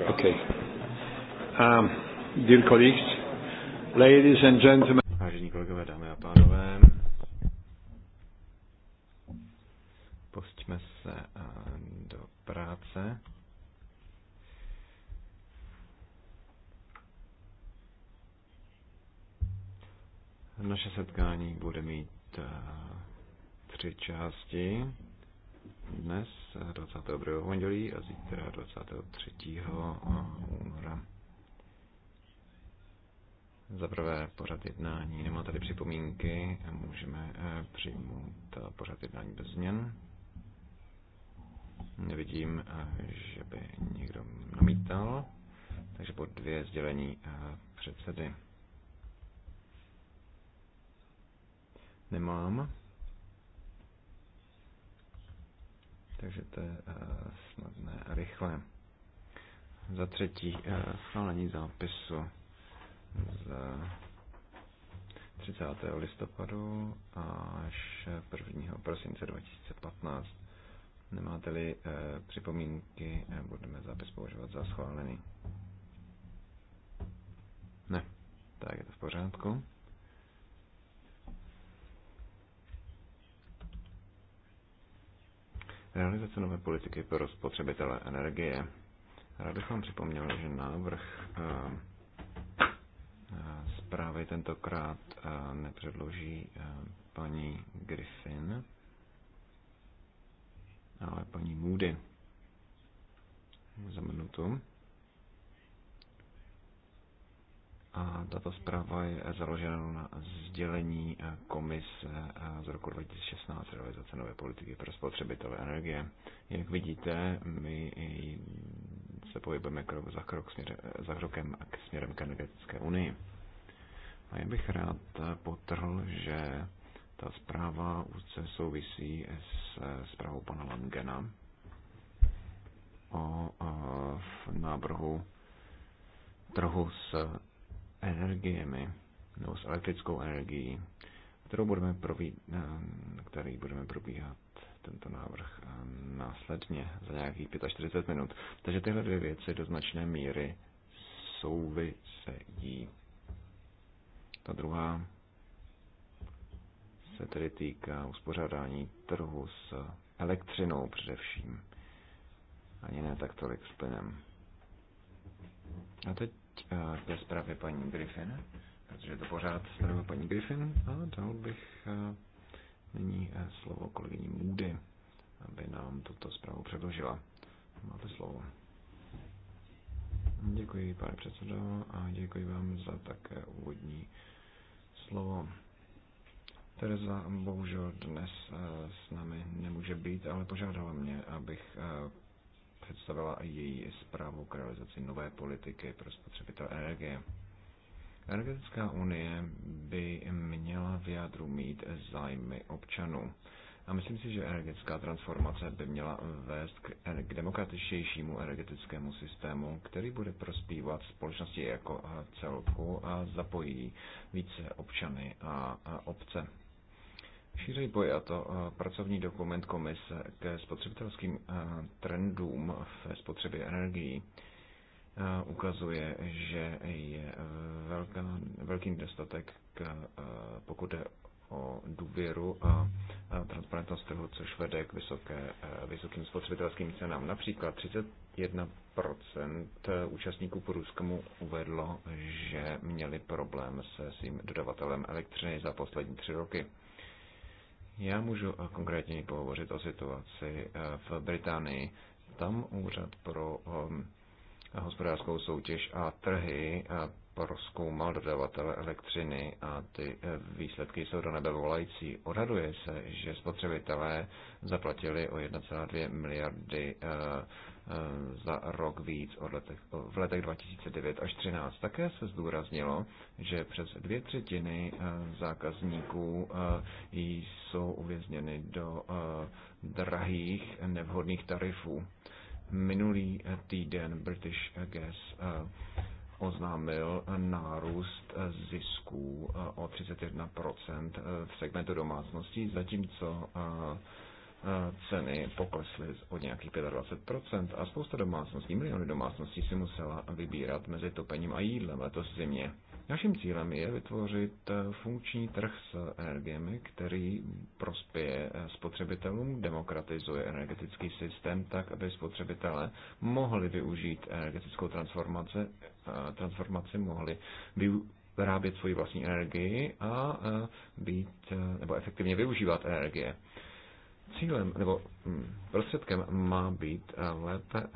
Okay. Um, dear colleagues, ladies and gentlemen. 23. února. Za prvé pořad jednání nemá tady připomínky, můžeme eh, přijmout eh, pořad jednání bez změn. Nevidím, eh, že by někdo namítal, takže po dvě sdělení předsedy. Nemám. Takže to je snadné a rychlé. Za třetí, eh, schválení zápisu z 30. listopadu až 1. prosince 2015. Nemáte-li eh, připomínky, eh, budeme zápis používat za schválený. Ne, tak je to v pořádku. Realizace nové politiky pro spotřebitele energie. Rád bych vám připomněl, že návrh eh, eh, zprávy tentokrát eh, nepředloží paní Griffin, ale paní Moody. Za minutu. A tato zpráva je založena na sdělení komise z roku 2016 realizace nové politiky pro spotřebitelé energie. Jak vidíte, my se pohybujeme krok za, krok směře, za krokem k směrem k energetické unii. A já bych rád potrhl, že ta zpráva úzce souvisí s zprávou pana Langena o, o nábrhu trhu s energiemi nebo s elektrickou energií, kterou budeme probí, eh, který budeme probíhat tento návrh eh, následně za nějakých 45 minut. Takže tyhle dvě věci do značné míry souvisejí. Ta druhá se tedy týká uspořádání trhu s elektřinou především. Ani ne tak tolik s plynem. A teď eh, ke zprávě paní Griffin, protože to pořád zpráva paní Griffin a dal bych eh, nyní eh, slovo kolegyni Můdy, aby nám tuto zprávu předložila. Máte slovo. Děkuji, pane předsedo, a děkuji vám za také úvodní slovo. Tereza bohužel dnes eh, s námi nemůže být, ale požádala mě, abych eh, představila její zprávu k realizaci nové politiky pro spotřebitel energie. Energetická unie by měla v jádru mít zájmy občanů. A myslím si, že energetická transformace by měla vést k, k demokratičtějšímu energetickému systému, který bude prospívat společnosti jako celku a zapojí více občany a, a obce. Šířej to pracovní dokument komise ke spotřebitelským trendům v spotřebě energií Eh, ukazuje, že je eh, velká, velký nedostatek, k, eh, pokud je o důvěru a transparentnost trhu, což vede k vysoké, vysokým spotřebitelským cenám. Například 31% účastníků průzkumu uvedlo, že měli problém se svým dodavatelem elektřiny za poslední tři roky. Já můžu konkrétně pohovořit o situaci v Británii. Tam úřad pro um, hospodářskou soutěž a trhy a proskoumal dodavatele elektřiny a ty eh, výsledky jsou do nebe volající. Odhaduje se, že spotřebitelé zaplatili o 1,2 miliardy eh, eh, za rok víc od letech, v letech 2009 až 2013. Také se zdůraznilo, že přes dvě třetiny zákazníků jsou uvězněny do drahých nevhodných tarifů Minulý eh, týden British eh, Gas eh, oznámil nárůst zisků o 31% v segmentu domácností, zatímco ceny poklesly o nějakých 25% a spousta domácností, miliony domácností si musela vybírat mezi topením a jídlem letos zimě. Naším cílem je vytvořit eh, funkční trh s energiemi, který prospěje eh, spotřebitelům, demokratizuje energetický systém tak, aby spotřebitelé mohli využít energetickou transformaci, eh, transformaci mohli vyrábět svoji vlastní energii a být, nebo efektivně využívat energie. Cílem nebo hm, prostředkem má být eh, lépe eh,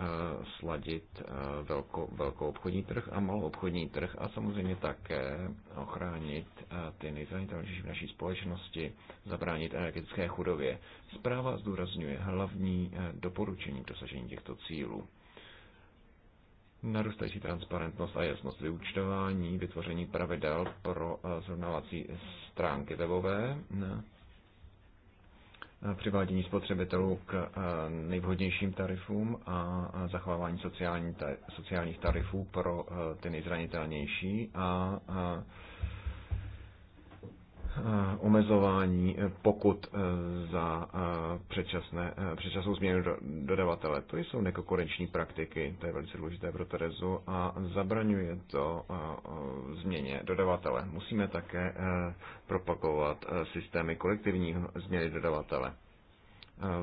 sladit eh, velkou, velkou obchodní trh a malou obchodní trh a samozřejmě také ochránit ty nejzranitelnější v naší společnosti, zabránit energetické chudově. Zpráva zdůrazňuje hlavní doporučení k dosažení těchto cílů narůstající transparentnost a jasnost vyúčtování, vytvoření pravidel pro srovnávací stránky webové, Eh, přivádění spotřebitelů k eh, nejvhodnějším tarifům a zachovávání sociální, sociálních tarifů pro eh, ty nejzranitelnější a Eh, omezování eh, pokud eh, za předčasné, předčasnou změnu dodavatele. To jsou nekonkurenční praktiky, to je velice důležité pro Terezu a zabraňuje to změně dodavatele. Musíme také propagovat systémy kolektivní změny dodavatele.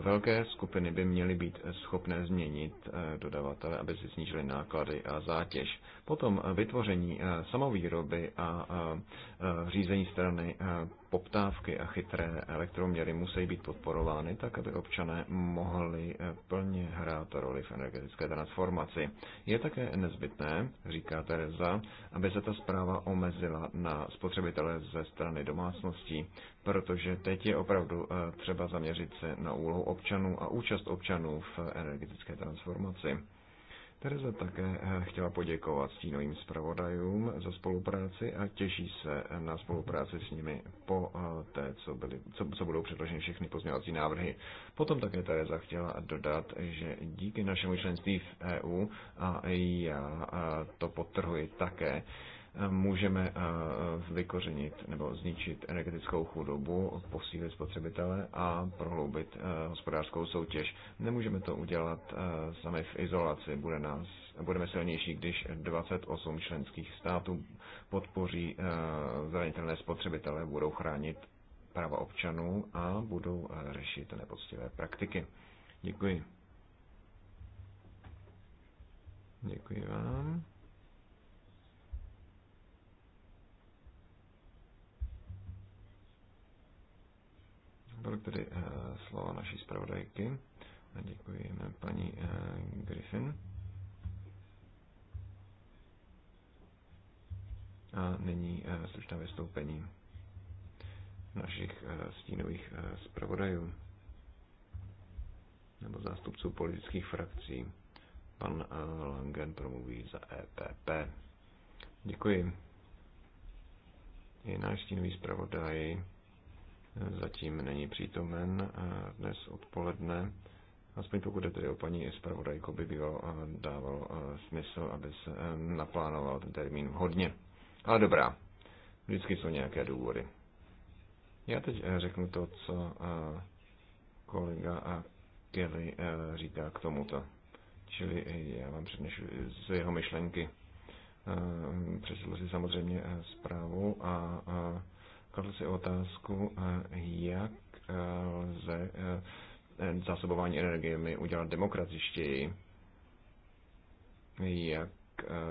Velké skupiny by měly být schopné změnit eh, dodavatele, aby si snížily náklady a zátěž. Potom eh, vytvoření eh, samovýroby a řízení strany poptávky a chytré elektroměry musí být podporovány tak, aby občané mohli eh, plně hrát roli v energetické transformaci. Je také nezbytné, říká Tereza, aby se ta zpráva omezila na spotřebitele ze strany domácností, protože teď je opravdu eh, třeba zaměřit se na úlohu občanů a účast občanů v energetické transformaci. Tereza také eh, chtěla poděkovat stínovým zpravodajům za spolupráci a těší se na spolupráci s nimi po eh, té, co, byly, co, co budou předloženy všechny pozměňovací návrhy. Potom také Tereza chtěla dodat, že díky našemu členství v EU, a já eh, to potrhuji také, můžeme eh, vykořenit nebo zničit energetickou chudobu, posílit spotřebitele a prohloubit eh, hospodářskou soutěž. Nemůžeme to udělat eh, sami v izolaci. Bude nás, budeme silnější, když 28 členských států podpoří zranitelné spotřebitele, budou chránit práva občanů a budou řešit nepoctivé praktiky. Děkuji. Děkuji vám. Tolik tedy eh, slova naší zpravodajky. A děkujeme eh, paní eh, Griffin. A nyní stručné vystoupení našich stínových zpravodajů nebo zástupců politických frakcí. Pan Langen promluví za EPP. Děkuji. Je náš stínový zpravodaj zatím není přítomen eh, dnes odpoledne. Aspoň pokud je tedy o paní zpravodajko, by bylo eh, dávalo eh, smysl, aby se naplánoval ten termín vhodně. Ale dobrá, vždycky jsou nějaké důvody. Já teď řeknu to, co kolega a Kelly říká k tomuto. Čili já vám přednešu z jeho myšlenky. Přečetl si samozřejmě zprávu a kladl si otázku, eh, jak eh, lze eh, zásobování energiemi udělat demokratičtěji, jak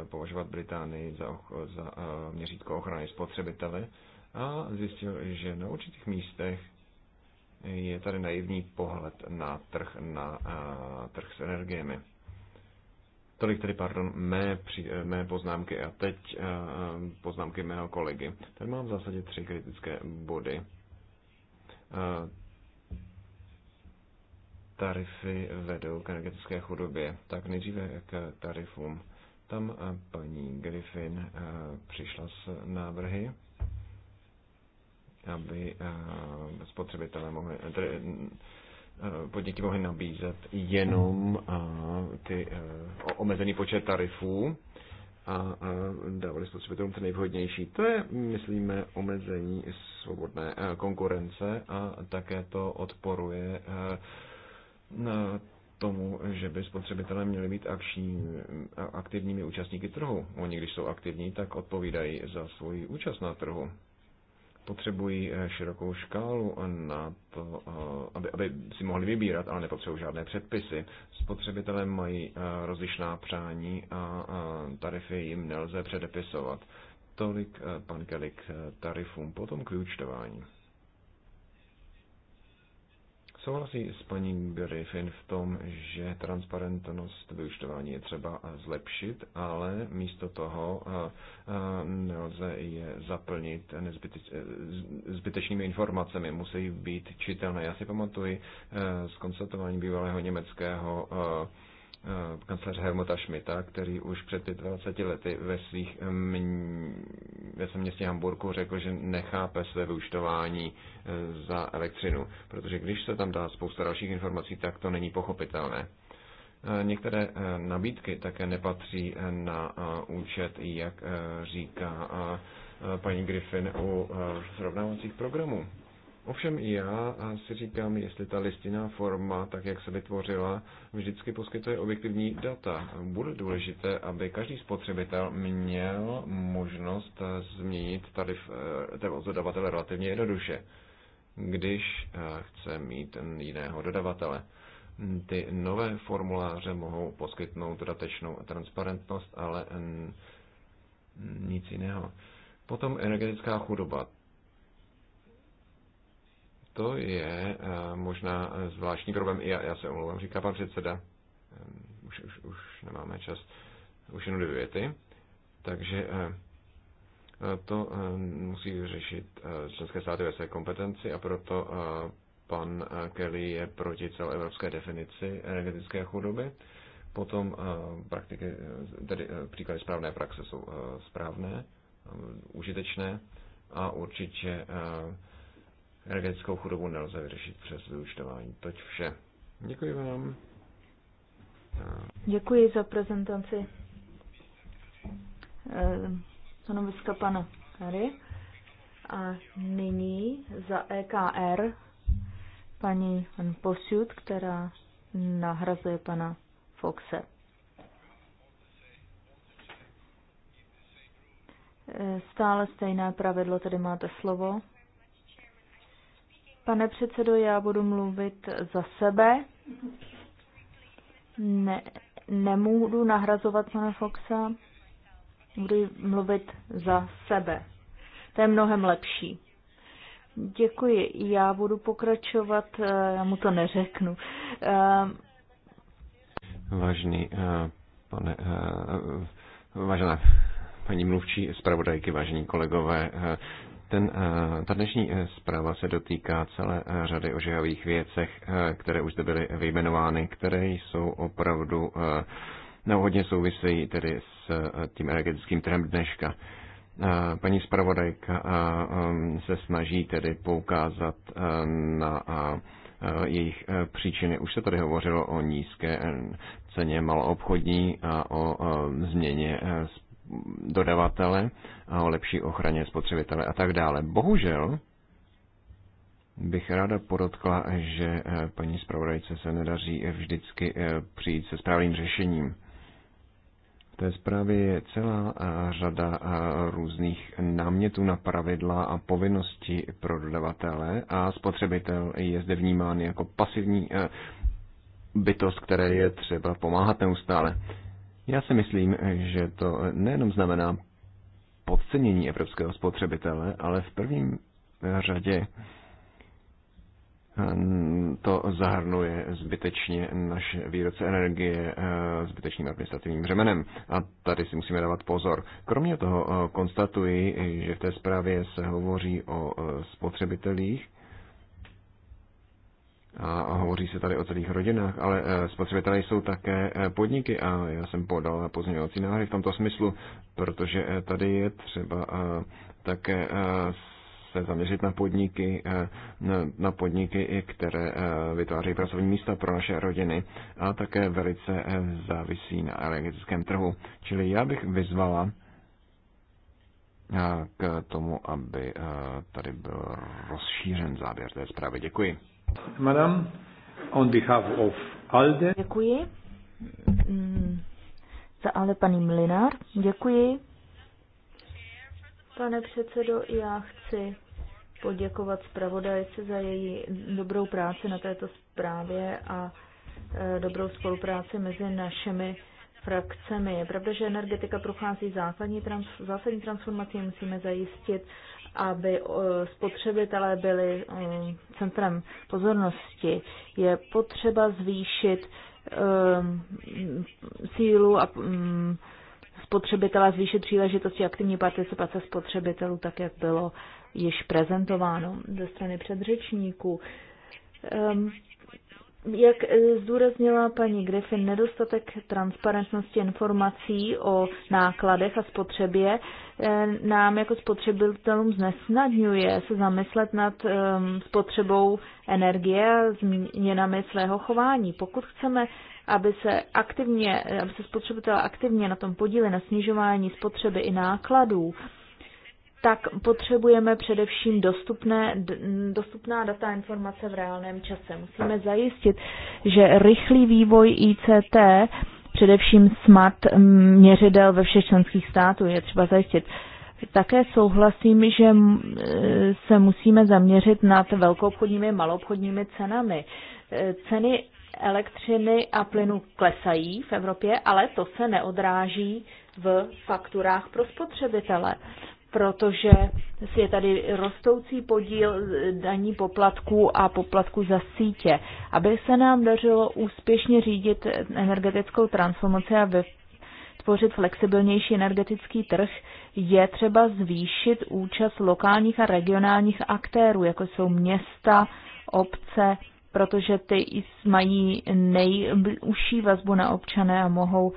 považovat Británii za, za měřítko ochrany spotřebitele a zjistil, že na určitých místech je tady naivní pohled na trh, na trh s energiemi. Tolik tedy, pardon, mé, při, eh, mé poznámky a teď eh, eh, poznámky mého kolegy. Tady mám v zásadě tři kritické body. Tarify vedou k energetické chudobě. Tak nejdříve k tarifům. Tam paní Griffin přišla s návrhy, aby spotřebitelé mohli, tedy Eh, podniky mohly nabízet jenom eh, ty eh, omezený počet tarifů a dávali spotřebitelům ty nejvhodnější. To je, myslíme, omezení svobodné konkurence a také to odporuje tomu, že by spotřebitelé měli být akční, aktivními účastníky trhu. Oni, když jsou aktivní, tak odpovídají za svoji účast na trhu potřebují eh, širokou škálu na to, eh, aby, aby si mohli vybírat, ale nepotřebují žádné předpisy. Spotřebitelé mají eh, rozlišná přání a tarify jim nelze předepisovat. Tolik pan Kelly k tarifům, potom k vyučtování souhlasí s paní Griffin v tom, že transparentnost vyučtování je třeba zlepšit, ale místo toho eh, eh, nelze je zaplnit eh, zbytečnými informacemi, musí být čitelné. Já si pamatuji z konstatování bývalého německého Eh, kanceláře Hermota Schmidta, který už před 25 lety ve, svých, mm, ve svém městě Hamburku řekl, že nechápe své vyučtování eh, za elektřinu, protože když se tam dá spousta dalších informací, tak to není pochopitelné. Eh, některé nabídky také nepatří na účet, jak říká paní Griffin, u srovnávacích programů. Ovšem i já si říkám, jestli ta listinná forma, tak jak se vytvořila, vždycky poskytuje objektivní data. Bude důležité, aby každý spotřebitel měl možnost změnit tarif od eh, dodavatele relativně jednoduše, když eh, chce mít jiného dodavatele. Ty nové formuláře mohou poskytnout dodatečnou transparentnost, ale mm, nic jiného. Potom energetická chudoba. To je eh, možná zvláštní problém. Já, já se omlouvám, říká pan předseda. Ehm, už, už, už nemáme čas. Už jenom dvě věty. Takže eh, eh, to musí řešit členské státy ve své kompetenci a proto pan Kelly je proti celoevropské definici energetické chudoby. Potom praktiky, tedy příklady správné praxe jsou správné, užitečné a určitě Energetickou chudobu nelze vyřešit přes vyučtování. Toť vše. Děkuji vám. Děkuji za prezentaci eh, stanoviska pana Kary. A nyní za EKR paní pan Posud, která nahrazuje pana Foxe. Eh, stále stejné pravidlo, tedy máte slovo. Pane předsedo, já budu mluvit za sebe. Ne, nemůžu nahrazovat pana Foxa, budu mluvit za sebe. To je mnohem lepší. Děkuji, já budu pokračovat, eh, já mu to neřeknu. Eh, Vážný eh, pane, vážená paní mluvčí, zpravodajky, vážení kolegové, ten, eh, ta dnešní eh, zpráva se dotýká celé eh, řady ožehavých věcech, které už zde byly vyjmenovány, které jsou opravdu no, hodně souvisejí tedy s tím energetickým trhem dneška. Paní zpravodajka se snaží tedy poukázat na jejich příčiny. Už se tady hovořilo o nízké ceně maloobchodní a o změně dodavatele a o lepší ochraně spotřebitele a tak dále. Bohužel bych ráda podotkla, že eh, paní zpravodajce se nedaří eh, vždycky eh, přijít se správným řešením. V té zprávě je celá řada různých námětů na pravidla a povinnosti pro dodavatele a spotřebitel je zde vnímán jako pasivní bytost, které je třeba pomáhat neustále. Já si myslím, že to nejenom znamená podcenění evropského spotřebitele, ale v prvním řadě eh, to zahrnuje zbytečně naše výroce energie eh, zbytečným administrativním řemenem. A tady si musíme dávat pozor. Kromě toho eh, konstatuji, že v té zprávě se hovoří o spotřebitelích, a hovoří se tady o celých rodinách, ale eh, spotřebitelé jsou také eh, podniky a já jsem podal pozměňovací návrhy v tomto smyslu, protože eh, tady je třeba také se zaměřit na podniky, na podniky, které vytvářejí pracovní místa pro naše rodiny a také velice závisí na energetickém trhu. Čili já bych vyzvala k tomu, aby tady byl rozšířen záběr té zprávy. Děkuji. Madam, on behalf of ALDE. Děkuji. Mm, za ale paní Mlinár. Děkuji. Pane předsedo, já chci poděkovat zpravodajce za její dobrou práci na této zprávě a e, dobrou spolupráci mezi našimi frakcemi. Je pravda, že energetika prochází zásadní, trans, zásadní transformací. Musíme zajistit, aby eh, spotřebitelé byli eh, centrem pozornosti. Je potřeba zvýšit eh, sílu a mm, spotřebitela zvýšit příležitosti aktivní participace spotřebitelů, tak jak bylo již prezentováno ze strany předřečníků. Ehm, jak eh, zdůraznila paní Griffin, nedostatek transparentnosti informací o nákladech a spotřebě eh, nám jako spotřebitelům znesnadňuje se zamyslet nad ehm, spotřebou energie a změnami svého chování. Pokud chceme, aby se, aktivně, aby se spotřebitel aktivně na tom podíli na snižování spotřeby i nákladů, tak potřebujeme především dostupné, dostupná data informace v reálném čase. Musíme zajistit, že rychlý vývoj ICT, především smart měřidel ve všech členských států, je třeba zajistit. Také souhlasím, že se musíme zaměřit nad velkoobchodními a maloobchodními cenami. E, ceny elektřiny a plynu klesají v Evropě, ale to se neodráží v fakturách pro spotřebitele protože je tady rostoucí podíl daní poplatků a poplatků za sítě. Aby se nám dařilo úspěšně řídit energetickou transformaci a vytvořit flexibilnější energetický trh, je třeba zvýšit účast lokálních a regionálních aktérů, jako jsou města, obce, protože ty mají nejužší vazbu na občané a mohou uh,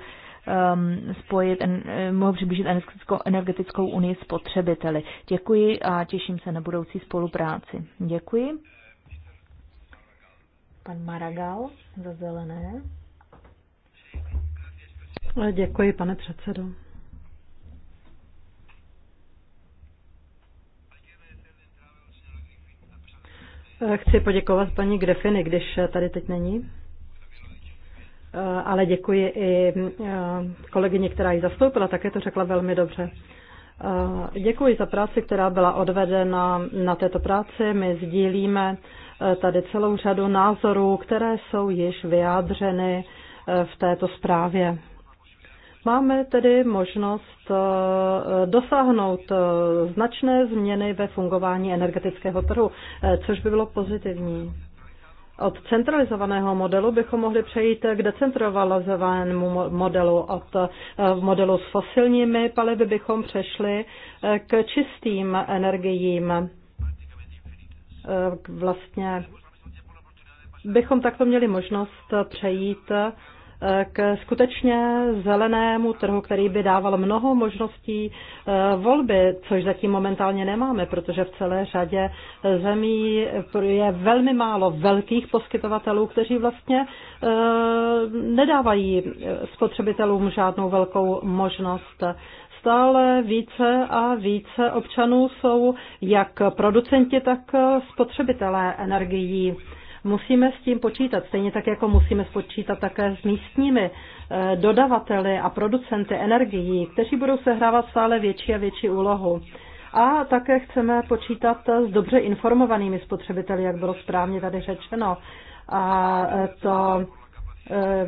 um, spojit, en, eh, mohou přiblížit energetickou, energetickou unii spotřebiteli. Děkuji a těším se na budoucí spolupráci. Děkuji. Pan Maragal za zelené. Děkuji, pane předsedo. Chci poděkovat paní Grefiny, když tady teď není. Eh, ale děkuji i eh, kolegyně, která ji zastoupila, také to řekla velmi dobře. Eh, děkuji za práci, která byla odvedena na této práci. My sdílíme tady celou řadu názorů, které jsou již vyjádřeny v této zprávě. Máme tedy možnost dosáhnout značné změny ve fungování energetického trhu, což by bylo pozitivní. Od centralizovaného modelu bychom mohli přejít k decentralizovanému modelu. Od eh, modelu s fosilními palivy bychom přešli eh, k čistým energiím. Eh, vlastně bychom takto měli možnost přejít k skutečně zelenému trhu, který by dával mnoho možností eh, volby, což zatím momentálně nemáme, protože v celé řadě zemí je velmi málo velkých poskytovatelů, kteří vlastně eh, nedávají spotřebitelům žádnou velkou možnost stále více a více občanů jsou jak producenti, tak spotřebitelé energií. Musíme s tím počítat, stejně tak jako musíme spočítat také s místními eh, dodavateli a producenty energií, kteří budou sehrávat stále větší a větší úlohu. A také chceme počítat s dobře informovanými spotřebiteli, jak bylo správně tady řečeno. A eh, to eh,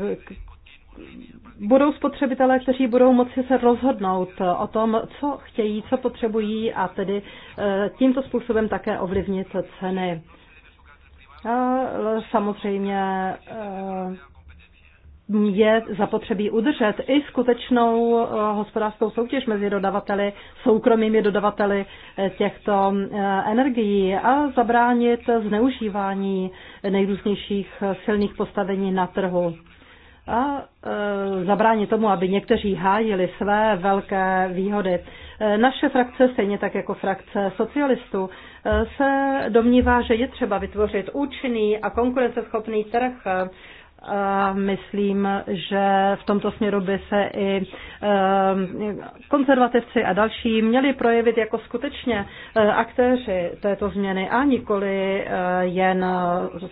budou spotřebitelé, kteří budou moci se rozhodnout o tom, co chtějí, co potřebují a tedy tímto způsobem také ovlivnit ceny samozřejmě eh, je zapotřebí udržet i skutečnou eh, hospodářskou soutěž mezi dodavateli, soukromými dodavateli eh, těchto energií a zabránit zneužívání nejrůznějších silných postavení na trhu a zabránit tomu, aby někteří hájili své velké výhody. Eh, naše frakce, stejně tak jako frakce socialistů, eh, se domnívá, že je třeba vytvořit účinný a konkurenceschopný trh eh, a myslím, že v tomto směru by se i eh, konzervativci a další měli projevit jako skutečně eh, aktéři této změny a nikoli eh, jen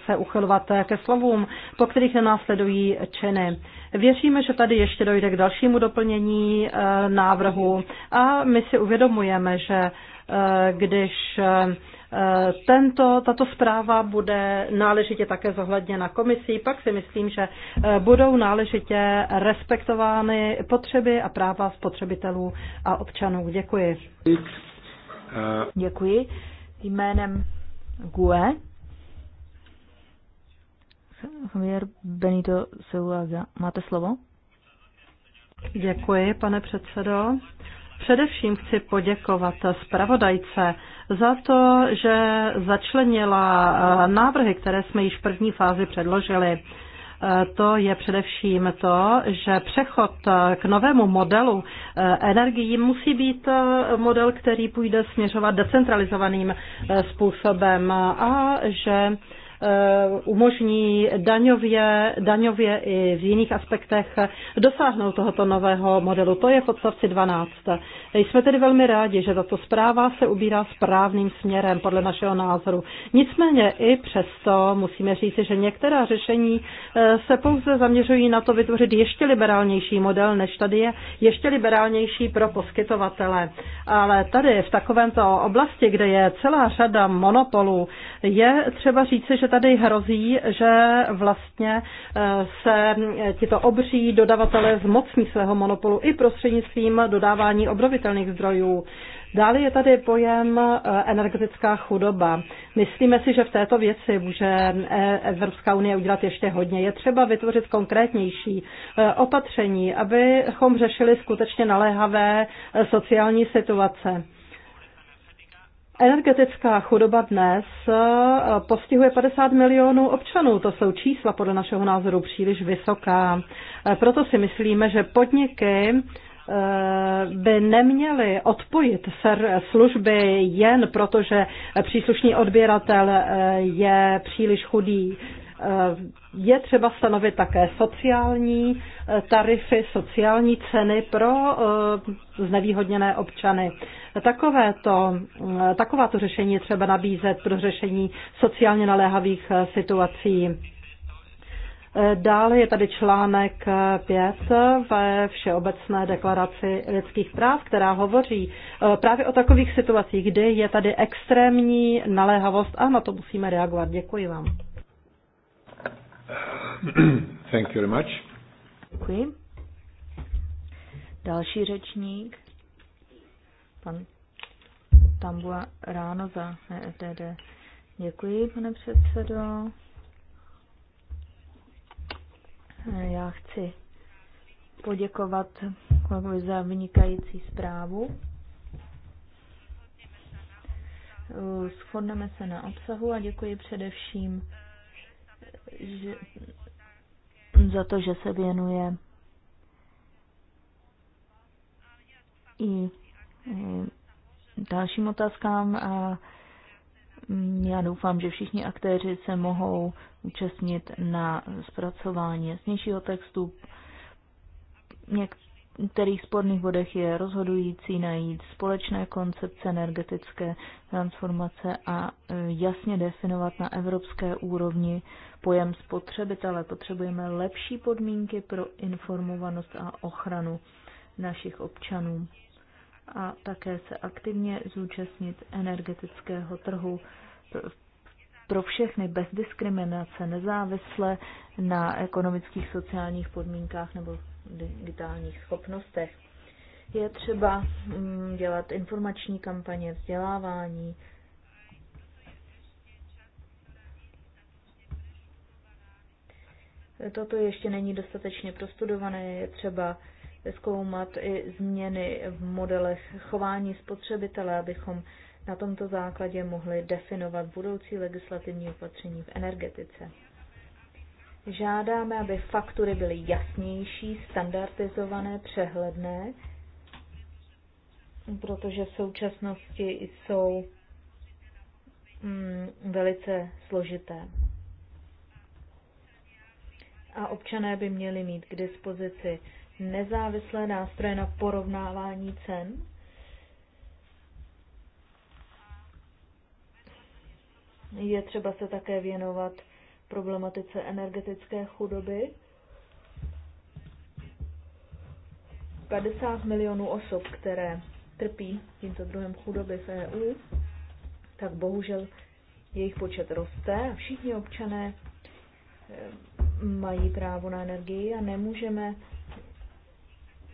se uchylovat ke slovům, po kterých nenásledují činy. Věříme, že tady ještě dojde k dalšímu doplnění návrhu a my si uvědomujeme, že když Eh, tento, tato zpráva bude náležitě také zohledněna komisí, pak si myslím, že eh, budou náležitě respektovány potřeby a práva spotřebitelů a občanů. Děkuji. Děkuji. Jménem GUE Javier Benito Seulaga. Máte slovo? Děkuji, pane předsedo. Především chci poděkovat zpravodajce za to, že začlenila eh, návrhy, které jsme již v první fázi předložili. Eh, to je především to, že přechod eh, k novému modelu energií musí být model, který půjde směřovat decentralizovaným způsobem a že Eh, umožní daňově, daňově i v jiných aspektech dosáhnout tohoto nového modelu. To je v odstavci 12. Jsme tedy velmi rádi, že tato zpráva se ubírá správným směrem podle našeho názoru. Nicméně i přesto musíme říci, že některá řešení eh, se pouze zaměřují na to vytvořit ještě liberálnější model, než tady je ještě liberálnější pro poskytovatele. Ale tady v takovémto oblasti, kde je celá řada monopolů, je třeba říci, že tady hrozí, že vlastně eh, se eh, tito obří dodavatelé zmocní svého monopolu i prostřednictvím dodávání obrovitelných zdrojů. Dále je tady pojem eh, energetická chudoba. Myslíme si, že v této věci může Evropská unie udělat ještě hodně. Je třeba vytvořit konkrétnější opatření, abychom řešili skutečně naléhavé sociální situace. Energetická chudoba dnes eh, postihuje 50 milionů občanů. To jsou čísla podle našeho názoru příliš vysoká. Eh, proto si myslíme, že podniky eh, by neměly odpojit služby jen proto, že příslušný odběratel je příliš chudý. Eh, je třeba stanovit také sociální eh, tarify, sociální ceny pro eh, znevýhodněné občany. Takovéto, takováto řešení je třeba nabízet pro řešení sociálně naléhavých situací. Dále je tady článek 5 ve Všeobecné deklaraci lidských práv, která hovoří právě o takových situacích, kdy je tady extrémní naléhavost a na to musíme reagovat. Děkuji vám. Thank you very much. Děkuji. Další řečník, pan Tambua Ráno za EFDD. Děkuji, pane předsedo. Já chci poděkovat kolegovi za vynikající zprávu. Shodneme se na obsahu a děkuji především že, za to, že se věnuje i e, dalším otázkám a mm, já doufám, že všichni aktéři se mohou účastnit na zpracování jasnějšího textu. Něk- kterých sporných bodech je rozhodující najít společné koncepce energetické transformace a e, jasně definovat na evropské úrovni pojem spotřebitele. Potřebujeme lepší podmínky pro informovanost a ochranu našich občanů a také se aktivně zúčastnit energetického trhu pro všechny bez diskriminace, nezávisle na ekonomických, sociálních podmínkách nebo digitálních schopnostech. Je třeba mm, dělat informační kampaně, vzdělávání, Toto ještě není dostatečně prostudované, je třeba zkoumat i změny v modelech chování spotřebitele, abychom na tomto základě mohli definovat budoucí legislativní opatření v energetice. Žádáme, aby faktury byly jasnější, standardizované, přehledné, protože v současnosti jsou mm, velice složité. A občané by měli mít k dispozici nezávislé nástroje na porovnávání cen. Je třeba se také věnovat problematice energetické chudoby. 50 milionů osob, které trpí tímto druhem chudoby v EU, tak bohužel jejich počet roste a všichni občané eh, mají právo na energii a nemůžeme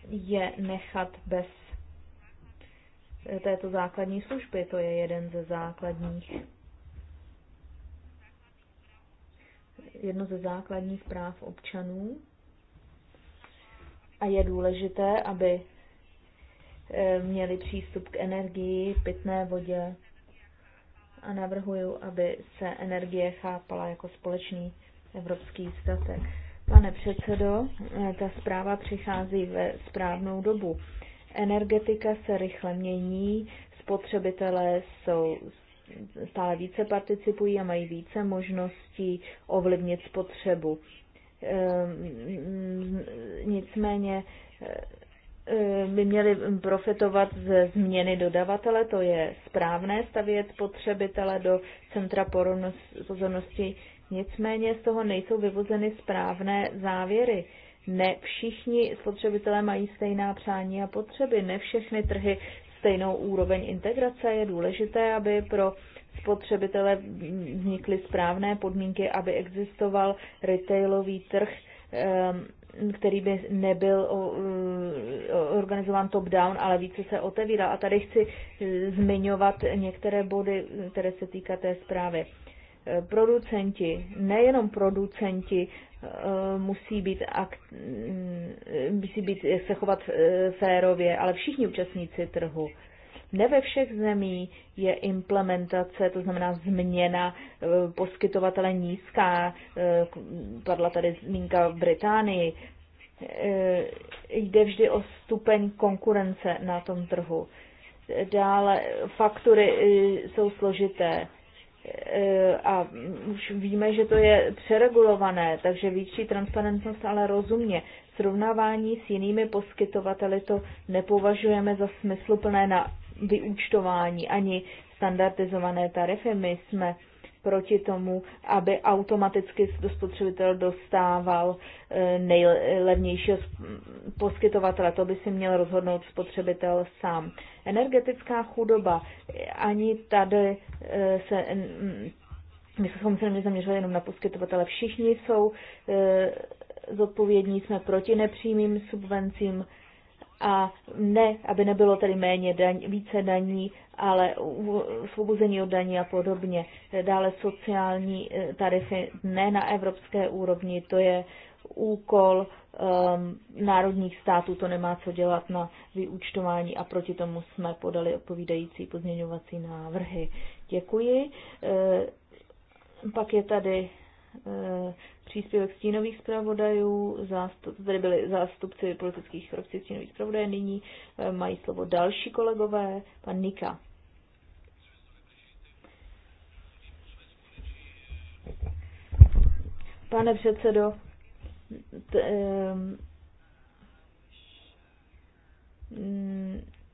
je nechat bez eh, této základní služby. To je jeden ze základních jedno ze základních práv občanů a je důležité, aby eh, měli přístup k energii, pitné vodě a navrhuju, aby se energie chápala jako společný evropský statek. Pane předsedo, eh, ta zpráva přichází ve správnou dobu. Energetika se rychle mění, spotřebitelé jsou stále více participují a mají více možností ovlivnit spotřebu. Ehm, mm, nicméně ehm, by měli profitovat ze změny dodavatele, to je správné stavět spotřebitele do centra pozornosti, nicméně z toho nejsou vyvozeny správné závěry. Ne všichni spotřebitelé mají stejná přání a potřeby, ne všechny trhy stejnou úroveň integrace. Je důležité, aby pro spotřebitele vznikly správné podmínky, aby existoval retailový trh, ehm, který by nebyl e, organizován top-down, ale více se otevíral. A tady chci e, zmiňovat některé body, které se týká té zprávy producenti, nejenom producenti, eh, musí být, mm, musí být eh, se chovat eh, férově, ale všichni účastníci trhu. Ne ve všech zemí je implementace, to znamená změna poskytovatele nízká. Padla tady zmínka v Británii. Jde vždy o stupeň konkurence na tom trhu. Dále faktury jsou složité E, a už víme, že to je přeregulované, takže větší transparentnost, ale rozumně. Srovnávání s jinými poskytovateli to nepovažujeme za smysluplné na vyúčtování ani standardizované tarify. My jsme proti tomu, aby automaticky do spotřebitel dostával eh, nejlevnějšího poskytovatele. To by si měl rozhodnout spotřebitel sám. Energetická chudoba. Ani tady eh, se my jsme se neměli zaměřovat jenom na poskytovatele. Všichni jsou eh, zodpovědní, jsme proti nepřímým subvencím, a ne, aby nebylo tedy méně daň, více daní, ale svobození od daní a podobně. Dále sociální eh, tarify ne na evropské úrovni, to je úkol um, národních států, to nemá co dělat na vyúčtování a proti tomu jsme podali odpovídající pozměňovací návrhy. Děkuji. E, pak je tady eh, příspěvek stínových zpravodajů, zástup, tady byli zástupci politických frakcí stínových zpravodajů, nyní eh, mají slovo další kolegové, pan Nika. Pane předsedo,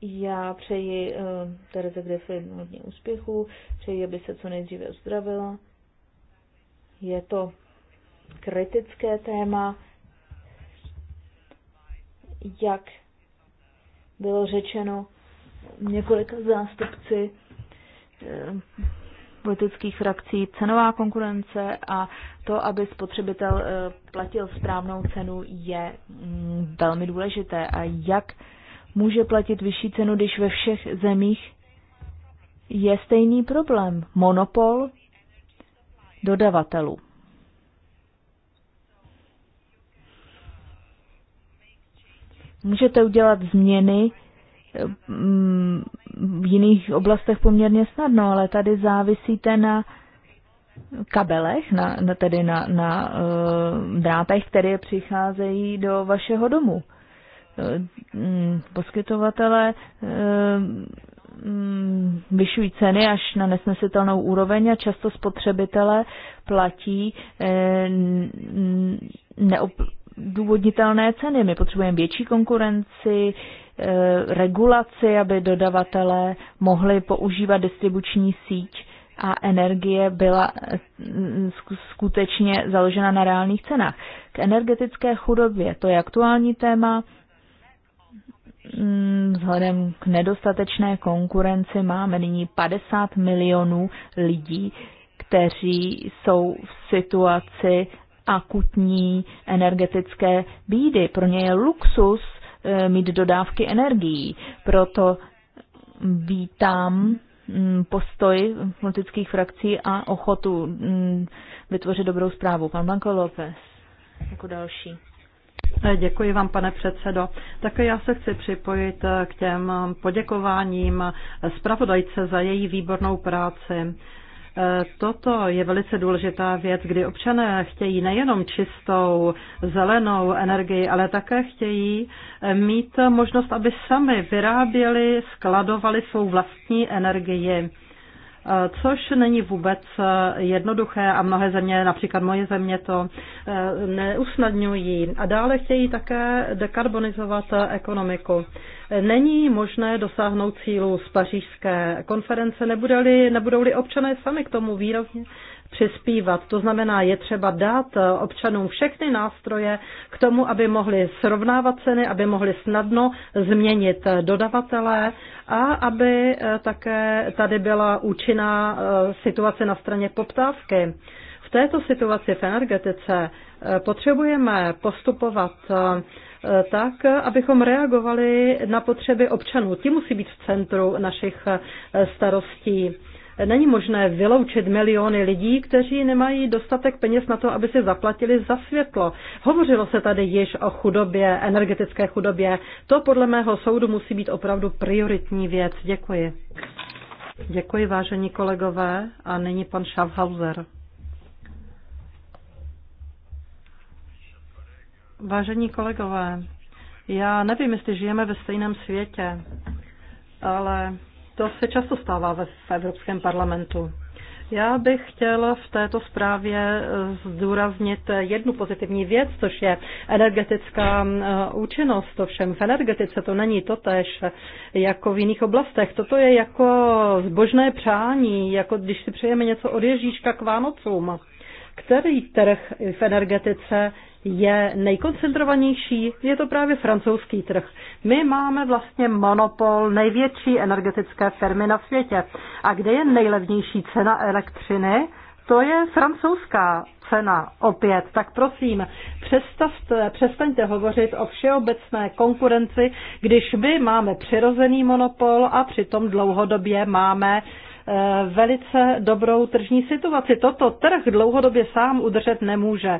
já přeji eh, Tereze Grefy hodně úspěchů, přeji, aby se co nejdříve uzdravila. Je to kritické téma, jak bylo řečeno několika zástupci eh, politických frakcí cenová konkurence a to, aby spotřebitel eh, platil správnou cenu, je mm, velmi důležité. A jak může platit vyšší cenu, když ve všech zemích je stejný problém monopol dodavatelů. Můžete udělat změny mm, v jiných oblastech poměrně snadno, ale tady závisíte na kabelech, na, na, tedy na, na uh, drátech, které přicházejí do vašeho domu. Eh, mm, poskytovatele uh, eh, mm, vyšují ceny až na nesnesitelnou úroveň a často spotřebitele platí uh, neop- důvodnitelné ceny. My potřebujeme větší konkurenci, eh, regulaci, aby dodavatelé mohli používat distribuční síť a energie byla eh, skutečně založena na reálných cenách. K energetické chudobě to je aktuální téma. Mm, vzhledem k nedostatečné konkurenci máme nyní 50 milionů lidí, kteří jsou v situaci akutní energetické bídy. Pro ně je luxus eh, mít dodávky energií. Proto vítám mm, postoj politických frakcí a ochotu mm, vytvořit dobrou zprávu. Pan Blanco López jako další. Eh, děkuji vám, pane předsedo. Také já se chci připojit eh, k těm poděkováním zpravodajce za její výbornou práci. Eh, toto je velice důležitá věc, kdy občané chtějí nejenom čistou zelenou energii, ale také chtějí eh, mít možnost, aby sami vyráběli, skladovali svou vlastní energii což není vůbec jednoduché a mnohé země, například moje země, to eh, neusnadňují. A dále chtějí také dekarbonizovat ekonomiku. Není možné dosáhnout cílu z pařížské konference, nebudou-li, nebudou-li občané sami k tomu výrazně přispívat. To znamená, je třeba dát eh, občanům všechny nástroje k tomu, aby mohli srovnávat ceny, aby mohli snadno změnit eh, dodavatele, a aby eh, také tady byla účinná eh, situace na straně poptávky. V této situaci v energetice eh, potřebujeme postupovat tak, abychom reagovali na potřeby občanů. Ti musí být v centru našich starostí. Není možné vyloučit miliony lidí, kteří nemají dostatek peněz na to, aby si zaplatili za světlo. Hovořilo se tady již o chudobě, energetické chudobě. To podle mého soudu musí být opravdu prioritní věc. Děkuji. Děkuji, vážení kolegové. A nyní pan Schaffhauser. Vážení kolegové, já nevím, jestli žijeme ve stejném světě, ale to se často stává ve, v Evropském parlamentu. Já bych chtěla v této zprávě eh, zdůraznit eh, jednu pozitivní věc, což je energetická eh, účinnost. To všem v energetice to není totéž jako v jiných oblastech. Toto je jako zbožné přání, jako když si přejeme něco od Ježíška k Vánocům. Který trh v energetice je nejkoncentrovanější, je to právě francouzský trh. My máme vlastně monopol největší energetické firmy na světě. A kde je nejlevnější cena elektřiny? To je francouzská cena opět. Tak prosím, přestavte, přestaňte hovořit o všeobecné konkurenci, když my máme přirozený monopol a přitom dlouhodobě máme eh, velice dobrou tržní situaci. Toto trh dlouhodobě sám udržet nemůže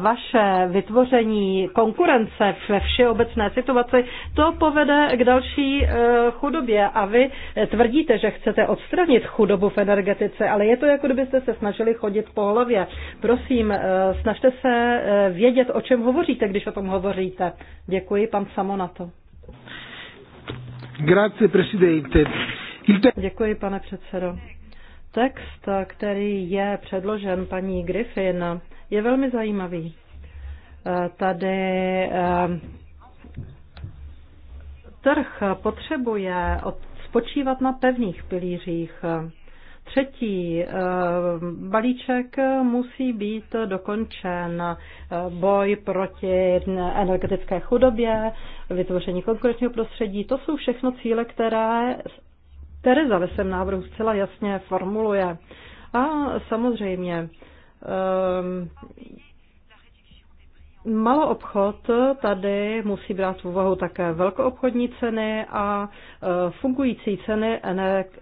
vaše vytvoření konkurence ve všeobecné situaci, to povede k další eh, chudobě. A vy tvrdíte, že chcete odstranit chudobu v energetice, ale je to jako kdybyste se snažili chodit po hlavě. Prosím, eh, snažte se eh, vědět, o čem hovoříte, když o tom hovoříte. Děkuji, pan to. Grazie, presidente. Děkuji, pane předsedo. Text, který je předložen paní Griffin, je velmi zajímavý. Eh, tady eh, trh potřebuje spočívat na pevných pilířích. Třetí eh, balíček musí být dokončen. Boj proti energetické chudobě, vytvoření konkurenčního prostředí, to jsou všechno cíle, které Tereza ve svém návrhu zcela jasně formuluje. A samozřejmě ehm, Maloobchod tady musí brát v úvahu také velkoobchodní ceny a e, fungující ceny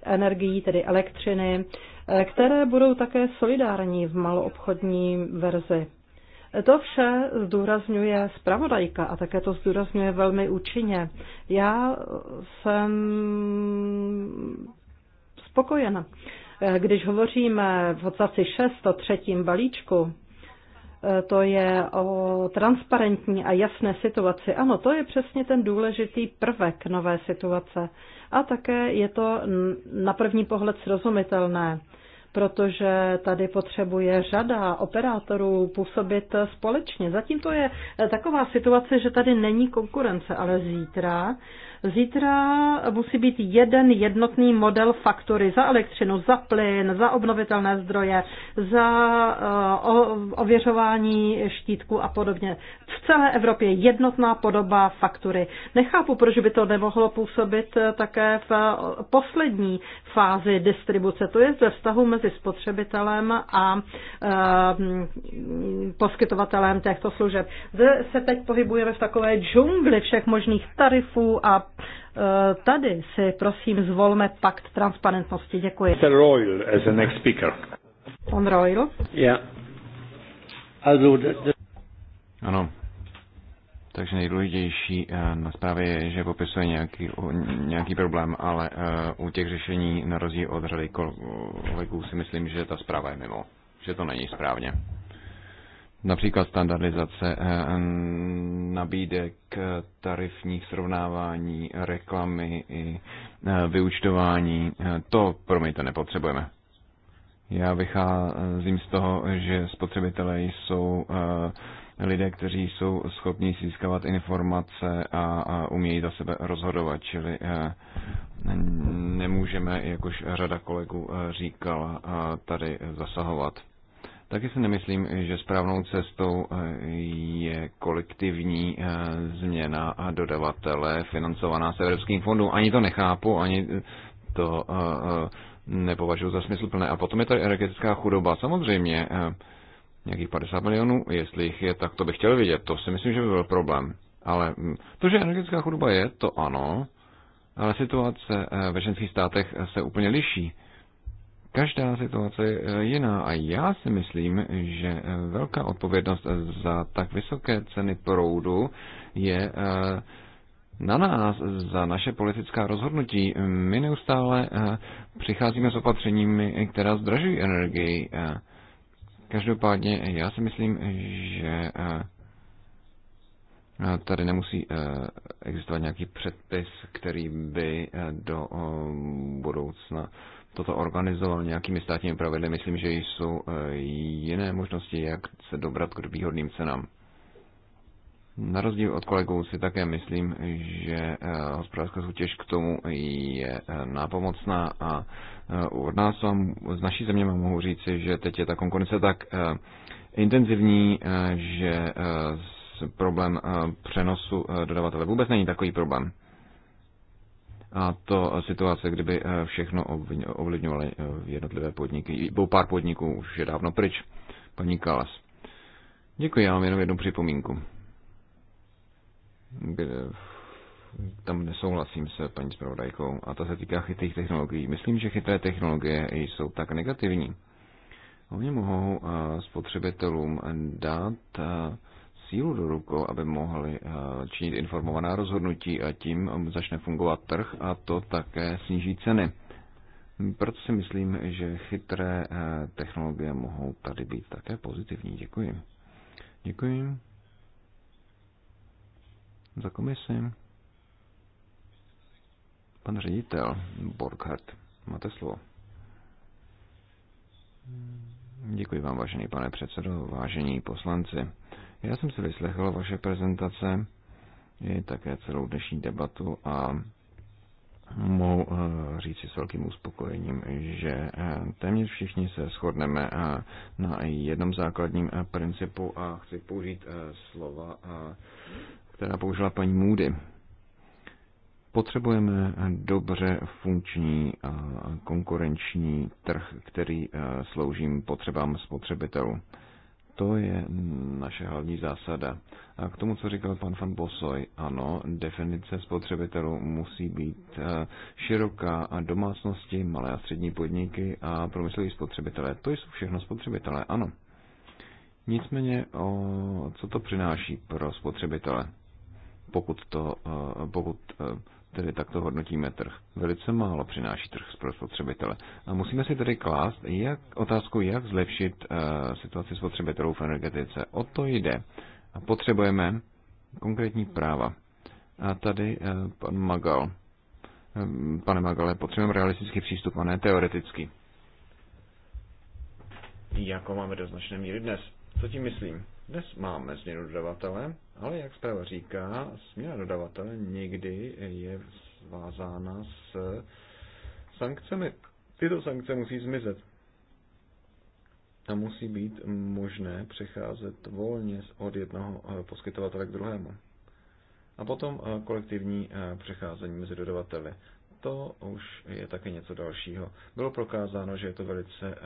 energií, tedy elektřiny, e, které budou také solidární v maloobchodní verzi. To vše zdůrazňuje zpravodajka a také to zdůrazňuje velmi účinně. Já jsem spokojena. Když hovoříme v odstavci 6 o třetím balíčku, to je o transparentní a jasné situaci. Ano, to je přesně ten důležitý prvek nové situace. A také je to na první pohled srozumitelné protože tady potřebuje řada operátorů působit společně. Zatím to je taková situace, že tady není konkurence, ale zítra Zítra musí být jeden jednotný model faktury za elektřinu, za plyn, za obnovitelné zdroje, za eh, ověřování štítku a podobně. V celé Evropě jednotná podoba faktury. Nechápu, proč by to nemohlo působit eh, také v eh, poslední fázi distribuce, to je ve vztahu mezi spotřebitelem a poskytovatelem těchto služeb. Zde se teď pohybujeme v takové džungli všech možných tarifů a Eh, tady si prosím zvolme pakt transparentnosti. Děkuji. Mr. Royal as the next speaker. On Royal. Yeah. Also, the, the... Ano. Takže nejdůležitější eh, na zprávě je, že popisuje nějaký, nějaký problém, ale eh, u těch řešení na rozdíl od řady kolegů si myslím, že ta zpráva je mimo, že to není správně například standardizace eh, nabídek, eh, tarifních srovnávání, reklamy i eh, vyučtování. To to nepotřebujeme. Já vycházím z toho, že spotřebitelé jsou lidé, kteří jsou schopni získávat informace a umějí za sebe rozhodovat, čili nemůžeme, jak už řada kolegů říkala, tady zasahovat. Taky si nemyslím, že správnou cestou eh, je kolektivní eh, změna a dodavatele financovaná z Evropským fondů. Ani to nechápu, ani eh, to nepovažuji za smysluplné. A potom je tady energetická chudoba. Samozřejmě nějakých 50 milionů, jestli jich je, tak to bych chtěl vidět. To si myslím, že by byl problém. Ale hm, to, že energetická chudoba je, to ano, ale situace ve ženských státech se úplně liší. Každá situace je jiná a já si myslím, že velká odpovědnost za tak vysoké ceny proudu je eh, na nás, za naše politická rozhodnutí. My neustále eh, přicházíme s opatřeními, která zdražují energii. Eh, každopádně já si myslím, že tady nemusí existovat nějaký předpis, který by do budoucna toto organizoval nějakými státními pravidly, myslím, že jsou e, jiné možnosti, jak se dobrat k výhodným cenám. Na rozdíl od kolegů si také myslím, že e, hospodářská soutěž k tomu je e, nápomocná a od nás vám, z naší země vám mohu říci, že teď je ta konkurence tak intenzivní, že problém přenosu dodavatele vůbec není takový problém a to situace, kdyby eh, všechno ovlivňovaly eh, jednotlivé podniky. Byl pár podniků už je dávno pryč. Paní Kalas. Děkuji, já mám jenom jednu připomínku. Tam nesouhlasím se paní zpravodajkou a to se týká chytrých technologií. Myslím, že chytré technologie jsou tak negativní. Oni mohou eh, spotřebitelům dát sílu do rukou, aby mohli eh, činit informovaná rozhodnutí a tím začne fungovat trh a to také sníží ceny. Proto si myslím, že chytré eh, technologie mohou tady být také pozitivní. Děkuji. Děkuji. Za komisi. Pan ředitel Borghardt, máte slovo. Děkuji vám, vážený pane předsedo, vážení poslanci. Já jsem si vyslechl vaše prezentace i také celou dnešní debatu a mohu si eh, s velkým uspokojením, že eh, téměř všichni se shodneme eh, na jednom základním principu a chci použít slova, která použila paní Moody. Potřebujeme dobře funkční a konkurenční trh, který sloužím potřebám spotřebitelů. To je naše hlavní zásada. A k tomu, co říkal pan Van Bosoj, ano, definice spotřebitelů musí být eh, široká a domácnosti, malé a střední podniky a promyslí spotřebitelé. To jsou všechno spotřebitelé, ano. Nicméně, o, co to přináší pro spotřebitele? Pokud, to, eh, pokud eh, tedy takto hodnotíme trh. Velice málo přináší trh pro spotřebitele. A musíme si tedy klást jak, otázku, jak zlepšit uh, situaci spotřebitelů v energetice. O to jde. A potřebujeme konkrétní práva. A tady uh, pan Magal. Um, pane Magale, potřebujeme realistický přístup a ne teoretický. Jako máme do značné míry dnes. Co tím myslím? Dnes máme změnu dodavatele, ale jak zpráva říká, směna dodavatele někdy je svázána s sankcemi. Tyto sankce musí zmizet a musí být možné přecházet volně od jednoho eh, poskytovatele k druhému. A potom eh, kolektivní eh, přecházení mezi dodavateli to už je také něco dalšího. Bylo prokázáno, že je to velice eh,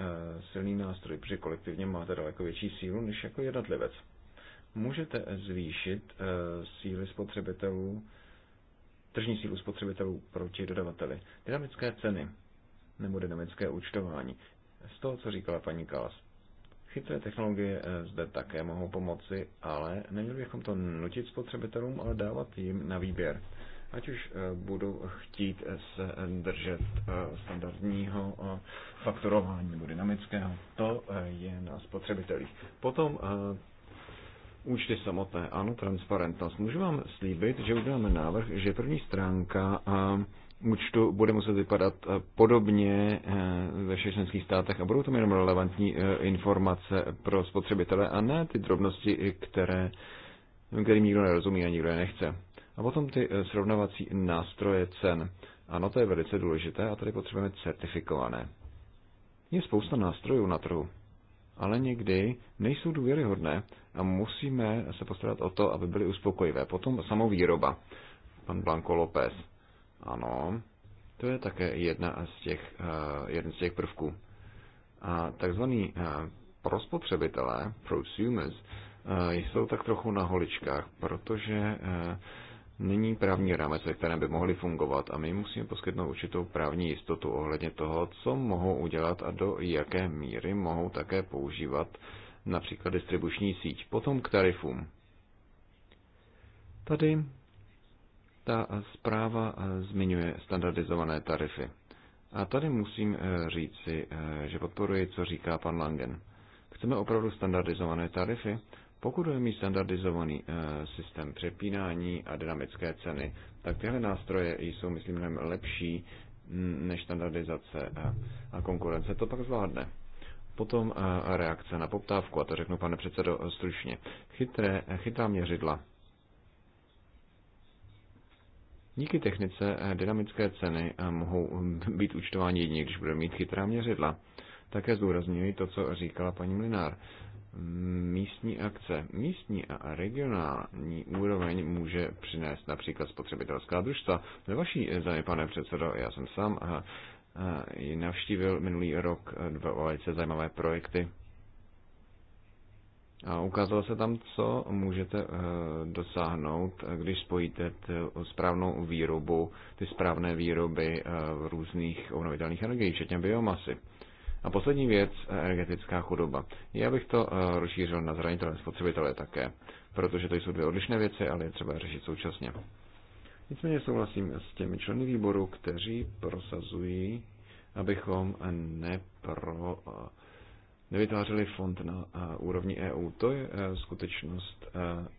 silný nástroj, protože kolektivně máte daleko větší sílu než jako jednotlivec. Můžete zvýšit eh, síly spotřebitelů, tržní sílu spotřebitelů proti dodavateli. Dynamické ceny nebo dynamické účtování. Z toho, co říkala paní Kalas. Chytré technologie eh, zde také mohou pomoci, ale neměli bychom to nutit spotřebitelům, ale dávat jim na výběr ať už eh, budou chtít eh, se eh, držet standardního fakturování nebo dynamického. To je na spotřebitelích. Potom účty samotné. Ano, transparentnost. Můžu vám slíbit, že uděláme návrh, že první stránka účtu bude muset vypadat podobně ve všech členských státech a budou tam jenom relevantní informace pro spotřebitele a ne ty drobnosti, které, kterým nikdo nerozumí a nikdo je nechce. A potom ty eh, srovnavací nástroje cen. Ano, to je velice důležité a tady potřebujeme certifikované. Je spousta nástrojů na trhu, ale někdy nejsou důvěryhodné a musíme se postarat o to, aby byly uspokojivé. Potom samovýroba. Pan Blanco López. Ano, to je také jedna z těch, eh, jeden z těch prvků. A takzvaný eh, prospotřebitelé, prosumers, jsou tak trochu na holičkách, protože není právní rámec, ve kterém by mohli fungovat a my musíme poskytnout určitou právní jistotu ohledně toho, co mohou udělat a do jaké míry mohou také používat například distribuční síť. Potom k tarifům. Tady ta zpráva eh, zmiňuje standardizované tarify. A tady musím eh, říci, eh, že podporuji, co říká pan Langen. Chceme opravdu standardizované tarify? Pokud budeme mít standardizovaný eh, systém přepínání a dynamické ceny, tak tyhle nástroje jsou, myslím, mnohem lepší mm, než standardizace a konkurence to pak zvládne. Potom eh, reakce na poptávku, a to řeknu pane předsedo eh, stručně. Chytré, chytrá měřidla. Díky technice dynamické ceny mohou být účtování jedině, když budeme mít chytrá měřidla. Také zdůrazňuji to, co říkala paní Mlinár místní akce. Místní a regionální úroveň může přinést například spotřebitelská družstva. Ve vaší zemi, pane předsedo, já jsem sám a, a eh, navštívil minulý rok dva velice zajímavé projekty. A ukázalo se tam, co můžete eh, dosáhnout, když spojíte tu správnou výrobu, ty správné výroby eh, v různých obnovitelných energií, včetně biomasy. A poslední věc, eh, energetická chudoba. Já bych to eh, rozšířil na zranitelné spotřebitele také, protože to jsou dvě odlišné věci, ale je třeba řešit současně. Nicméně souhlasím s těmi členy výboru, kteří prosazují, abychom nepro, eh, nevytvářeli fond na úrovni EU. To je skutečnost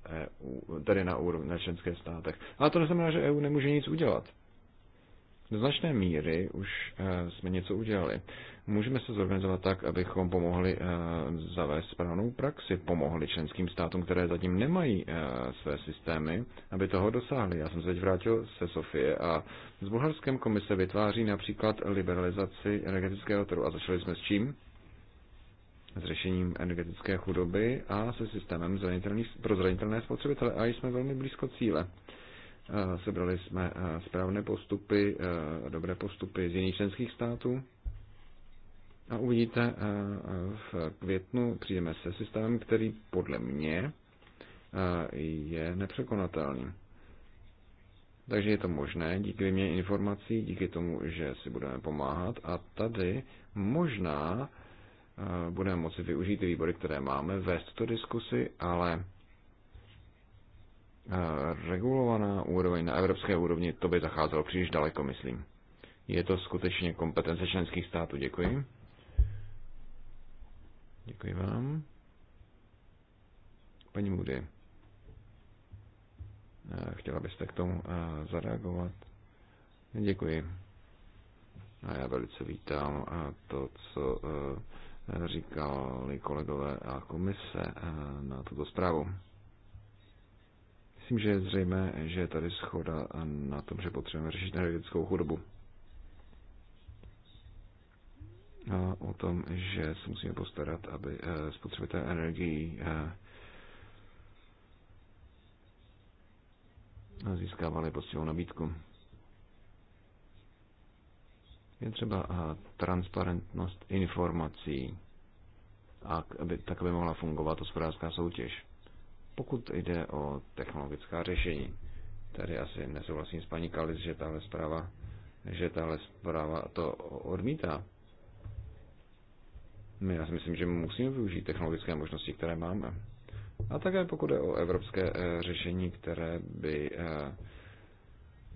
EU, e tedy na, úrovni, na členské státech. Ale to neznamená, že EU nemůže nic udělat. Do značné míry už eh, jsme něco udělali. Můžeme se zorganizovat tak, abychom pomohli eh, zavést správnou praxi, pomohli členským státům, které zatím nemají eh, své systémy, aby toho dosáhli. Já jsem se teď vrátil se Sofie a s Bulharskem komise vytváří například liberalizaci energetického trhu. A začali jsme s čím? s řešením energetické chudoby a se systémem zranitelný, pro zranitelné spotřebitele a jsme velmi blízko cíle. Sebrali jsme správné postupy, dobré postupy z jiných členských států. A uvidíte, v květnu přijdeme se systémem, který podle mě je nepřekonatelný. Takže je to možné díky výměně informací, díky tomu, že si budeme pomáhat a tady možná budeme moci využít ty výbory, které máme, vést tu diskusi, ale Eh, regulovaná úroveň na evropské úrovni, to by zacházelo příliš daleko, myslím. Je to skutečně kompetence členských států. Děkuji. Děkuji vám. Paní Moody, eh, chtěla byste k tomu eh, zareagovat? Děkuji. A já velice vítám to, co říkali kolegové a komise na tuto zprávu. Myslím, že je zřejmé, že je tady schoda na tom, že potřebujeme řešit energetickou chudobu. A o tom, že se musíme postarat, aby eh, spotřebitel energii eh, získávali poctivou nabídku. Je třeba eh, transparentnost informací, aby, tak aby mohla fungovat hospodářská soutěž. Pokud jde o technologická řešení, tady asi nesouhlasím s paní Kalis, že tahle zpráva, že tahle zpráva to odmítá. My já si myslím, že musíme využít technologické možnosti, které máme. A také pokud je o evropské eh, řešení, které by eh,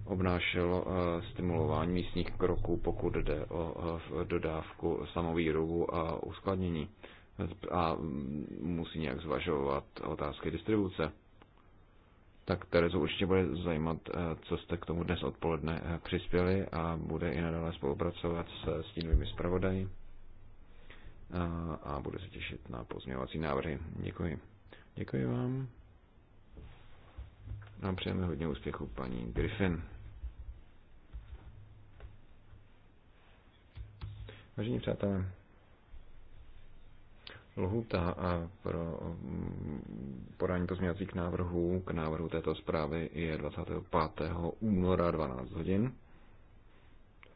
obnášelo eh, stimulování místních kroků, pokud jde o dodávku samovýrobu a uskladnění a musí nějak zvažovat otázky distribuce. Tak Terezu určitě bude zajímat, eh, co jste k tomu dnes odpoledne eh, přispěli a bude i nadále spolupracovat s eh, stínovými zpravodaji a bude se těšit na pozměňovací návrhy. Děkuji. Děkuji vám. A přejeme hodně úspěchu paní Griffin. Vážení přátelé, Lhuta pro mm, podání pozměňovacích návrhů k návrhu této zprávy je 25. února 12 hodin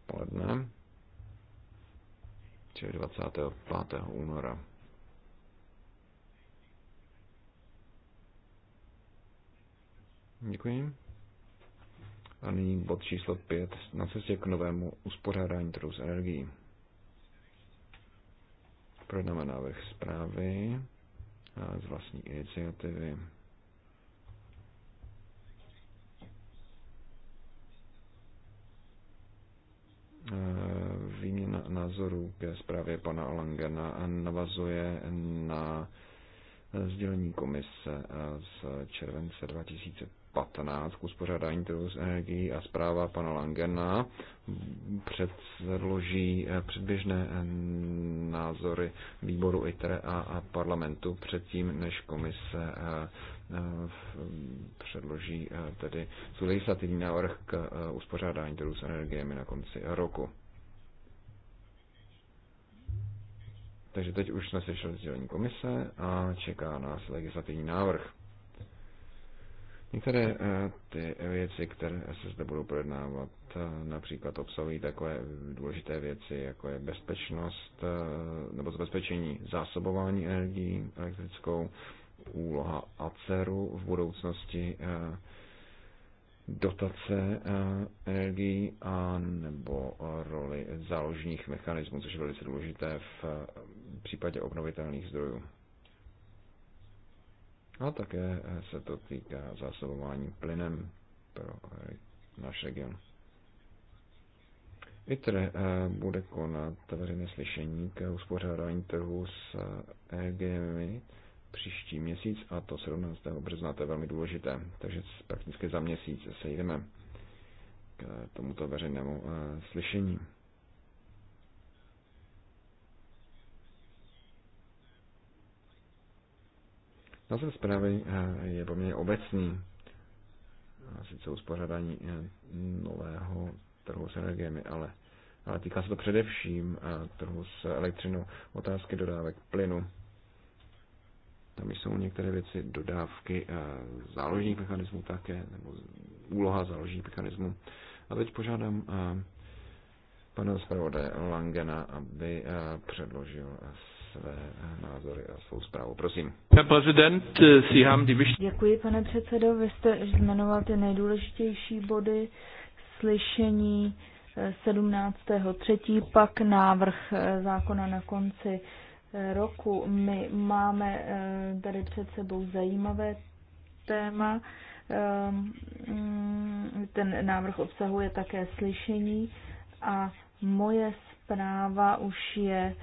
poledne, čili 25. února. Děkuji. A nyní bod číslo 5 na cestě k novému uspořádání trhu s energií. Projednáme návrh zprávy z vlastní iniciativy. Výměna názorů ke zprávě pana Langena navazuje na sdělení komise z července 2015 k uspořádání trhu s energií a zpráva pana Langena předloží předběžné názory výboru ITRE a parlamentu předtím, než komise eh, eh, předloží eh, tedy svůj legislativní návrh k uspořádání trhu s energiemi na konci roku. Takže teď už jsme slyšeli sdělení komise a čeká nás legislativní návrh. Některé eh, ty věci, které se zde budou projednávat, eh, například obsahují takové důležité věci, jako je bezpečnost eh, nebo zabezpečení zásobování energií elektrickou, úloha ACERu v budoucnosti, dotace energií a nebo roli záložních mechanismů, což je velice důležité v případě obnovitelných zdrojů. A no, také se to týká zásobování plynem pro eh, náš region. ITRE eh, bude konat veřejné slyšení k uspořádání trhu s energiemi eh, příští měsíc a to 17. března, to je velmi důležité, takže prakticky za měsíc sejdeme k tomuto veřejnému slyšení. Název zprávy eh, je poměrně obecný, sice uspořádání eh, nového trhu s energiemi, ale, ale týká se to především eh, trhu s elektřinou, otázky dodávek plynu. Tam jsou některé věci dodávky záložních mechanismů také, nebo úloha záložních mechanismů. A teď požádám pana zpravodaje Langena, aby předložil své eh, názory a svou zprávu. Prosím. Eh, Děkuji, pane předsedo. Vy jste jmenoval ty nejdůležitější body slyšení 17.3. Eh, pak návrh zákona na konci roku. My máme tady před sebou zajímavé téma. Ehm, mm, ten návrh obsahuje také slyšení a moje zpráva už je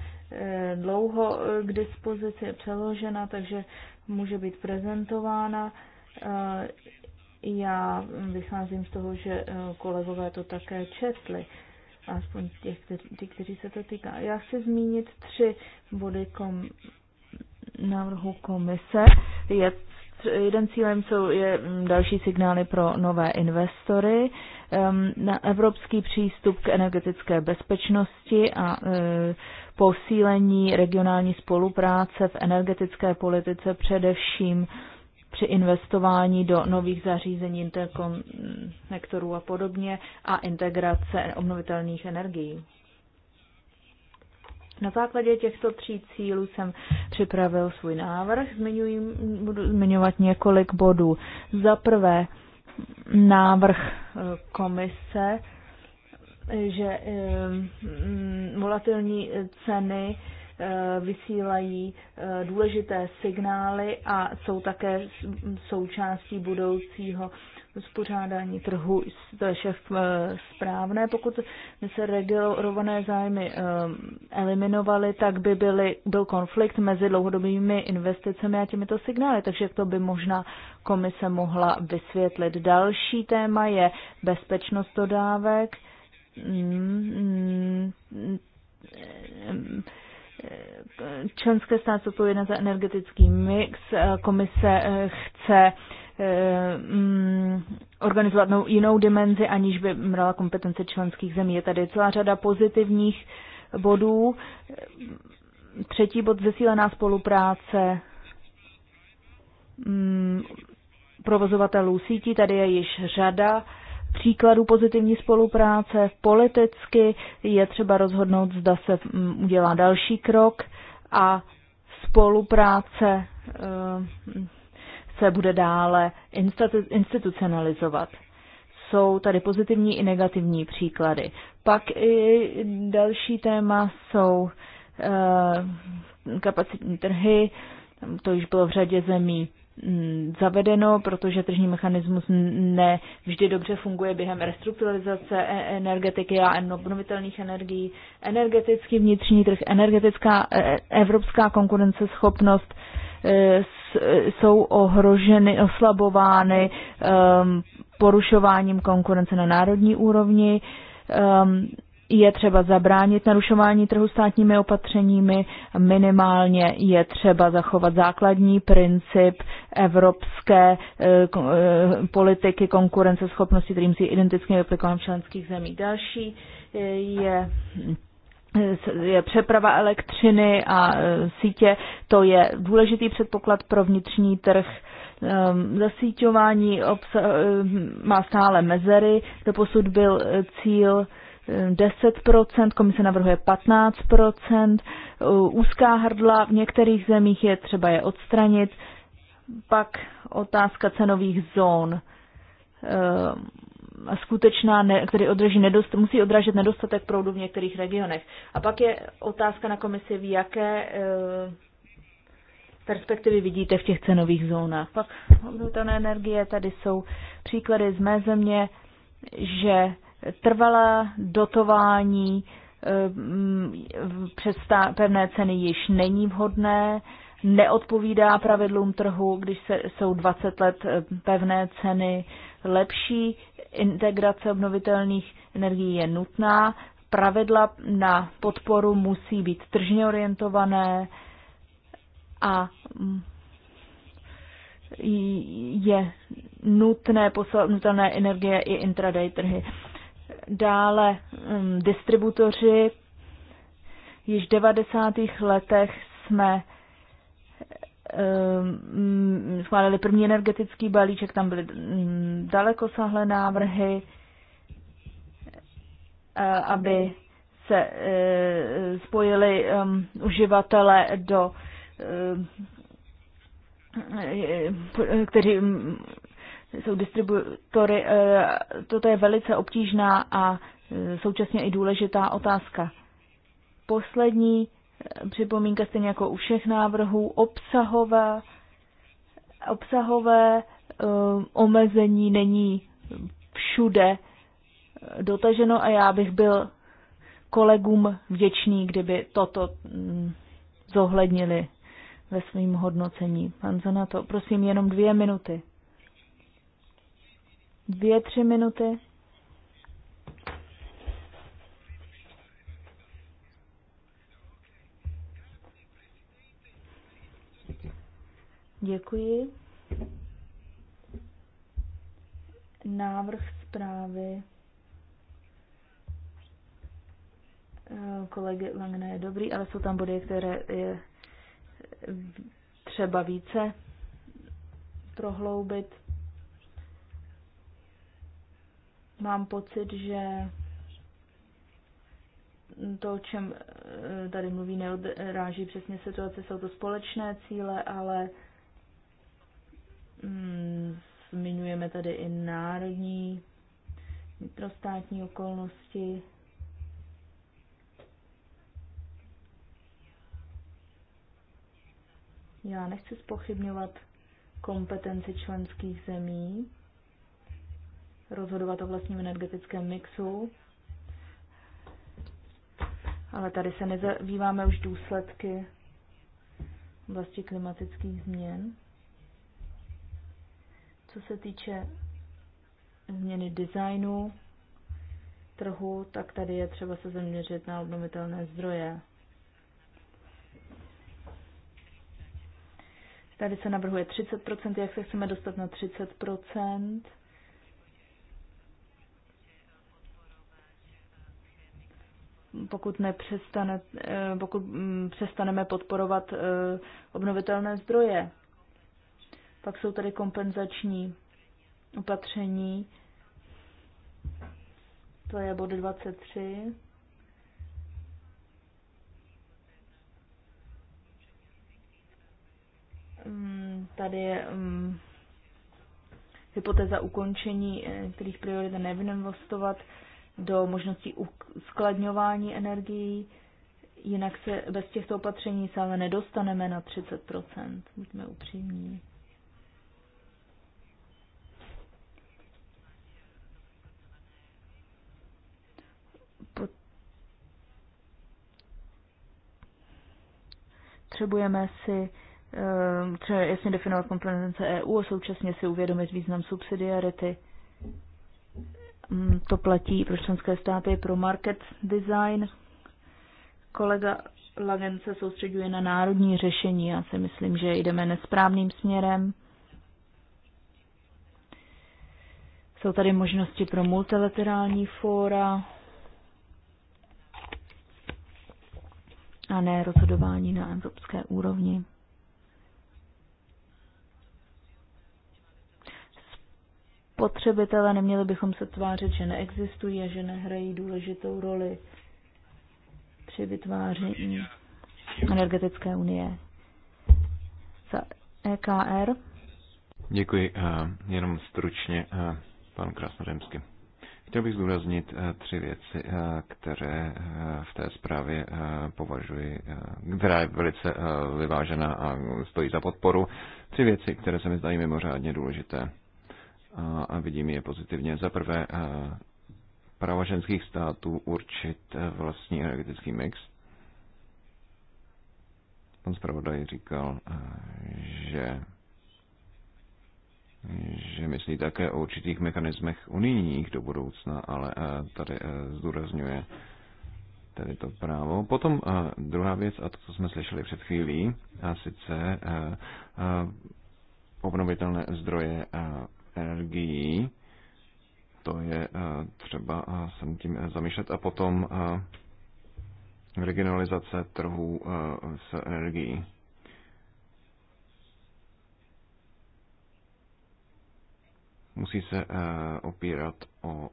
dlouho k dispozici, je přeložena, takže může být prezentována. Eh, já vycházím z toho, že eh, kolegové to také četli, aspoň těch, ty, kteří se to týká. Já chci zmínit tři body kom, návrhu komise. Je, jeden cílem jsou je mm, další signály pro nové investory, ehm, na evropský přístup k energetické bezpečnosti a eh, posílení regionální spolupráce v energetické politice, především při investování do nových zařízení, interkonektorů a podobně a integrace obnovitelných energií. Na základě těchto tří cílů jsem připravil svůj návrh. Zmiňuji, budu zmiňovat několik bodů. Za prvé návrh eh, komise že mm, volatilní ceny eh, vysílají eh, důležité signály a jsou také součástí budoucího uspořádání trhu. To je šef eh, správné. Pokud by se regulované zájmy eliminovaly, tak by byly, byl konflikt mezi dlouhodobými investicemi a těmito signály, takže to by možná komise mohla vysvětlit. Další téma je bezpečnost dodávek Mm, mm, členské státy odpovědné za energetický mix. Komise eh, chce eh, mm, organizovat jinou dimenzi, aniž by brala kompetence členských zemí. Je tady celá řada pozitivních bodů. Třetí bod zesílená spolupráce provozovatelů sítí. Tady je již řada příkladů pozitivní spolupráce. Politicky je třeba rozhodnout, zda se mm, udělá další krok a spolupráce eh, se bude dále institucionalizovat. Jsou tady pozitivní i negativní příklady. Pak i další téma jsou eh, kapacitní trhy, to již bylo v řadě zemí Mm, zavedeno, protože tržní mechanismus ne vždy dobře funguje během restrukturalizace e-, energetiky a obnovitelných energií, energetický vnitřní trh, energetická e-, evropská konkurenceschopnost e, jsou ohroženy, oslabovány porušováním konkurence na národní úrovni je třeba zabránit narušování trhu státními opatřeními, minimálně je třeba zachovat základní princip evropské eh, eh, politiky konkurenceschopnosti, kterým si identicky aplikován v členských zemí. Další eh, je je přeprava elektřiny a sítě, to je důležitý předpoklad pro vnitřní trh. Ehm, zasíťování má stále mezery, to posud byl cíl 10%, komise navrhuje 15%, úzká hrdla v některých zemích je třeba je odstranit. Pak otázka cenových zón. Ehm, skutečná, který odraží nedost, musí odražet nedostatek proudu v některých regionech. A pak je otázka na komisi, v jaké ehm, perspektivy vidíte v těch cenových zónách. Pak obnovitelné energie, tady jsou příklady z mé země, že trvalé dotování eh, mm, přes pevné ceny již není vhodné, neodpovídá pravidlům trhu, když se, jsou 20 let eh, pevné ceny lepší, integrace obnovitelných energií je nutná, pravidla na podporu musí být tržně orientované a mm, je nutné posilnutelné energie i intraday trhy. Dále mm, distributoři. Již v 90. letech jsme mm, schválili první energetický balíček, tam byly mm, dalekosáhlé návrhy, e, aby se e, spojili uživatele do e, kteří jsou distributory, eh, toto je velice obtížná a eh, současně i důležitá otázka. Poslední eh, připomínka, stejně jako u všech návrhů, obsahové, obsahové omezení není všude dotaženo a já bych byl kolegům vděčný, kdyby toto mm, zohlednili ve svým hodnocení. Pan Zanato, prosím, jenom dvě minuty. Dvě, tři minuty. Děkuji. Návrh zprávy eh, kolegy Langna je dobrý, ale jsou tam body, které je třeba více prohloubit. Mám pocit, že to, o čem eh, tady mluví, neodráží přesně situace, jsou to společné cíle, ale mm, zmiňujeme tady i národní, vnitrostátní okolnosti. Já nechci spochybňovat kompetenci členských zemí, rozhodovat o vlastním energetickém mixu. Ale tady se nezabýváme už důsledky oblasti klimatických změn. Co se týče změny designu trhu, tak tady je třeba se zaměřit na obnovitelné zdroje. Tady se navrhuje 30%, jak se chceme dostat na 30%. pokud, nepřestane, eh, pokud mm, přestaneme podporovat eh, obnovitelné zdroje. Pak jsou tady kompenzační opatření. To je bod 23. Mm, tady je um, hypotéza ukončení, eh, kterých priorit nevinvestovat. investovat do možností uskladňování energií, jinak se bez těchto opatření se ale nedostaneme na 30 buďme upřímní. Potřebujeme si eh, třeba jasně definovat kompetence EU a současně si uvědomit význam subsidiarity. Mm, to platí pro členské státy pro market design. Kolega Lagen se soustředuje na národní řešení. Já si myslím, že jdeme nesprávným směrem. Jsou tady možnosti pro multilaterální fóra a ne rozhodování na evropské úrovni. spotřebitele, neměli bychom se tvářit, že neexistují a že nehrají důležitou roli při vytváření energetické unie. Za EKR. Děkuji. Eh, jenom stručně, eh, pan Krasnodemsky. Chtěl bych zdůraznit eh, tři věci, které v té zprávě považuji, která je velice vyvážená a stojí za podporu. Tři věci, které se mi zdají mimořádně důležité a vidím je pozitivně. Za prvé, práva ženských států určit e, vlastní energetický mix. Pan zpravodaj říkal, e, že že myslí také o určitých mechanismech unijních do budoucna, ale e, tady zdůrazňuje tedy to právo. Potom druhá věc, a to, co jsme slyšeli před chvílí, a sice obnovitelné zdroje energií. To je eh, třeba eh, se tím eh, zamýšlet. A potom regionalizace trhů s energií. musí se opírat o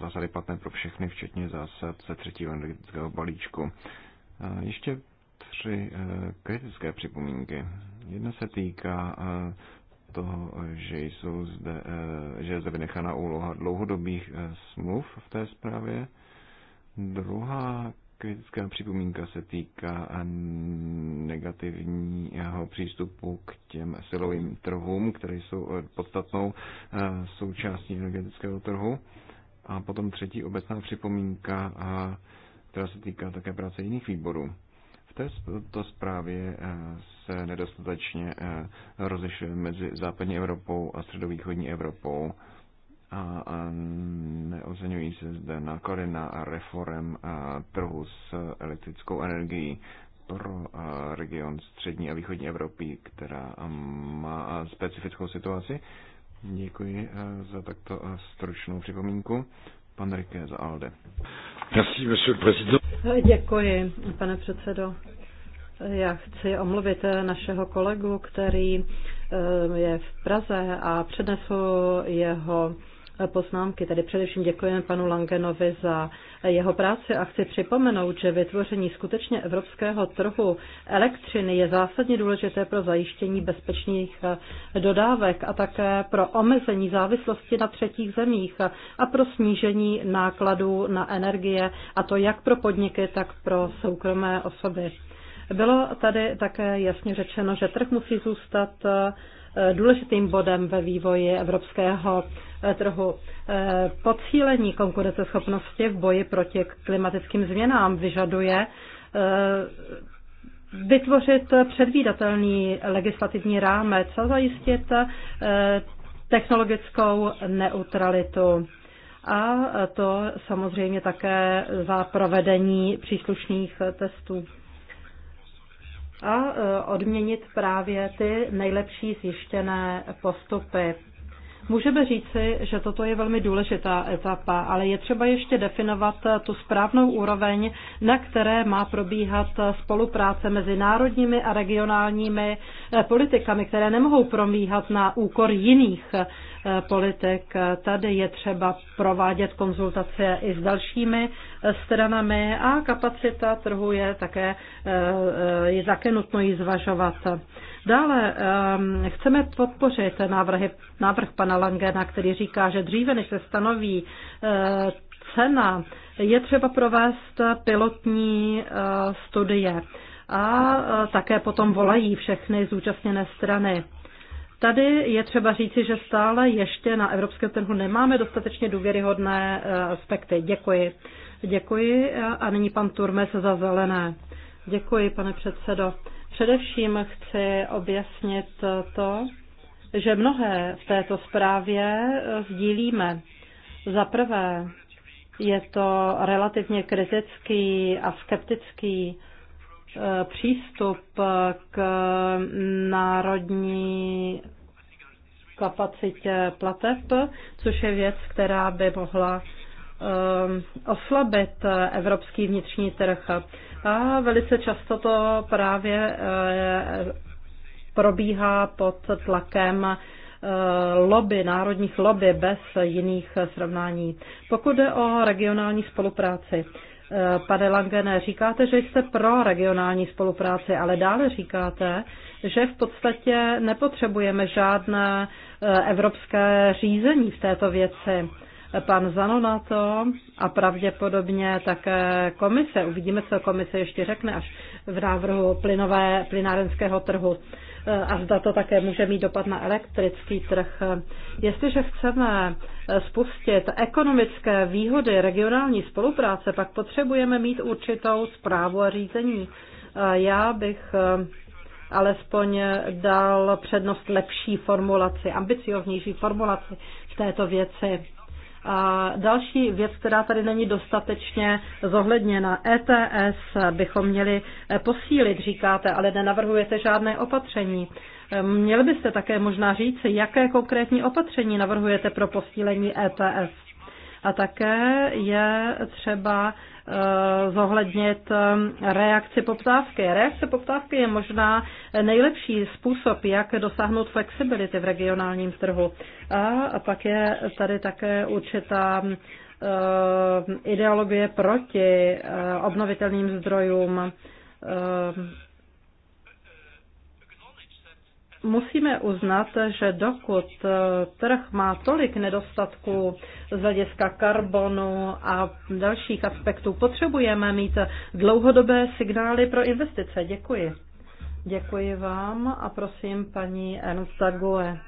zásady platné pro všechny, včetně zásad ze třetího energetického balíčku. Ještě tři kritické připomínky. Jedna se týká toho, že, jsou zde, eh, že je zde vynechána úloha dlouhodobých eh, smluv v té zprávě. Druhá kritická připomínka se týká eh, negativního přístupu k těm silovým trhům, které jsou podstatnou součástí energetického trhu. A potom třetí obecná připomínka, která se týká také práce jiných výborů. V této zprávě eh, se nedostatečně eh, rozlišuje mezi západní Evropou a středovýchodní Evropou a neoceňují se zde náklady na reform eh, trhu s elektrickou energií pro region střední a východní Evropy, která má specifickou situaci. Děkuji za takto stručnou připomínku. Pan Riké za ALDE. Děkuji, pane předsedo. Já chci omluvit eh, našeho kolegu, který eh, je v Praze a přednesu jeho poznámky. Tady především děkujeme panu Langenovi za jeho práci a chci připomenout, že vytvoření skutečně evropského trhu elektřiny je zásadně důležité pro zajištění bezpečných dodávek a také pro omezení závislosti na třetích zemích a pro snížení nákladů na energie, a to jak pro podniky, tak pro soukromé osoby. Bylo tady také jasně řečeno, že trh musí zůstat Eh, důležitým bodem ve vývoji evropského eh, trhu. Eh, Podcílení konkurenceschopnosti v boji proti klimatickým změnám vyžaduje vytvořit předvídatelný legislativní rámec a zajistit technologickou neutralitu. A to samozřejmě také za provedení příslušných testů a e, odměnit právě ty nejlepší zjištěné postupy. Můžeme říci, že toto je velmi důležitá etapa, ale je třeba ještě definovat tu správnou úroveň, na které má probíhat spolupráce mezi národními a regionálními eh, politikami, které nemohou promíhat na úkor jiných eh, politik. Tady je třeba provádět konzultace i s dalšími eh, stranami a kapacita trhu je také, je také nutno ji zvažovat. Dále um, chceme podpořit návrhy, návrh pana Langena, který říká, že dříve, než se stanoví uh, cena, je třeba provést pilotní uh, studie. A uh, také potom volají všechny zúčastněné strany. Tady je třeba říci, že stále ještě na evropském trhu nemáme dostatečně důvěryhodné aspekty. Děkuji. Děkuji a nyní pan Turmes za zelené. Děkuji, pane předsedo. Především chci objasnit to, že mnohé v této zprávě sdílíme. Za prvé je to relativně kritický a skeptický eh, přístup k národní kapacitě plateb, což je věc, která by mohla eh, oslabit evropský vnitřní trh. A velice často to právě eh, probíhá pod tlakem eh, lobby, národních lobby bez jiných eh, srovnání. Pokud jde o regionální spolupráci, pane Langene, říkáte, že jste pro regionální spolupráci, ale dále říkáte, že v podstatě nepotřebujeme žádné evropské řízení v této věci pan Zanonato a pravděpodobně také komise. Uvidíme, co komise ještě řekne až v návrhu plynové, plynárenského trhu eh, a zda to také může mít dopad na elektrický trh. Jestliže chceme eh, spustit ekonomické výhody regionální spolupráce, pak potřebujeme mít určitou zprávu a řízení. Eh, já bych alespoň dal přednost lepší formulaci, ambicioznější formulaci v této věci. A další věc, která tady není dostatečně zohledněna, ETS bychom měli eh, posílit, říkáte, ale nenavrhujete žádné opatření. Eh, měli byste také možná říct, jaké konkrétní opatření navrhujete pro posílení ETS. A také je třeba Eh, zohlednit eh, reakci poptávky. Reakce poptávky je možná nejlepší způsob, jak dosáhnout flexibility v regionálním trhu. A pak je tady také určitá eh, ideologie proti obnovitelným zdrojům musíme uznat, že dokud eh, trh má tolik nedostatků z hlediska karbonu a dalších aspektů, potřebujeme mít dlouhodobé signály pro investice. Děkuji. Děkuji vám a prosím paní Ernsta Gue.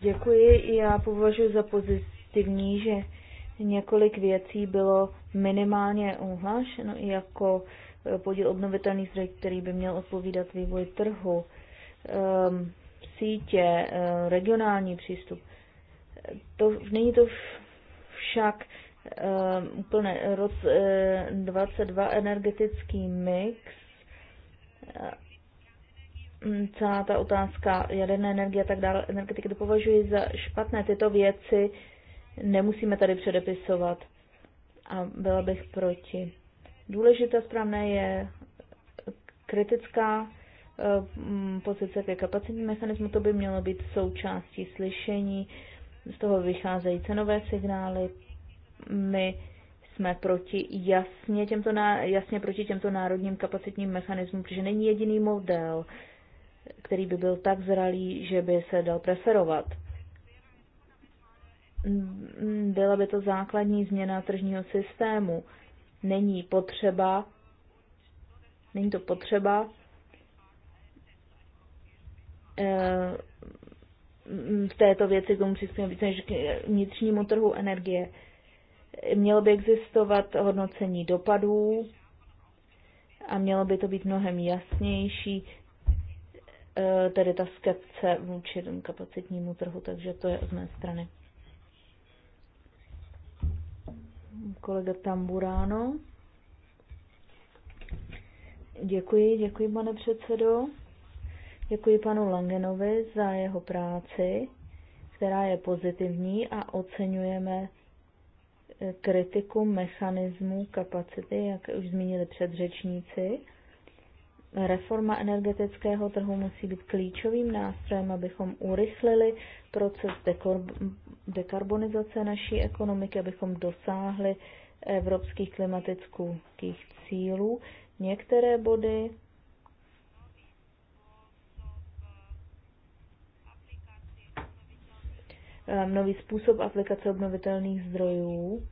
Děkuji, já považuji za pozitivní, že několik věcí bylo minimálně uhlášeno jako podíl obnovitelných zdrojů, který by měl odpovídat vývoji trhu, ehm, sítě, ehm, regionální přístup. To, není to však ehm, úplně roz 22 energetický mix, celá ta otázka jaderné energie a tak dále, energetiky, to považuji za špatné. Tyto věci nemusíme tady předepisovat a byla bych proti. Důležité správné je kritická eh, mm, pozice ke kapacitní mechanismu, to by mělo být součástí slyšení, z toho vycházejí cenové signály. My jsme proti jasně, těmto, jasně proti těmto národním kapacitním mechanismům, protože není jediný model, který by byl tak zralý, že by se dal preferovat. Mm, byla by to základní změna tržního systému není potřeba, není to potřeba, eh, v této věci k tomu přispíme více než k vnitřnímu trhu energie. Mělo by existovat hodnocení dopadů a mělo by to být mnohem jasnější, eh, tedy ta skepce vůči kapacitnímu trhu, takže to je z mé strany. kolega Tamburáno. Děkuji, děkuji pane předsedo. Děkuji panu Langenovi za jeho práci, která je pozitivní a oceňujeme eh, kritiku mechanismu kapacity, jak už zmínili předřečníci. Reforma energetického trhu musí být klíčovým nástrojem, abychom urychlili proces dekarbonizace naší ekonomiky, abychom dosáhli evropských klimatických cílů. Některé body ehm, nový způsob aplikace obnovitelných zdrojů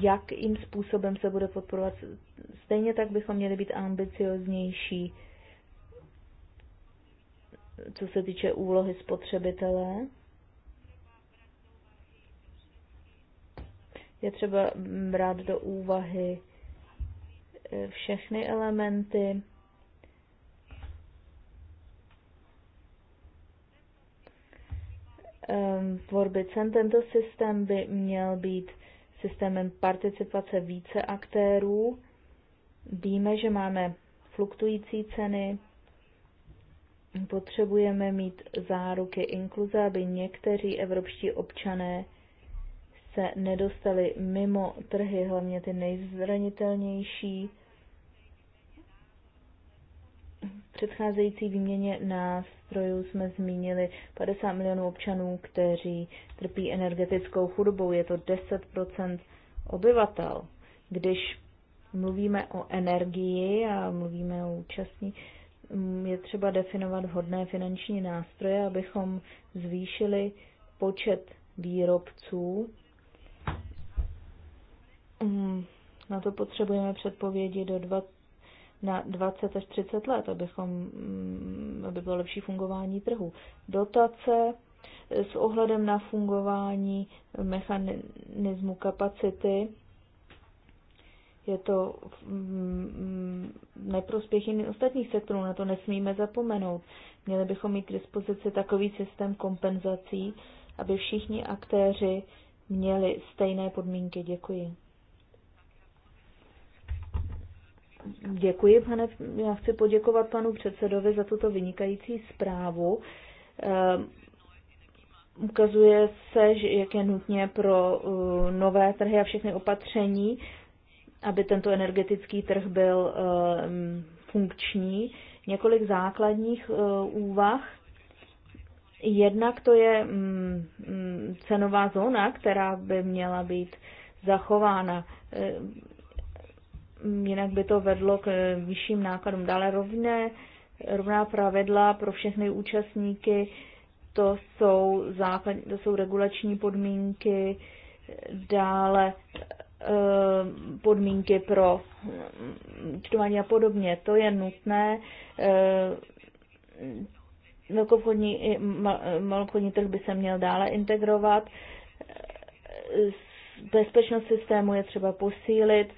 jakým způsobem se bude podporovat. Stejně tak bychom měli být ambicioznější, co se týče úlohy spotřebitele. Je třeba brát do úvahy eh, všechny elementy. Ehm, tvorby cen tento systém by měl být systémem participace více aktérů. Víme, že máme fluktující ceny, potřebujeme mít záruky inkluze, aby někteří evropští občané se nedostali mimo trhy, hlavně ty nejzranitelnější. V předcházející výměně nás zdrojů jsme zmínili 50 milionů občanů, kteří trpí energetickou chudobou. Je to 10 obyvatel. Když mluvíme o energii a mluvíme o účastní, mm, je třeba definovat vhodné finanční nástroje, abychom zvýšili počet výrobců. Mm, na to potřebujeme předpovědi do 20 na 20 až 30 let, abychom, mm, aby bylo lepší fungování trhu. Dotace eh, s ohledem na fungování mechanismu kapacity je to mm, neprospěch jiných ostatních sektorů, na to nesmíme zapomenout. Měli bychom mít k dispozici takový systém kompenzací, aby všichni aktéři měli stejné podmínky. Děkuji. Děkuji, pane. Já chci poděkovat panu předsedovi za tuto vynikající zprávu. Ehm, ukazuje se, že jak je nutně pro eh, nové trhy a všechny opatření, aby tento energetický trh byl ehm, funkční. Několik základních eh, úvah. Jednak to je mm, mm, cenová zóna, která by měla být zachována ehm, Mm, jinak by to vedlo k eh, vyšším nákladům. Dále rovné, rovná pravidla pro všechny účastníky, to jsou, základ, to jsou regulační podmínky, dále eh, podmínky pro čtování mm, a podobně. To je nutné. Eh, velkoobchodní malobchodní trh by se měl dále integrovat. Bezpečnost systému je třeba posílit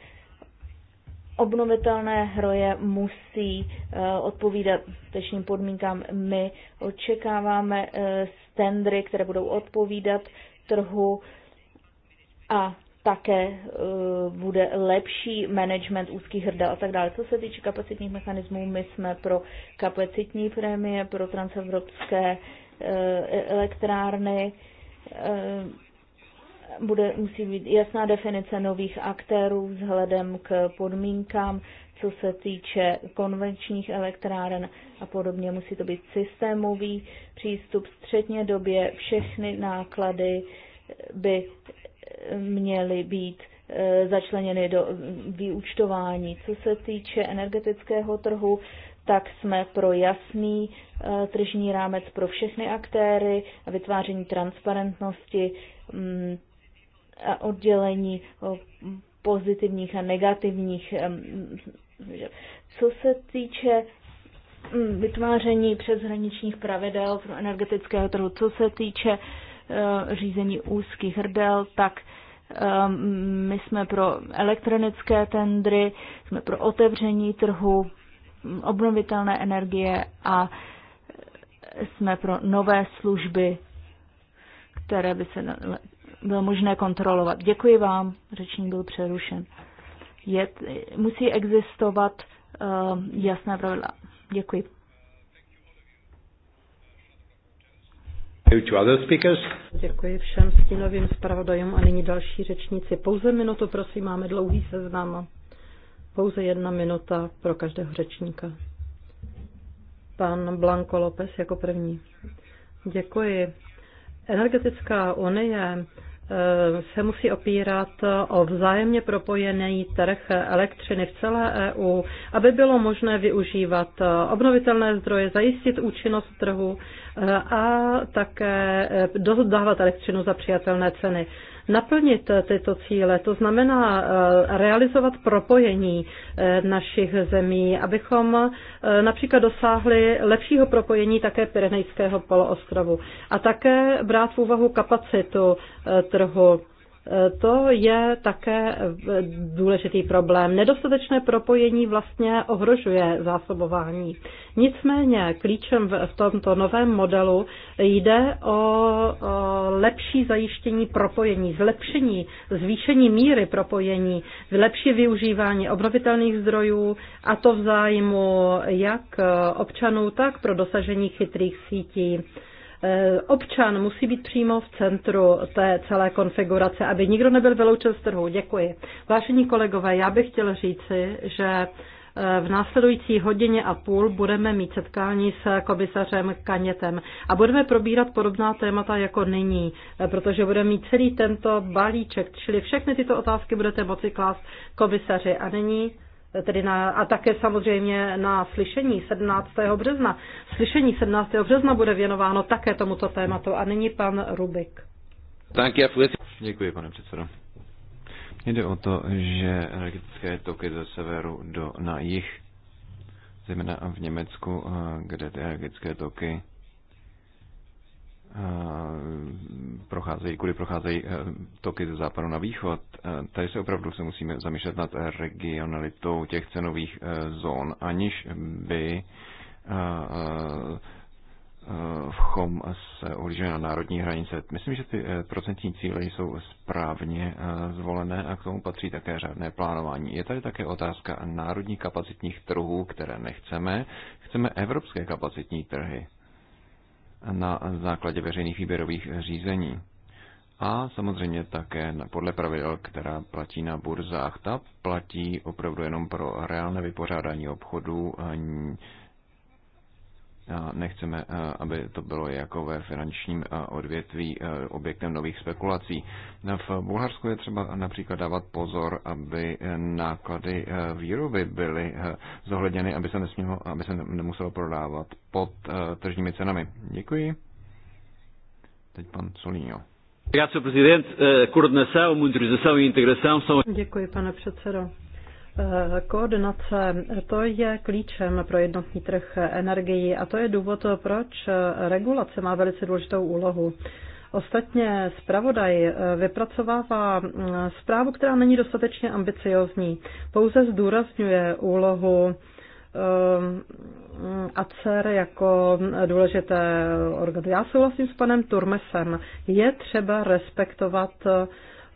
obnovitelné hroje musí eh, odpovídat tečným podmínkám. My očekáváme eh, tendry, které budou odpovídat trhu a také eh, bude lepší management úzkých hrdel a tak dále. Co se týče kapacitních mechanismů, my jsme pro kapacitní prémie, pro transevropské e- elektrárny, bude, musí být jasná definice nových aktérů vzhledem k podmínkám, co se týče konvenčních elektráren a podobně. Musí to být systémový přístup. Středně době všechny náklady by eh, měly být eh, začleněny do eh, vyučtování. Co se týče energetického trhu, tak jsme pro jasný tržní rámec pro všechny aktéry a vytváření transparentnosti mm, oddělení pozitivních a negativních. Co se týče mm, vytváření přeshraničních pravidel pro energetického trhu, co se týče e, řízení úzkých hrdel, tak my jsme pro elektronické tendry, jsme pro otevření trhu, obnovitelné energie a jsme pro nové služby, které by se bylo možné kontrolovat. Děkuji vám, řečník byl přerušen. Je, musí existovat uh, jasná pravidla. Děkuji. Děkuji všem stínovým zpravodajům a nyní další řečníci. Pouze minutu, prosím, máme dlouhý seznam. Pouze jedna minuta pro každého řečníka. Pan Blanco López jako první. Děkuji. Energetická unie Eh, se musí opírat o vzájemně propojený trh elektřiny v celé EU, aby bylo možné využívat eh, obnovitelné zdroje, zajistit účinnost trhu eh, a také dávat elektřinu za přijatelné ceny naplnit eh, tyto cíle. To znamená eh, realizovat propojení eh, našich zemí, abychom například dosáhli lepšího propojení také Pyrenejského poloostrovu a také brát v úvahu kapacitu trhu to je také důležitý problém. Nedostatečné propojení vlastně ohrožuje zásobování. Nicméně klíčem v tomto novém modelu jde o lepší zajištění propojení, zlepšení, zvýšení míry propojení, lepší využívání obnovitelných zdrojů a to v zájmu jak občanů, tak pro dosažení chytrých sítí. Eh, občan musí být přímo v centru té celé konfigurace, aby nikdo nebyl vyloučen z trhu. Děkuji. Vážení kolegové, já bych chtěl říci, že eh, v následující hodině a půl budeme mít setkání s komisařem Kanětem a budeme probírat podobná témata jako nyní, eh, protože budeme mít celý tento balíček, čili všechny tyto otázky budete moci klást komisaři. A nyní tedy na, a také samozřejmě na slyšení 17. března. Slyšení 17. března bude věnováno také tomuto tématu. A nyní pan Rubik. Děkuji, pane předsedo. Jde o to, že energetické toky ze severu do na jih, zejména v Německu, eh, kde ty energetické toky procházejí, kudy procházejí e, toky ze západu na východ. E, tady se opravdu se musíme zamýšlet nad regionalitou těch cenových e, zón, aniž by vchom se ohlíželi na národní hranice. Myslím, že ty procentní cíle jsou správně zvolené a k tomu patří také řádné plánování. Je tady také otázka národní kapacitních trhů, které nechceme. Chceme evropské kapacitní trhy na základě veřejných výběrových řízení. A samozřejmě také podle pravidel, která platí na burzách, ta platí opravdu jenom pro reálné vypořádání obchodů, Nechceme, eh, aby to bylo jako ve finančním eh, odvětví eh, objektem nových spekulací. V Bulharsku je třeba například dávat pozor, aby náklady výroby byly zohledněny, aby se, nesmělo, aby se nemuselo prodávat pod tržními cenami. Děkuji. Teď pan Solinho. E Děkuji, pane předsedo. Eh, koordinace, to je klíčem pro jednotný trh energii a to je důvod, proč eh, regulace má velice důležitou úlohu. Ostatně zpravodaj eh, vypracovává zprávu, která není dostatečně ambiciozní. Pouze zdůrazňuje úlohu ACER jako důležité organizace Já souhlasím s panem Turmesem. Je třeba respektovat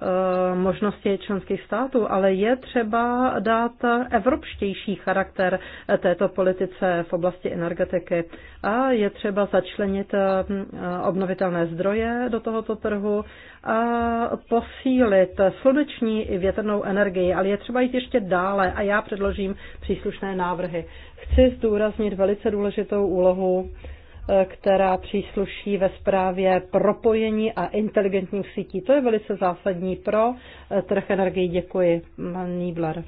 Eh, možnosti členských států, ale je třeba dát evropštější charakter této politice v oblasti energetiky. A je třeba začlenit eh, obnovitelné zdroje do tohoto trhu a posílit sluneční i větrnou energii, ale je třeba jít ještě dále a já předložím příslušné návrhy. Chci zdůraznit velice důležitou úlohu Eh, která přísluší ve zprávě propojení a inteligentních sítí. To je velice zásadní pro eh, trh energii. Děkuji, pan Niebler.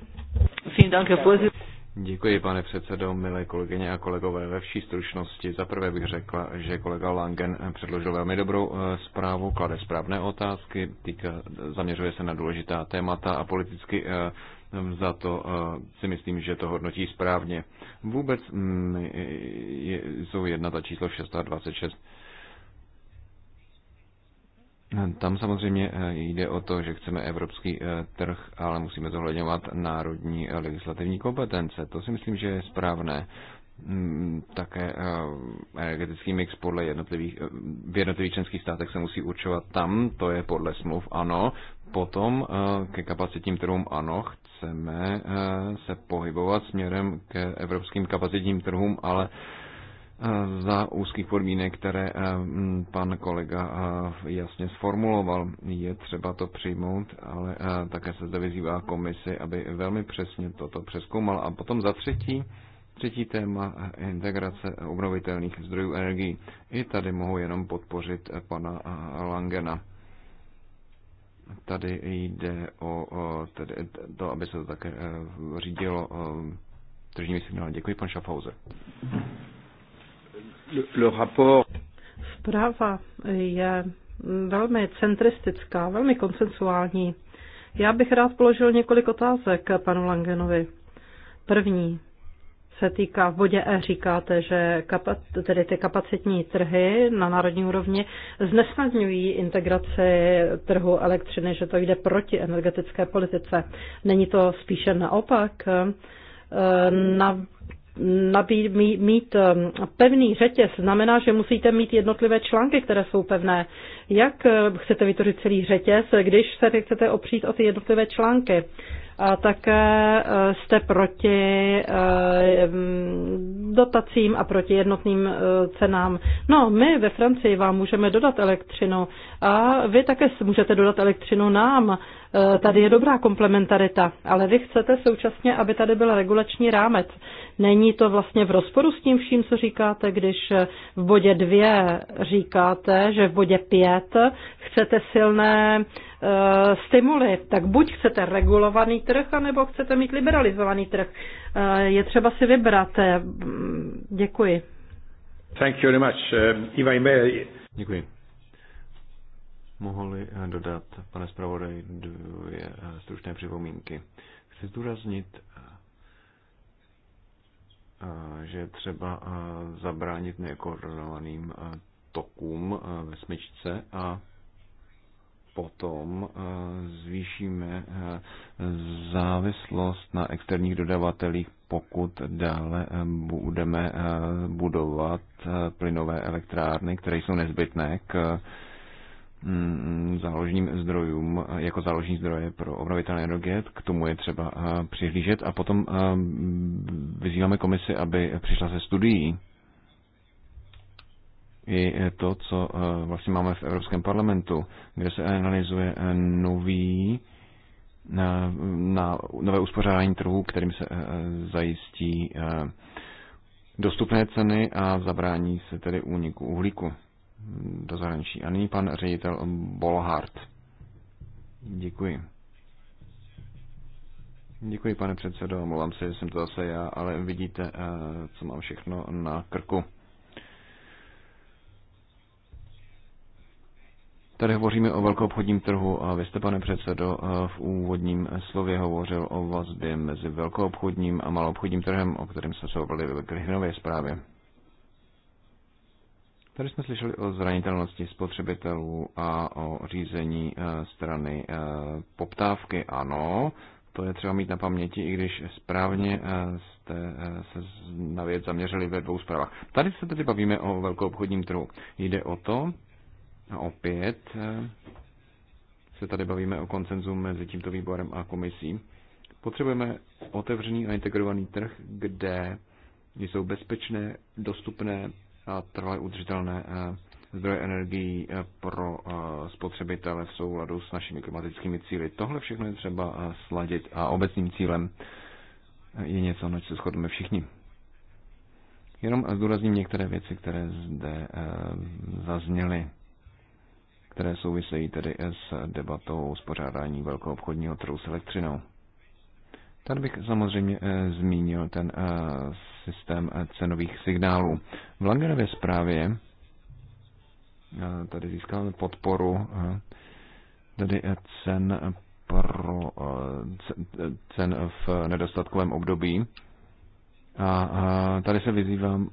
Děkuji, pane předsedo, milé kolegyně a kolegové. Ve vší stručnosti zaprvé bych řekla, že kolega Langen předložil velmi dobrou eh, zprávu, klade správné otázky, týka, zaměřuje se na důležitá témata a politicky za to eh, si myslím, že to hodnotí správně. Vůbec mm, jsou jedna ta číslo 626. Tam samozřejmě eh, jde o to, že chceme evropský eh, trh, ale musíme zohledňovat národní legislativní kompetence. To si myslím, že je správné. Mm, také energetický mix podle jednotlivých, v jednotlivých členských státech se musí určovat tam, to je podle smluv, ano. Potom ke kapacitním trhům, ano chceme eh, se pohybovat směrem k evropským kapacitním trhům, ale eh, za úzkých podmínek, které eh, pan kolega jasně sformuloval. Je třeba to přijmout, ale také se zde vyzývá komisi, aby velmi přesně toto přeskoumala. A potom za třetí, třetí téma integrace obnovitelných zdrojů energií. I tady mohu jenom podpořit pana Langena Tady jde o, o tedy to, aby se to také eh, řídilo eh, tržními signály. Děkuji, pan Schaffhauser. Le, le Zpráva je velmi centristická, velmi konsensuální. Já bych rád položil několik otázek panu Langenovi. První se týká, v bodě E říkáte, že kapac, tedy ty kapacitní trhy na národní úrovni znesnadňují integraci trhu elektřiny, že to jde proti energetické politice. Není to spíše naopak? E, na, nabít, mít, mít e, pevný řetěz znamená, že musíte mít jednotlivé články, které jsou pevné. Jak e, chcete vytvořit celý řetěz, když se chcete opřít o ty jednotlivé články? a také eh, jste proti eh, dotacím a proti jednotným eh, cenám. No, my ve Francii vám můžeme dodat elektřinu a vy také můžete dodat elektřinu nám. Tady je dobrá komplementarita, ale vy chcete současně, aby tady byl regulační rámec. Není to vlastně v rozporu s tím vším, co říkáte, když v bodě 2 říkáte, že v bodě 5 chcete silné Eh, stimuly, tak buď chcete regulovaný trh, anebo chcete mít liberalizovaný trh. Eh, je třeba si vybrat. Eh, děkuji. Thank you very much. Um, I may... Děkuji. Mohli dodat, pane zpravodaj, dvě stručné připomínky. Chci zdůraznit, že je třeba zabránit nekoordinovaným tokům ve smyčce a potom eh, zvýšíme eh, závislost na externích dodavatelích, pokud dále eh, budeme budovat plynové elektrárny, které jsou nezbytné k mm, záložním zdrojům, jako záložní zdroje pro obnovitelné energie, k tomu je třeba přihlížet a potom vyzýváme komisi, aby přišla se studií i to, co eh, vlastně máme v Evropském parlamentu, kde se analyzuje eh, nový na, eh, na nové uspořádání trhu, kterým se zajistí dostupné ceny a zabrání se tedy úniku uhlíku do zahraničí. A nyní pan ředitel Bolhart. Děkuji. Děkuji, pane předsedo. Mluvám se, že jsem to zase já, ale vidíte, co mám všechno na krku. Tady hovoříme o velkoobchodním trhu a vy jste, pane předsedo, eh, v úvodním slově hovořil o vazbě mezi velkoobchodním a maloobchodním trhem, o kterém jsme se obrali v Grifinově zprávě. Tady jsme slyšeli o zranitelnosti spotřebitelů a o řízení eh, strany eh, poptávky. Ano, to je třeba mít na paměti, i když správně jste se na věc zaměřili ve dvou zprávách. Tady se tedy bavíme o velkou obchodním trhu. Jde o to, a opět eh, se tady bavíme o koncenzu mezi tímto výborem a komisí. Potřebujeme otevřený a integrovaný trh, kde jsou bezpečné, dostupné a trvalé udržitelné eh, zdroje energií eh, pro spotřebitele v souladu s našimi klimatickými cíly. Tohle všechno je třeba sladit a obecným cílem je něco, na co se shodneme všichni. Jenom zdůrazním některé věci, které zde zazněly které souvisejí tedy s debatou o spořádání velkého obchodního trhu s elektřinou. Tady bych samozřejmě eh, zmínil ten eh, systém eh, cenových signálů. V Langerově zprávě tady získáme podporu tedy cen pro cen v nedostatkovém období. A tady se vyzývám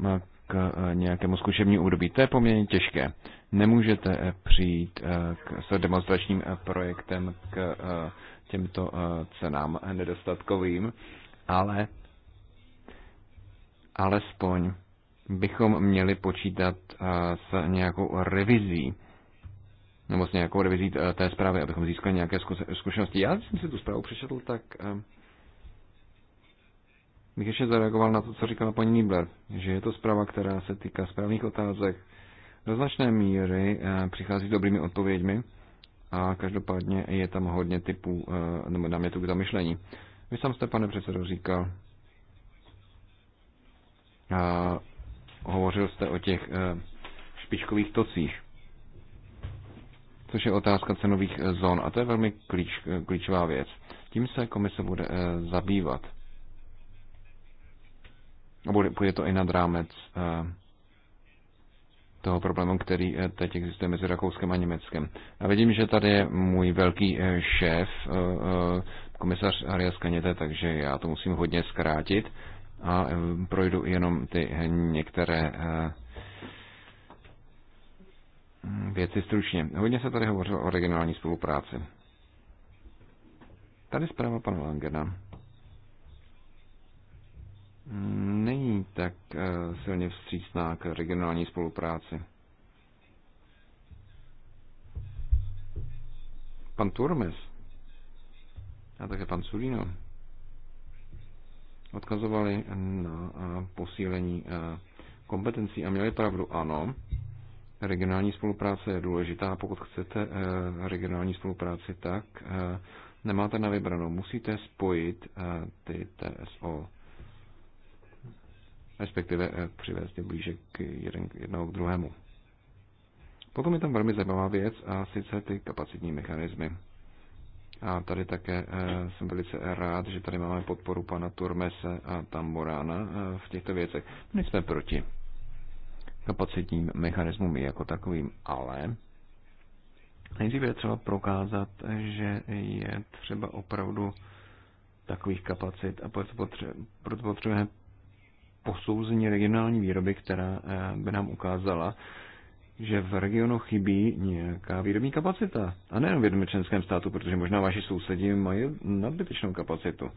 k nějakému zkušebnímu období. To je poměrně těžké nemůžete eh, přijít eh, k, s demonstračním eh, projektem k těmto cenám nedostatkovým, ale alespoň bychom měli počítat s nějakou revizí nebo s nějakou revizí té zprávy, abychom získali nějaké zkušenosti. Já, když jsem si tu zprávu přečetl, tak bych ještě zareagoval na to, co říkala paní Nibler, že je to zpráva, která se týká správných otázek, do značné míry eh, přichází s dobrými odpověďmi a každopádně je tam hodně typů eh, nebo námětů k zamyšlení. Vy sám jste, pane předsedo, říkal, a eh, hovořil jste o těch špičkových tocích, což je otázka cenových zón a to je velmi klíč, klíčová věc. Tím se komise bude zabývat. A bude, bude to i nad rámec toho problému, který eh, teď existuje mezi Rakouskem a Německem. A vidím, že tady je můj velký eh, šéf, eh, komisař Arias Kaněte, takže já to musím hodně zkrátit a projdu jenom ty některé věci stručně. Hodně se tady hovořilo o regionální spolupráci. Tady zpráva pana Langena není tak eh, silně vstřícná k regionální spolupráci. Pan Turmes a také pan Sulino odkazovali na eh, posílení eh, kompetencí a měli pravdu, ano. Regionální spolupráce je důležitá. Pokud chcete regionální spolupráci, tak nemáte na vybranou. Musíte spojit ty TSO respektive eh, přivést je blíže k jeden, jednou k druhému. Potom je tam velmi zajímavá věc a sice ty kapacitní mechanismy. A tady také eh, jsem velice rád, že tady máme podporu pana Turmese a Tamborána eh, v těchto věcech. My jsme proti kapacitním mechanismům jako takovým, ale nejdříve je třeba prokázat, že je třeba opravdu takových kapacit a proto potřebujeme posouzení regionální výroby, která eh, by nám ukázala, že v regionu chybí nějaká výrobní kapacita. A nejen v jednom členském státu, protože možná vaši sousedí mají nadbytečnou kapacitu.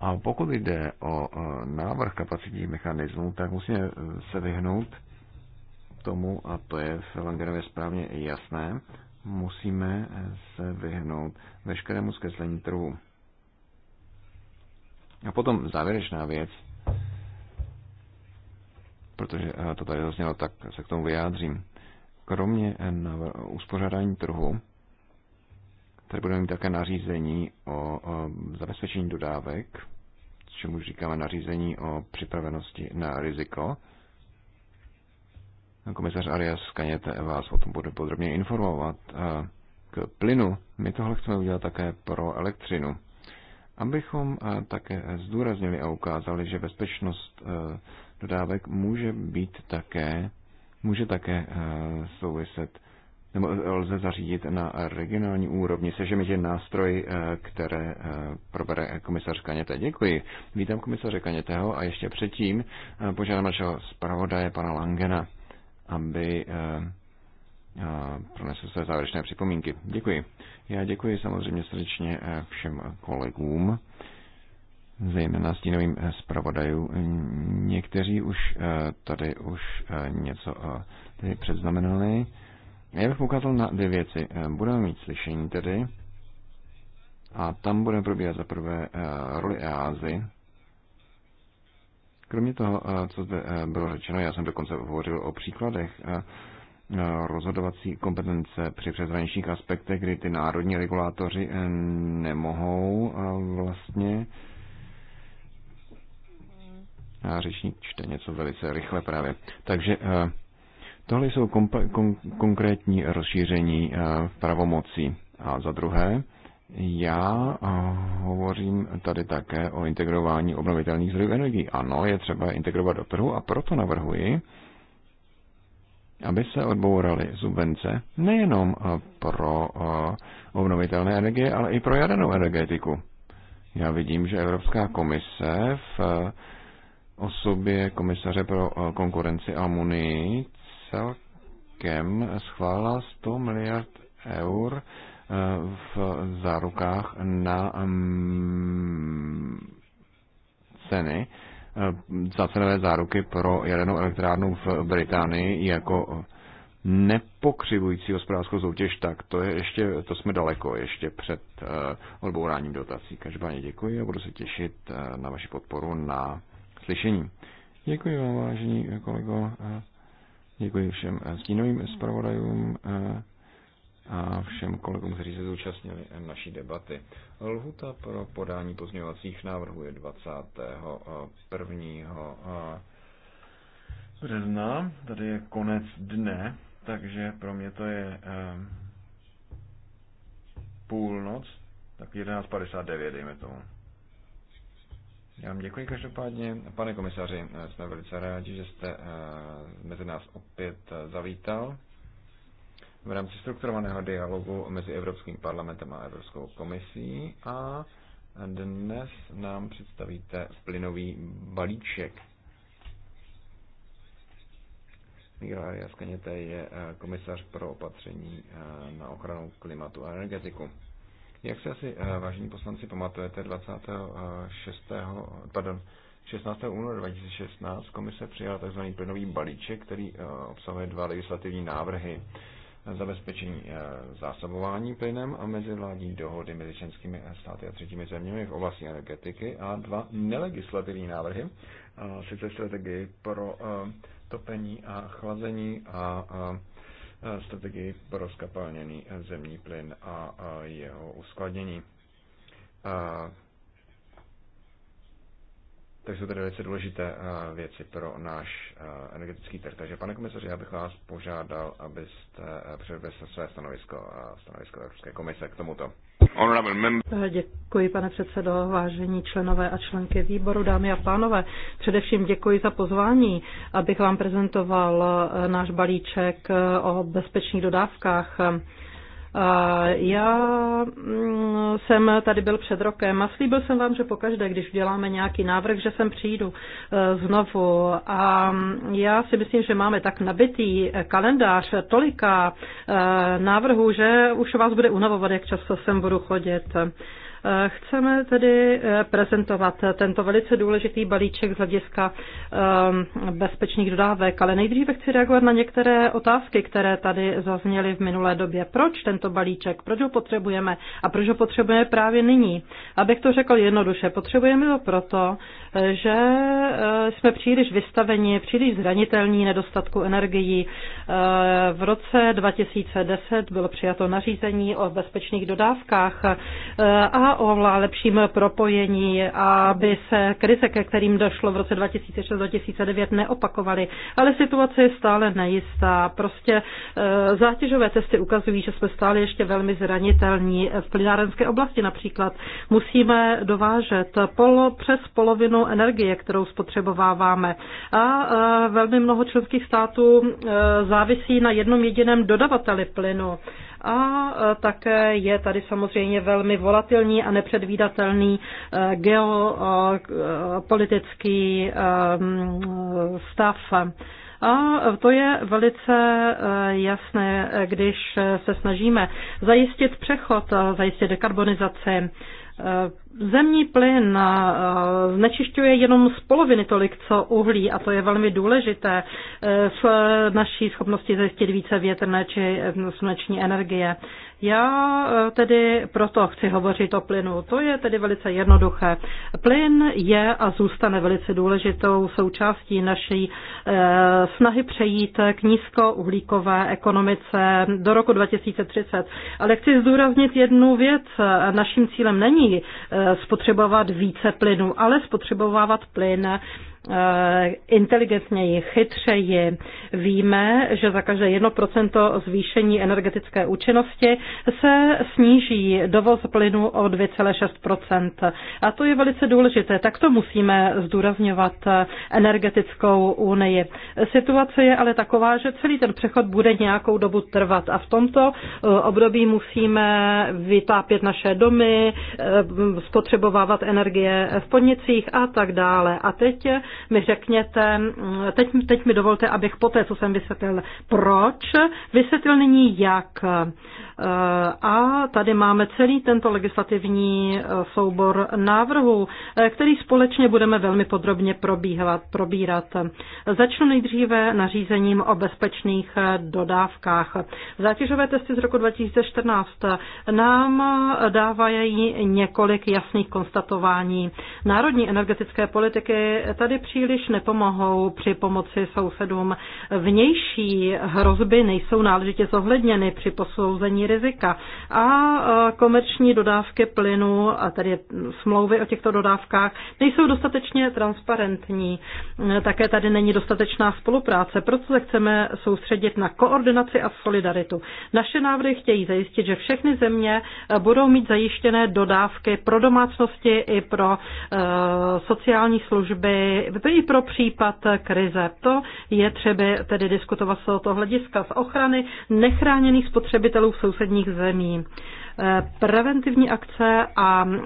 A pokud jde o eh, návrh kapacitních mechanismů, tak musíme eh, se vyhnout tomu, a to je v Langerově správně jasné, musíme se vyhnout veškerému zkreslení trhu. A potom závěrečná věc, protože eh, to tady zaznělo, tak se k tomu vyjádřím. Kromě eh, na uspořádání trhu, tady budeme mít také nařízení o zabezpečení dodávek, čemu říkáme nařízení o připravenosti na riziko. Komisař Arias Kaněte vás o tom bude podrobně informovat. Eh, k plynu my tohle chceme udělat také pro elektřinu. Abychom eh, také zdůraznili a ukázali, že bezpečnost eh, dodávek může být také, může také eh, souviset nebo lze zařídit na regionální úrovni se že nástroj, které probere komisař Kaněte. Děkuji. Vítám komisaře Kaněteho a ještě předtím požádám našeho zpravodaje pana Langena, aby pronesu své závěrečné připomínky. Děkuji. Já děkuji samozřejmě srdečně eh, všem kolegům, zejména stínovým eh, zpravodajů. Někteří už eh, tady už něco tady předznamenali. Já bych ukázal na dvě věci. Budeme mít slyšení tedy a tam budeme probíhat za prvé roli EASY, Kromě toho, co zde bylo řečeno, já jsem dokonce hovořil o příkladech, rozhodovací kompetence při přeshraničních aspektech, kdy ty národní regulátoři eh, nemohou eh, vlastně a eh, řečník čte něco velice rychle právě. Takže tohle jsou kon- konkrétní rozšíření v pravomocí. A za druhé, já hovořím tady také o integrování obnovitelných zdrojů energií. Ano, je třeba integrovat do trhu a proto navrhuji, aby se odbouraly subvence nejenom eh, pro eh, obnovitelné energie, ale i pro jadernou energetiku. Já vidím, že Evropská komise v eh, osobě komisaře pro konkurenci a munii celkem schválila 100 miliard eur v zárukách na mm, ceny Eh, cenové záruky pro jadernou elektrárnu v Británii jako nepokřivující hospodářskou soutěž, tak to je ještě, to jsme daleko ještě před eh, odbouráním dotací. Každopádně děkuji a budu se těšit eh, na vaši podporu na slyšení. Děkuji vám, vážení kolego. Děkuji všem stínovým zpravodajům. Uh, a všem kolegům, kteří se zúčastnili naší debaty. Lhuta pro podání pozměňovacích návrhů je 21. Eh, března, tady je konec dne, takže pro mě to je eh, půlnoc, tak 11.59 dejme tomu. Já vám děkuji každopádně. Pane komisaři, eh, jsme velice rádi, že jste mezi nás opět zavítal v rámci strukturovaného dialogu mezi Evropským parlamentem a Evropskou komisí a dnes nám představíte plynový balíček. Miguel Arias Kaněte je eh, komisař pro opatření eh, na ochranu klimatu a energetiku. Jak se asi, eh, vážení poslanci, pamatujete, 26. Pardon, 16. února 2016 komise přijala tzv. plynový balíček, který obsahuje dva legislativní návrhy zabezpečení eh, zásobování plynem a mezivládní dohody mezi členskými eh, státy a třetími zeměmi v oblasti energetiky a dva nelegislativní návrhy, sice strategii pro eh, topení a chlazení a strategii pro skapalněný zemní plyn a jeho uskladnění. Tak jsou tady velice důležité eh, věci pro náš eh, energetický trh. Takže, pane komisaři, já bych vás požádal, abyste eh, předvedl své stanovisko a stanovisko Evropské komise k tomuto. Děkuji, pane předsedo, vážení členové a členky výboru, dámy a pánové. Především děkuji za pozvání, abych vám prezentoval náš balíček o bezpečných dodávkách já mm, jsem tady byl před rokem a slíbil jsem vám, že pokaždé, když uděláme nějaký návrh, že sem přijdu e, znovu. A já si myslím, že máme tak nabitý kalendář tolika e, návrhů, že už vás bude unavovat, jak často sem budu chodit. Chceme tedy eh, prezentovat tento velice důležitý balíček z hlediska eh, bezpečných dodávek, ale nejdříve chci reagovat na některé otázky, které tady zazněly v minulé době. Proč tento balíček? Proč ho potřebujeme? A proč ho potřebujeme právě nyní? Abych to řekl jednoduše, potřebujeme ho proto, eh, že jsme příliš vystaveni, příliš zranitelní nedostatku energií. V roce 2010 bylo přijato nařízení o bezpečných dodávkách a o lepším propojení, aby se krize, ke kterým došlo v roce 2006-2009, neopakovaly. Ale situace je stále nejistá. Prostě eh, zátěžové testy ukazují, že jsme stále ještě velmi zranitelní. V plynárenské oblasti například musíme dovážet pol, přes polovinu energie, kterou spotřebováváme. A eh, velmi mnoho členských států eh, závisí na jednom jediném dodavateli plynu a e, také je tady samozřejmě velmi volatilní a nepředvídatelný e, geopolitický e, stav. A to je velice jasné, když se snažíme zajistit přechod, zajistit dekarbonizaci Zemní plyn eh, znečišťuje jenom z poloviny tolik, co uhlí, a to je velmi důležité eh, v naší schopnosti zajistit více větrné či sluneční energie. Já eh, tedy proto chci hovořit o plynu. To je tedy velice jednoduché. Plyn je a zůstane velice důležitou součástí naší snahy přejít k nízkouhlíkové ekonomice do roku 2030. Ale chci zdůraznit jednu věc. Naším cílem není spotřebovat více plynu, ale spotřebovávat plyn Eh, inteligentněji, chytřeji. Víme, že za každé 1% zvýšení energetické účinnosti se sníží dovoz plynu o 2,6%. A to je velice důležité. Tak to musíme zdůrazňovat eh, energetickou unii. Situace je ale taková, že celý ten přechod bude nějakou dobu trvat a v tomto eh, období musíme vytápět naše domy, spotřebovávat energie v podnicích a tak dále. A teď mi řekněte, teď, teď mi dovolte, abych poté, co jsem vysvětlil, proč, vysvětlil nyní jak. Eh, a tady máme celý tento legislativní eh, soubor návrhů, eh, který společně budeme velmi podrobně probíhat, probírat. Začnu nejdříve nařízením o bezpečných dodávkách. Zátěžové testy z roku 2014 nám dávají několik jasných konstatování. Národní energetické politiky tady příliš nepomohou při pomoci sousedům. Vnější hrozby nejsou náležitě zohledněny při posouzení rizika a e, komerční dodávky plynu, a tedy smlouvy o těchto dodávkách, nejsou dostatečně transparentní. E, také tady není dostatečná spolupráce, proto se chceme soustředit na koordinaci a solidaritu. Naše návrhy chtějí zajistit, že všechny země e, budou mít zajištěné dodávky pro domácnosti i pro sociální služby, i pro případ krize. To je třeba tedy diskutovat z tohoto hlediska z ochrany nechráněných spotřebitelů v sousedních zemí. Eh, preventivní akce a eh,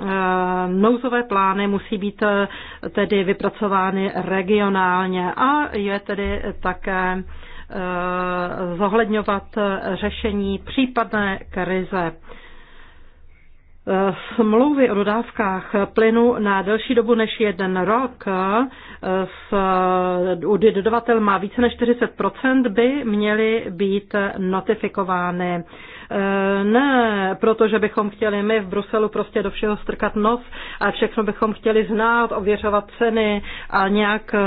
nouzové plány musí být eh, tedy vypracovány regionálně a je tedy také zohledňovat řešení případné krize. Smlouvy o dodávkách plynu na delší dobu než jeden rok s kdy dodavatel má více než 40 by měly být notifikovány Eh, ne, protože bychom chtěli my v Bruselu prostě do všeho strkat nos a všechno bychom chtěli znát, ověřovat ceny a nějak eh,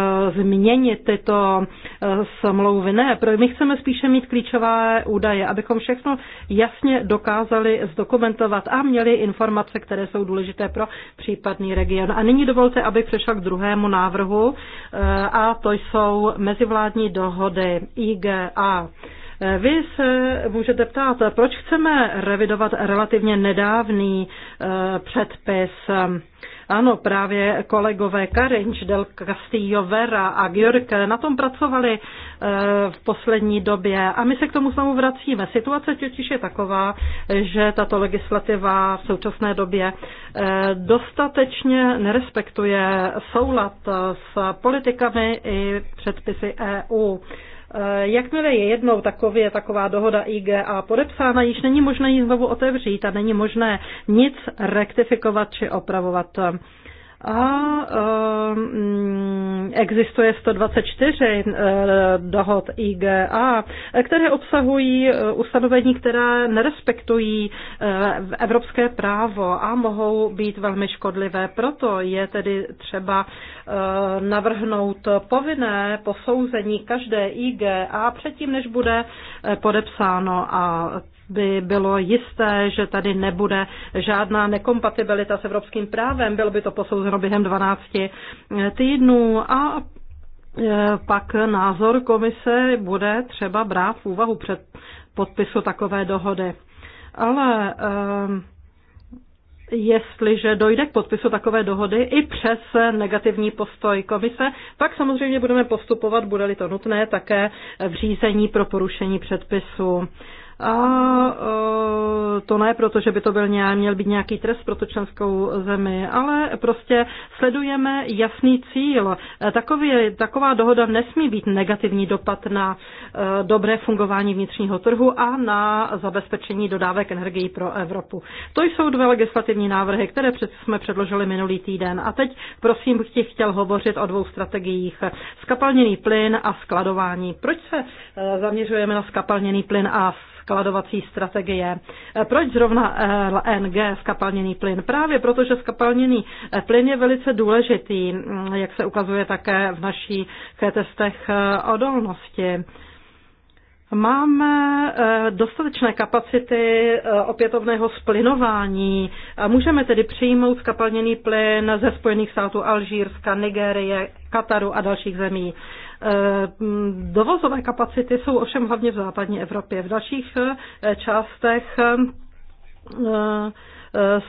změnit tyto eh, smlouvy. Ne, my chceme spíše mít klíčové údaje, abychom všechno jasně dokázali zdokumentovat a měli informace, které jsou důležité pro případný region. A nyní dovolte, abych přešla k druhému návrhu a to jsou mezivládní dohody IGA. Vy se můžete ptát, proč chceme revidovat relativně nedávný e, předpis. Ano, právě kolegové Karinč, Del Castillo Vera a Gjörk na tom pracovali e, v poslední době a my se k tomu znovu vracíme. Situace totiž je taková, že tato legislativa v současné době e, dostatečně nerespektuje soulad s politikami i předpisy EU. Eh, jakmile je jednou takově taková dohoda IG a podepsána, již není možné ji znovu otevřít a není možné nic rektifikovat či opravovat a eh, mm, existuje 124 eh, dohod IGA, které obsahují eh, ustanovení, které nerespektují evropské právo a mohou být velmi škodlivé. Proto je tedy třeba navrhnout povinné posouzení každé IGA předtím, než bude podepsáno a by bylo jisté, že tady nebude žádná nekompatibilita s evropským právem. Bylo by to posouzeno během 12 eh, týdnů a eh, pak názor komise bude třeba brát v úvahu před podpisu takové dohody. Ale eh, jestliže dojde k podpisu takové dohody i přes negativní postoj komise, pak samozřejmě budeme postupovat, bude-li to nutné, také v řízení pro porušení předpisu. A e, to ne proto, že by to byl nějak, měl být nějaký trest pro tu členskou zemi, ale prostě sledujeme jasný cíl. E, takový, taková dohoda nesmí být negativní dopad na e, dobré fungování vnitřního trhu a na zabezpečení dodávek energií pro Evropu. To jsou dva legislativní návrhy, které před, jsme předložili minulý týden. A teď prosím bych ti chtěl hovořit o dvou strategiích. Skapalněný plyn a skladování. Proč se zaměřujeme na skapalněný plyn a skladovací strategie. Eh, proč zrovna eh, LNG, skapalněný plyn? Právě proto, že skapalněný eh, plyn je velice důležitý, mm, jak se ukazuje také v našich testech odolnosti. Máme dostatečné kapacity opětovného splinování. Můžeme tedy přijmout skapalněný plyn ze Spojených států Alžírska, Nigérie, Kataru a dalších zemí. Eh, dovozové kapacity jsou ovšem hlavně v západní Evropě. V dalších eh, částech eh,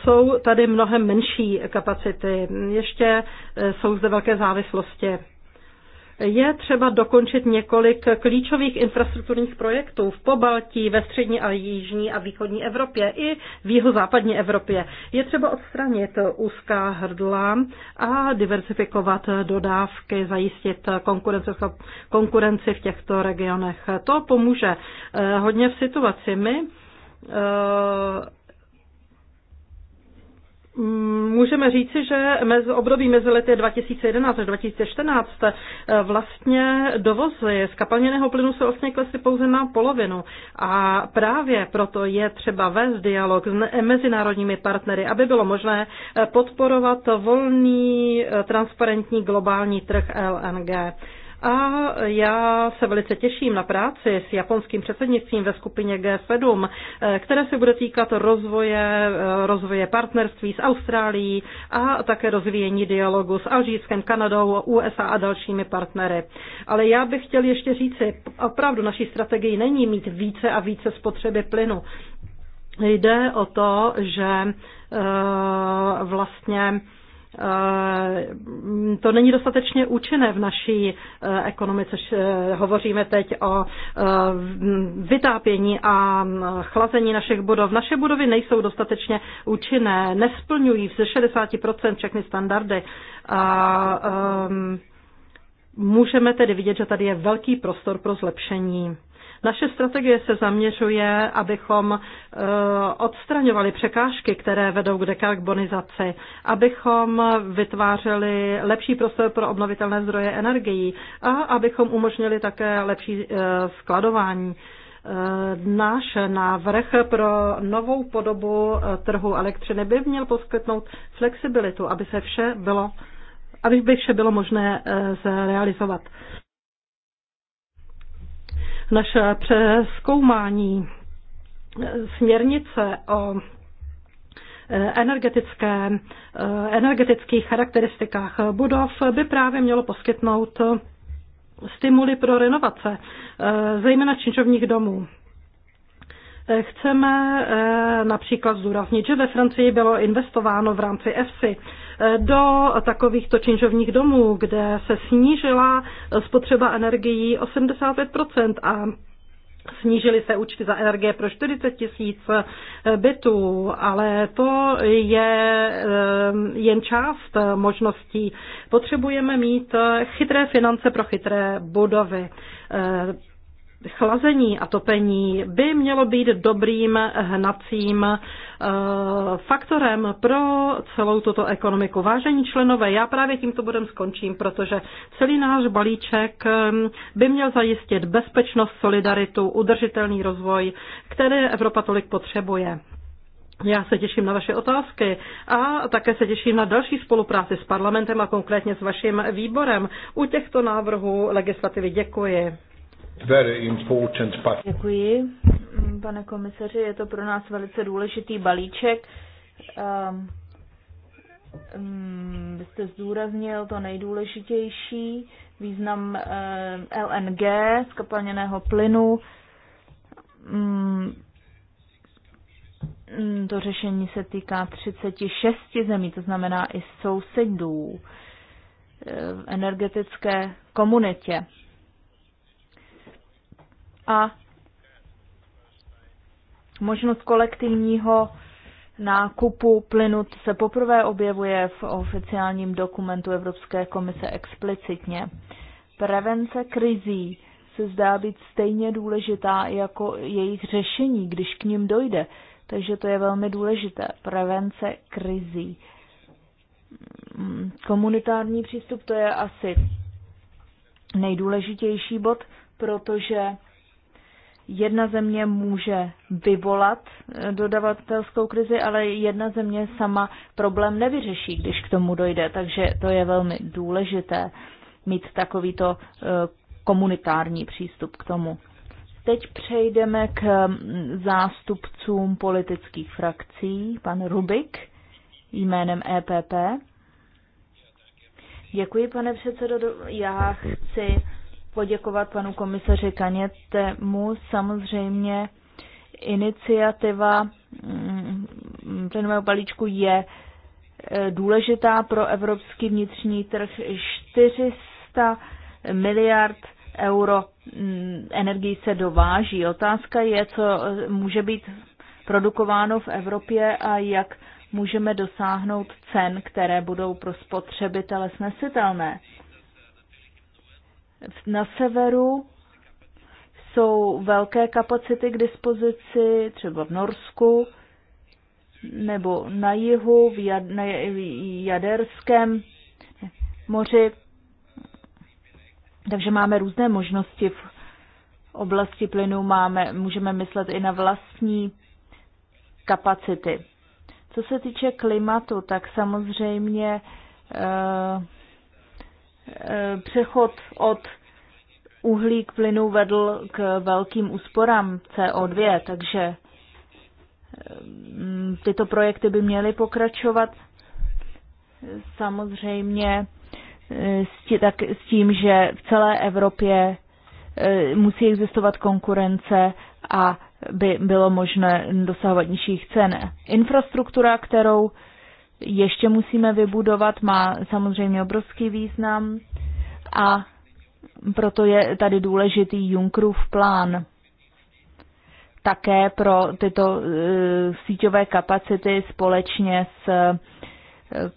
jsou tady mnohem menší kapacity. Ještě jsou zde velké závislosti je třeba dokončit několik klíčových infrastrukturních projektů v Pobaltí, ve střední a jižní a východní Evropě i v jihozápadní Evropě. Je třeba odstranit úzká hrdla a diversifikovat dodávky, zajistit konkurenci v těchto regionech. To pomůže eh, hodně v situaci. My eh, Mm, můžeme říci, že mezi, období mezi lety 2011 až 2014 vlastně dovozy z kapalněného plynu se vlastně klesly pouze na polovinu. A právě proto je třeba vést dialog s mezinárodními partnery, aby bylo možné eh, podporovat volný, eh, transparentní globální trh LNG. A já se velice těším na práci s japonským předsednictvím ve skupině G7, které se bude týkat rozvoje, rozvoje partnerství s Austrálií a také rozvíjení dialogu s Alžírskem, Kanadou, USA a dalšími partnery. Ale já bych chtěl ještě říci, opravdu naší strategii není mít více a více spotřeby plynu. Jde o to, že eh, vlastně Eh, to není dostatečně účinné v naší eh, ekonomice. Eh, hovoříme teď o vytápění a mm, chlazení našich budov. Naše budovy nejsou dostatečně účinné, nesplňují ze 60% všechny standardy. A, ehm, můžeme tedy vidět, že tady je velký prostor pro zlepšení. Naše strategie se zaměřuje, abychom eh, odstraňovali překážky, které vedou k dekarbonizaci, abychom vytvářeli lepší prostor pro obnovitelné zdroje energií a abychom umožnili také lepší eh, skladování eh, náš návrh pro novou podobu trhu elektřiny by měl poskytnout flexibilitu, aby se vše bylo aby by vše bylo možné zrealizovat. Naše přeskoumání směrnice o eh, energetické, eh, energetických charakteristikách budov by právě mělo poskytnout stimuly pro renovace, eh, zejména činčovních domů. Chceme například zdůraznit, že ve Francii bylo investováno v rámci EFSI do takovýchto činžovních domů, kde se snížila spotřeba energií 85% a Snížily se účty za energie pro 40 tisíc bytů, ale to je eh, jen část možností. Potřebujeme mít chytré finance pro chytré budovy. Eh, chlazení a topení by mělo být dobrým hnacím eh, faktorem pro celou tuto ekonomiku. Vážení členové, já právě tímto bodem skončím, protože celý náš balíček eh, by měl zajistit bezpečnost, solidaritu, udržitelný rozvoj, které Evropa tolik potřebuje. Já se těším na vaše otázky a také se těším na další spolupráci s parlamentem a konkrétně s vaším výborem. U těchto návrhů legislativy děkuji very important Děkuji, pane komisaři, je to pro nás velice důležitý balíček. Um, vy jste zdůraznil to nejdůležitější, význam ehm, LNG, skapalněného plynu, to řešení se týká 36 zemí, to znamená i sousedů v energetické komunitě a možnost kolektivního nákupu plynu se poprvé objevuje v oficiálním dokumentu Evropské komise explicitně. Prevence krizí se zdá být stejně důležitá jako jejich řešení, když k ním dojde. Takže to je velmi důležité. Prevence krizí. Komunitární přístup to je asi nejdůležitější bod, protože jedna země může vyvolat eh, dodavatelskou krizi, ale jedna země sama problém nevyřeší, když k tomu dojde. Takže to je velmi důležité mít takovýto eh, komunitární přístup k tomu. Teď přejdeme k mm, zástupcům politických frakcí. Pan Rubik jménem EPP. Děkuji, pane předsedo. Já chci poděkovat panu komisaři Kanětemu. Samozřejmě iniciativa mm, plynového balíčku je eh, důležitá pro evropský vnitřní trh. 400 miliard euro mm, energii se dováží. Otázka je, co eh, může být produkováno v Evropě a jak můžeme dosáhnout cen, které budou pro spotřebitele snesitelné. Na severu jsou velké kapacity k dispozici, třeba v Norsku, nebo na jihu, v, Jaderském moři. Takže máme různé možnosti v oblasti plynu, máme, můžeme myslet i na vlastní kapacity. Co se týče klimatu, tak samozřejmě Uh, Eh, přechod od uhlí k plynu vedl k velkým úsporám CO2, takže mm, tyto projekty by měly pokračovat samozřejmě eh, s tím, že v celé Evropě eh, musí existovat konkurence a by bylo možné dosahovat nižších cen. Infrastruktura, kterou ještě musíme vybudovat, má samozřejmě obrovský význam a proto je tady důležitý Junkrův plán také pro tyto uh, síťové kapacity společně s e,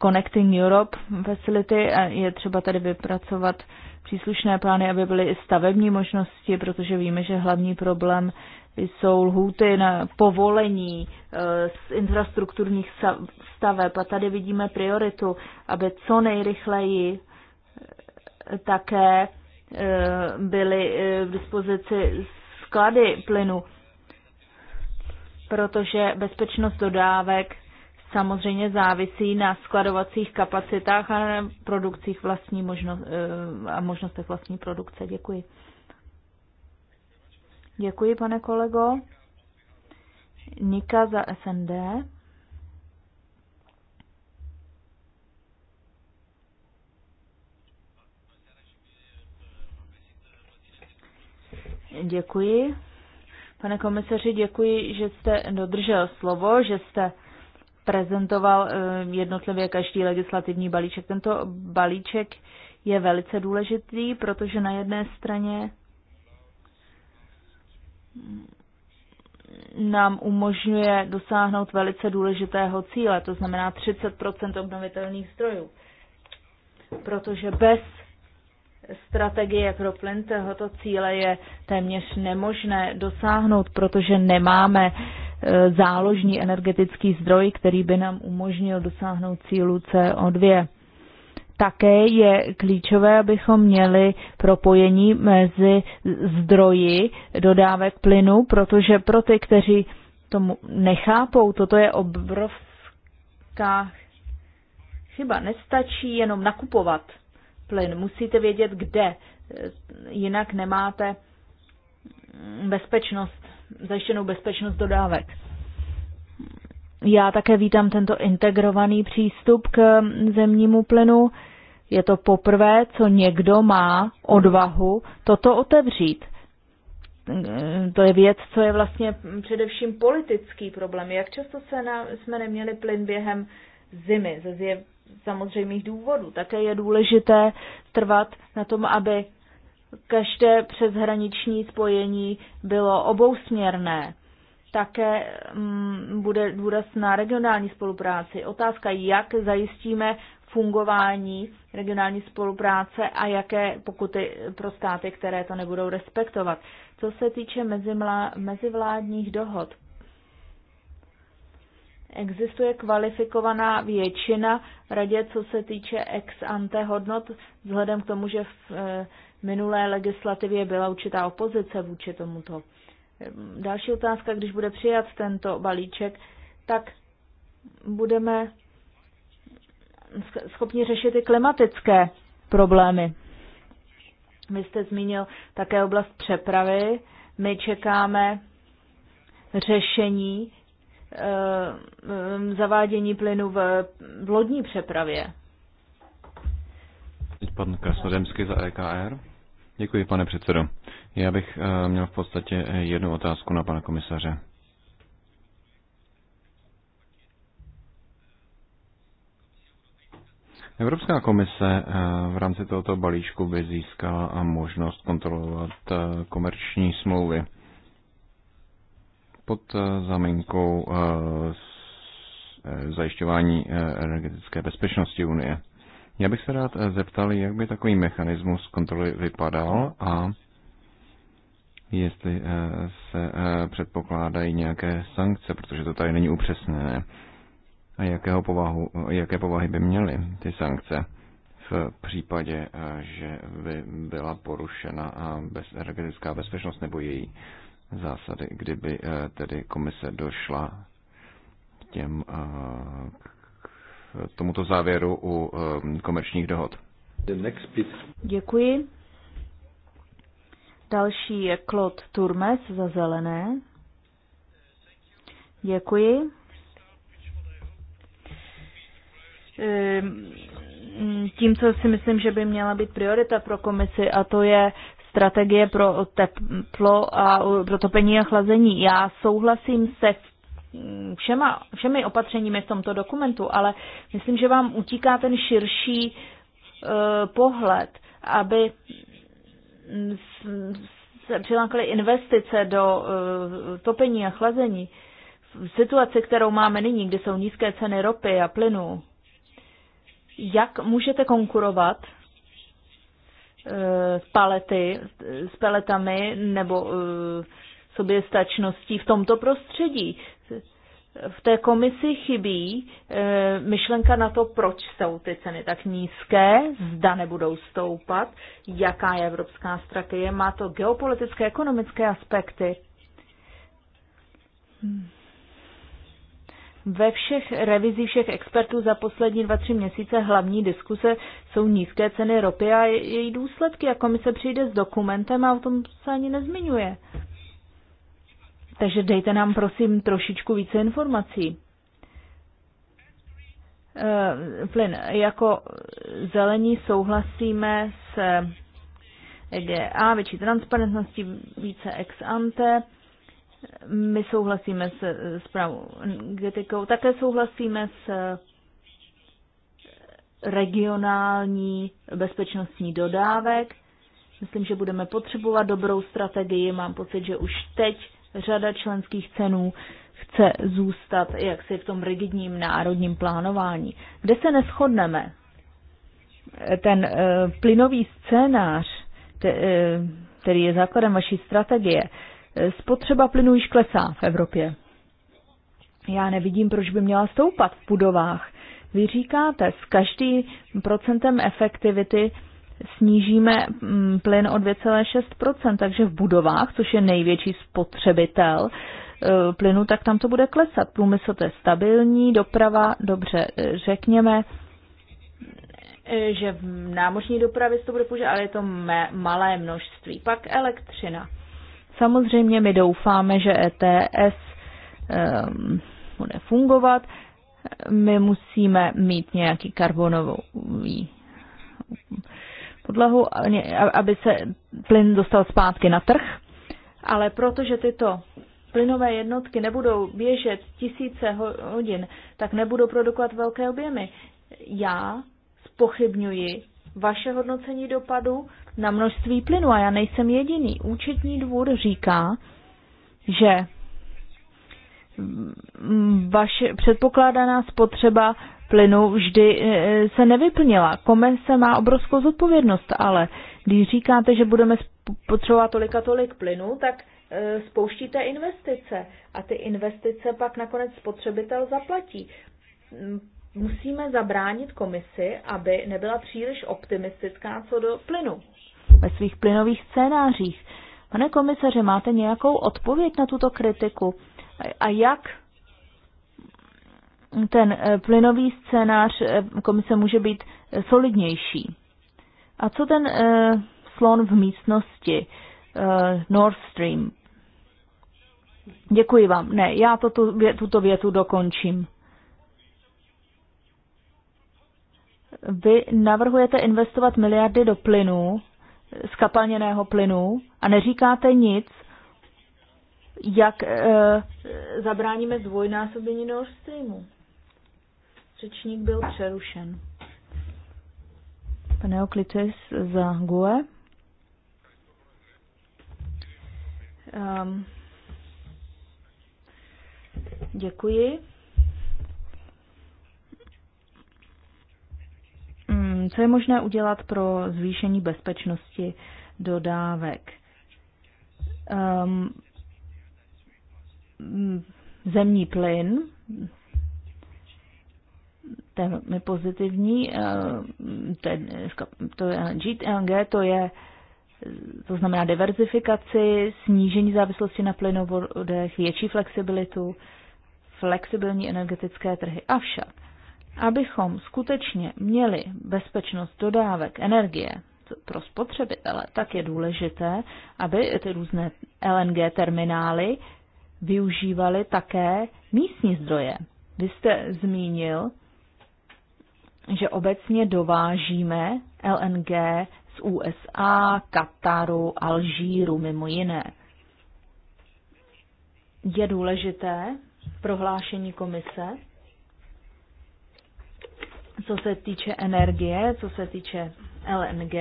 Connecting Europe Facility. A je třeba tady vypracovat příslušné plány, aby byly i stavební možnosti, protože víme, že hlavní problém jsou lhůty na povolení eh, z infrastrukturních staveb a tady vidíme prioritu, aby co nejrychleji eh, také eh, byly v dispozici sklady plynu, protože bezpečnost dodávek samozřejmě závisí na skladovacích kapacitách a na produkcích vlastní možnost, a možnostech vlastní produkce. Děkuji. Děkuji, pane kolego. Nika za SND. Děkuji. Pane komisaři, děkuji, že jste dodržel slovo, že jste prezentoval eh, jednotlivě každý legislativní balíček. Tento balíček je velice důležitý, protože na jedné straně nám umožňuje dosáhnout velice důležitého cíle, to znamená 30 obnovitelných zdrojů. Protože bez strategie Kroplin tohoto cíle je téměř nemožné dosáhnout, protože nemáme e, záložní energetický zdroj, který by nám umožnil dosáhnout cílu CO2. Také je klíčové, abychom měli propojení mezi zdroji dodávek plynu, protože pro ty, kteří tomu nechápou, toto je obrovská chyba. Nestačí jenom nakupovat plyn, musíte vědět, kde, jinak nemáte bezpečnost, zajištěnou bezpečnost dodávek. Já také vítám tento integrovaný přístup k zemnímu plynu. Je to poprvé, co někdo má odvahu toto otevřít. To je věc, co je vlastně především politický problém. Jak často se na, jsme neměli plyn během zimy ze zjev, samozřejmých důvodů. Také je důležité trvat na tom, aby každé přeshraniční spojení bylo obousměrné také mm, bude důraz na regionální spolupráci. Otázka, jak zajistíme fungování regionální spolupráce a jaké pokuty pro státy, které to nebudou respektovat. Co se týče mezivládních dohod, existuje kvalifikovaná většina v radě, co se týče ex ante hodnot, vzhledem k tomu, že v eh, minulé legislativě byla určitá opozice vůči tomuto. Další otázka, když bude přijat tento balíček, tak budeme schopni řešit i klimatické problémy. Vy jste zmínil také oblast přepravy. My čekáme řešení eh, zavádění plynu v, v lodní přepravě. Teď pan Krasnodemský za EKR. Děkuji, pane předsedo. Já bych eh, měl v podstatě eh, jednu otázku na pana komisaře. Evropská komise eh, v rámci tohoto balíčku by získala možnost kontrolovat komerční smlouvy pod záminkou zajišťování energetické bezpečnosti Unie. Já bych se rád zeptal, jak by takový mechanismus kontroly vypadal a jestli eh, se eh, předpokládají nějaké sankce, protože to tady není upřesné. A jakého povahu, eh, jaké povahy by měly ty sankce v případě, že by byla porušena bez, energetická bezpečnost nebo její zásady, kdyby tedy komise došla těm, k tomuto závěru u komerčních dohod. Děkuji. Další je Claude Turmes za zelené. Děkuji. Ehm, tím, co si myslím, že by měla být priorita pro komisi, a to je strategie pro teplo a pro topení a chlazení. Já souhlasím se všema, všemi opatřeními v tomto dokumentu, ale myslím, že vám utíká ten širší uh, pohled, aby se přilákaly investice do eh, topení a chlazení. V situaci, kterou máme nyní, kdy jsou nízké ceny ropy a plynu, jak můžete konkurovat eh, s palety, s paletami nebo eh, soběstačností v tomto prostředí v té komisi chybí e, myšlenka na to, proč jsou ty ceny tak nízké, zda nebudou stoupat, jaká je evropská strategie, má to geopolitické, ekonomické aspekty. Hmm. Ve všech revizích všech expertů za poslední dva, tři měsíce hlavní diskuse jsou nízké ceny ropy a její důsledky a komise přijde s dokumentem a o tom se ani nezmiňuje. Takže dejte nám prosím trošičku více informací. Eh, Flynn, jako zelení souhlasíme s EGA, větší transparentností, více ex ante. My souhlasíme s zprávou energetikou, také souhlasíme s regionální bezpečnostní dodávek. Myslím, že budeme potřebovat dobrou strategii. Mám pocit, že už teď Řada členských cenů chce zůstat jaksi v tom rigidním národním plánování. Kde se neschodneme? Ten e, plynový scénář, te, e, který je základem vaší strategie, e, spotřeba plynu již klesá v Evropě. Já nevidím, proč by měla stoupat v budovách. Vy říkáte, s každým procentem efektivity e, snížíme mm, plyn o 2,6%, takže v budovách, což je největší spotřebitel e, plynu, tak tam to bude klesat. Průmysl to je stabilní, doprava, dobře, e, řekněme, e, že v námořní dopravě se to bude používat, ale je to malé množství. Pak elektřina. Samozřejmě my doufáme, že ETS um, bude fungovat. My musíme mít nějaký karbonový podlahu, aby se plyn dostal zpátky na trh, ale protože tyto plynové jednotky nebudou běžet tisíce hodin, tak nebudou produkovat velké objemy. Já spochybňuji vaše hodnocení dopadu na množství plynu a já nejsem jediný. Účetní dvůr říká, že vaše předpokládaná spotřeba plynu vždy eh, se nevyplnila. Komise má obrovskou zodpovědnost, ale když říkáte, že budeme potřebovat tolik a tolik plynu, tak eh, spouštíte investice a ty investice pak nakonec spotřebitel zaplatí. Musíme zabránit komisi, aby nebyla příliš optimistická co do plynu ve svých plynových scénářích. Pane komisaře, máte nějakou odpověď na tuto kritiku? A jak ten eh, plynový scénář eh, komise může být eh, solidnější. A co ten slon v místnosti Nord Stream? Děkuji vám. Ne, já to tu, tuto větu dokončím. Vy navrhujete investovat miliardy do plynu, skapalněného plynu, a neříkáte nic, jak e, zabráníme zdvojnásobení Nord Streamu. Řečník byl přerušen. Pane Oklitis za GUE. Um, děkuji. Um, co je možné udělat pro zvýšení bezpečnosti dodávek? Um, mm, zemní plyn, velmi pozitivní. Eh, ten, to je GTNG, to je to znamená diverzifikaci, snížení závislosti na plynovodech, větší flexibilitu, flexibilní energetické trhy. Avšak, abychom skutečně měli bezpečnost dodávek energie pro spotřebitele, tak je důležité, aby ty různé LNG terminály využívaly také místní zdroje. Vy jste zmínil že obecně dovážíme LNG z USA, Kataru, Alžíru mimo jiné. Je důležité prohlášení komise, co se týče energie, co se týče LNG,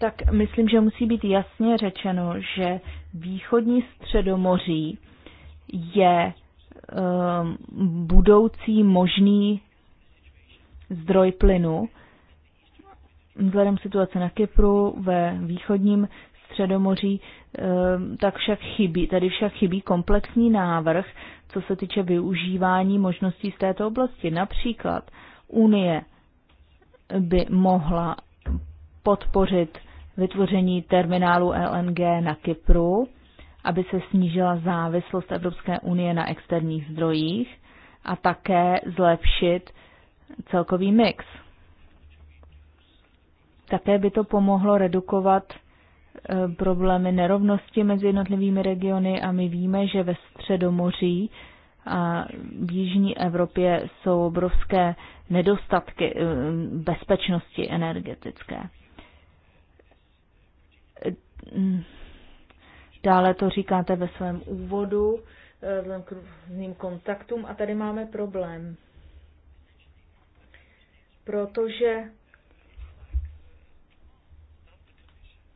tak myslím, že musí být jasně řečeno, že východní středomoří je um, budoucí možný zdroj plynu. Vzhledem situace na Kypru, ve východním středomoří, eh, tak však chybí, tady však chybí komplexní návrh, co se týče využívání možností z této oblasti. Například Unie by mohla podpořit vytvoření terminálu LNG na Kypru, aby se snížila závislost Evropské unie na externích zdrojích a také zlepšit celkový mix. Také by to pomohlo redukovat eh, problémy nerovnosti mezi jednotlivými regiony a my víme, že ve Středomoří a v Jižní Evropě jsou obrovské nedostatky eh, bezpečnosti energetické. Dále to říkáte ve svém úvodu, eh, k různým kontaktům a tady máme problém protože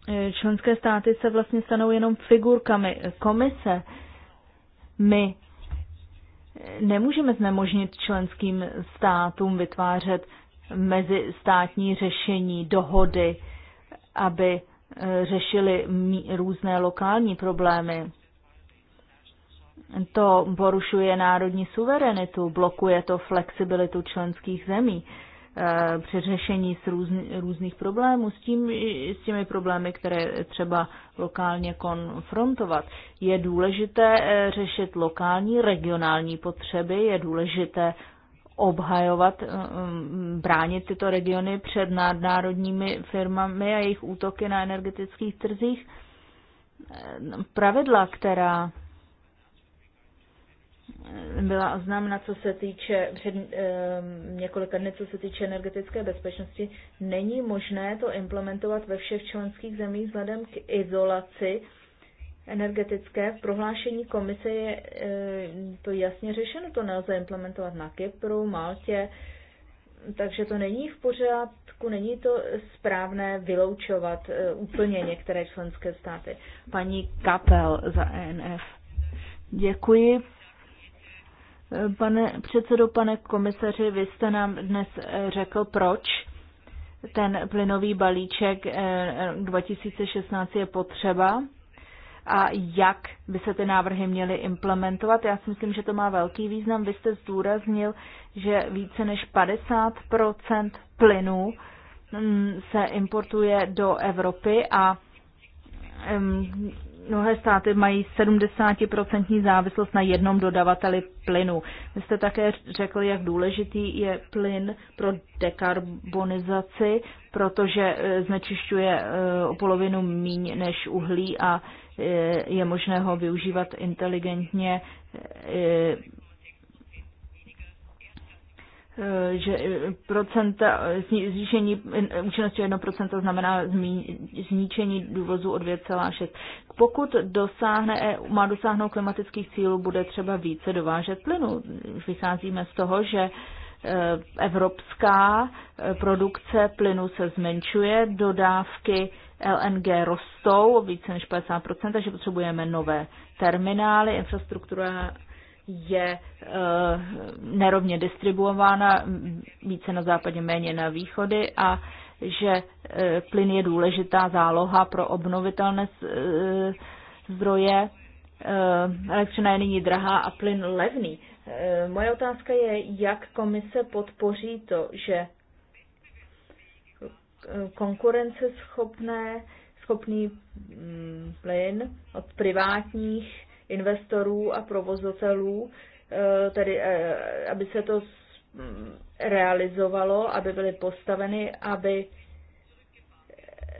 eh, členské státy se vlastně stanou jenom figurkami komise. My eh, nemůžeme znemožnit členským státům vytvářet mezistátní řešení, dohody, aby eh, řešili různé lokální problémy. To porušuje národní suverenitu, blokuje to flexibilitu členských zemí. Eh, při řešení s růz, různých problémů, s, tím, s těmi problémy, které třeba lokálně konfrontovat. Je důležité eh, řešit lokální, regionální potřeby, je důležité obhajovat, eh, mm, bránit tyto regiony před nadnárodními firmami a jejich útoky na energetických trzích. Pravidla, která byla oznámena, co se týče před um, několika dny, co se týče energetické bezpečnosti, není možné to implementovat ve všech členských zemích vzhledem k izolaci energetické. V prohlášení komise je um, to jasně řešeno, to nelze implementovat na Kypru, Maltě, takže to není v pořádku, není to správné vyloučovat uh, úplně některé členské státy. Paní Kapel za ENF. Děkuji Pane předsedo, pane komisaři, vy jste nám dnes eh, řekl, proč ten plynový balíček 2016 eh, je potřeba a jak by se ty návrhy měly implementovat. Já si myslím, že to má velký význam. Vy jste zdůraznil, že více než 50 plynu mm, se importuje do Evropy a mm, Mnohé státy mají 70% závislost na jednom dodavateli plynu. Vy jste také řekl, jak důležitý je plyn pro dekarbonizaci, protože e, znečišťuje e, o polovinu míň než uhlí a e, je možné ho využívat inteligentně Eh, že eh, procenta, zvýšení eh, účinnosti 1% znamená zničení důvozu o 2,6. Pokud dosáhne, e má dosáhnout klimatických cílů, bude třeba více dovážet plynu. Vycházíme z toho, že evropská produkce plynu se zmenšuje, dodávky LNG rostou o více než 50%, takže potřebujeme nové terminály, infrastruktura je eh, nerovně distribuována, více na západě, méně na východy a že eh, plyn je důležitá záloha pro obnovitelné eh, zdroje. Elektřina je nyní drahá a plyn levný. Moje otázka je, jak komise podpoří to, že konkurenceschopné, schopný mm, plyn od privátních investorů a provozovatelů, eh, tedy eh, aby se to mm, realizovalo, aby byly postaveny, aby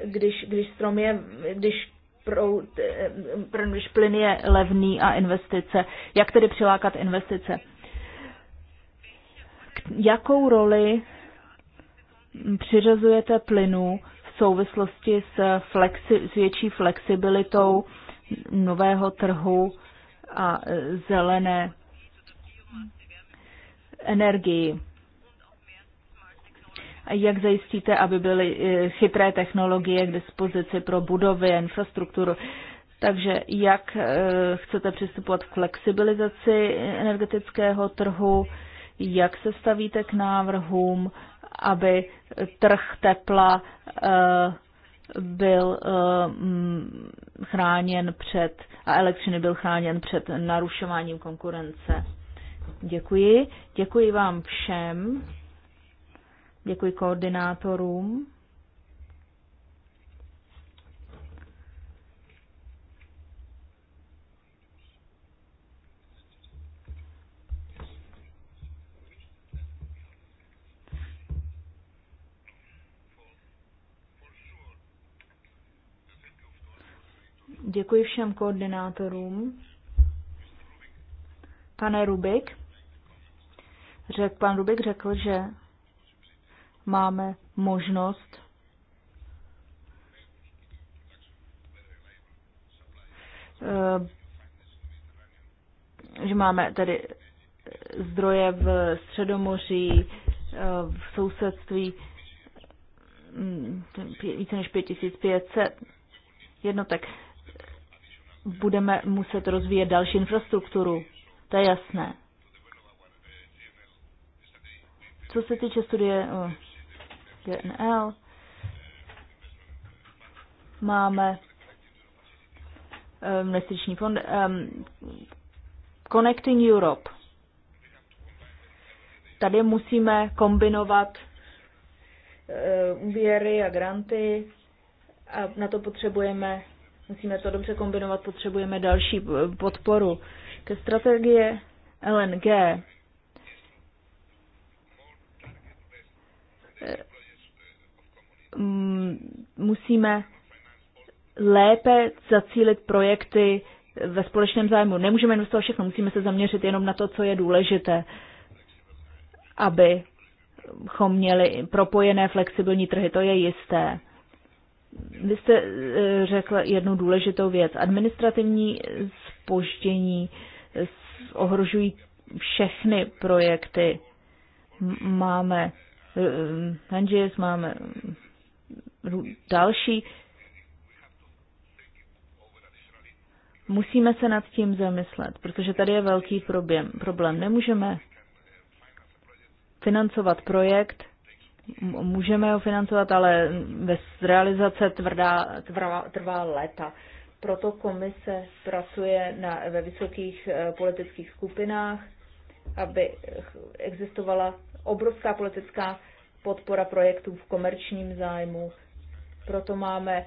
když, když strom je, když eh, mm, když plyn je levný a investice, jak tedy přilákat investice? Jakou roli mm, přiřazujete plynu v souvislosti s, flexi, s větší flexibilitou nového trhu a zelené energii. Jak zajistíte, aby byly eh, chytré technologie k dispozici pro budovy, a infrastrukturu? Takže jak eh, chcete přistupovat k flexibilizaci energetického trhu? Jak se stavíte k návrhům, aby trh tepla eh, byl eh, mm, chráněn před a elektřiny byl chráněn před narušováním konkurence. Děkuji. Děkuji vám všem. Děkuji koordinátorům. Děkuji všem koordinátorům. Pane Rubik, řekl, pan Rubik řekl, že máme možnost eh, že máme tady zdroje v Středomoří, eh, v sousedství mm, více než 5500 jednotek budeme muset rozvíjet další infrastrukturu. To je jasné. Co se týče studie o eh, GNL, máme eh, investiční fond um, Connecting Europe. Tady musíme kombinovat úvěry a granty a na to potřebujeme Musíme to dobře kombinovat, potřebujeme další eh, podporu. Ke strategie LNG eh, mm, musíme lépe zacílit projekty ve společném zájmu. Nemůžeme investovat všechno, musíme se zaměřit jenom na to, co je důležité, abychom měli propojené flexibilní trhy, to je jisté. Vy jste eh, řekl jednu důležitou věc. Administrativní spoždění eh, ohrožují všechny projekty. Máme eh, NGS, máme mm, další. Musíme se nad tím zamyslet, protože tady je velký problém. problém. Nemůžeme financovat projekt, můžeme ho financovat, ale bez realizace tvrdá, tvrá, trvá léta. Proto komise pracuje na, ve vysokých e, politických skupinách, aby existovala obrovská politická podpora projektů v komerčním zájmu. Proto máme e,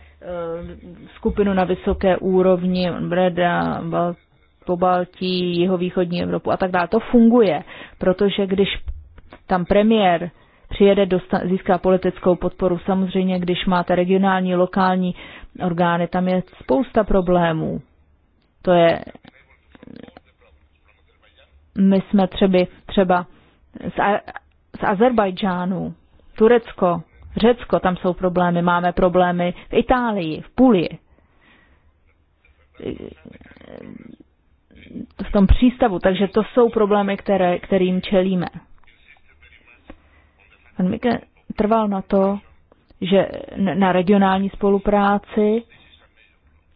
skupinu na vysoké úrovni Breda, Bal, Pobaltí, jihovýchodní Evropu a tak dále. To funguje, protože když tam premiér přijede, dosta, získá politickou podporu. Samozřejmě, když máte regionální, lokální orgány, tam je spousta problémů. To je... My jsme třeba, třeba z, A- z Azerbajdžánu, Turecko, Řecko, tam jsou problémy, máme problémy v Itálii, v Puli. V tom přístavu, takže to jsou problémy, které, kterým čelíme. Pan Mike trval na to, že na regionální spolupráci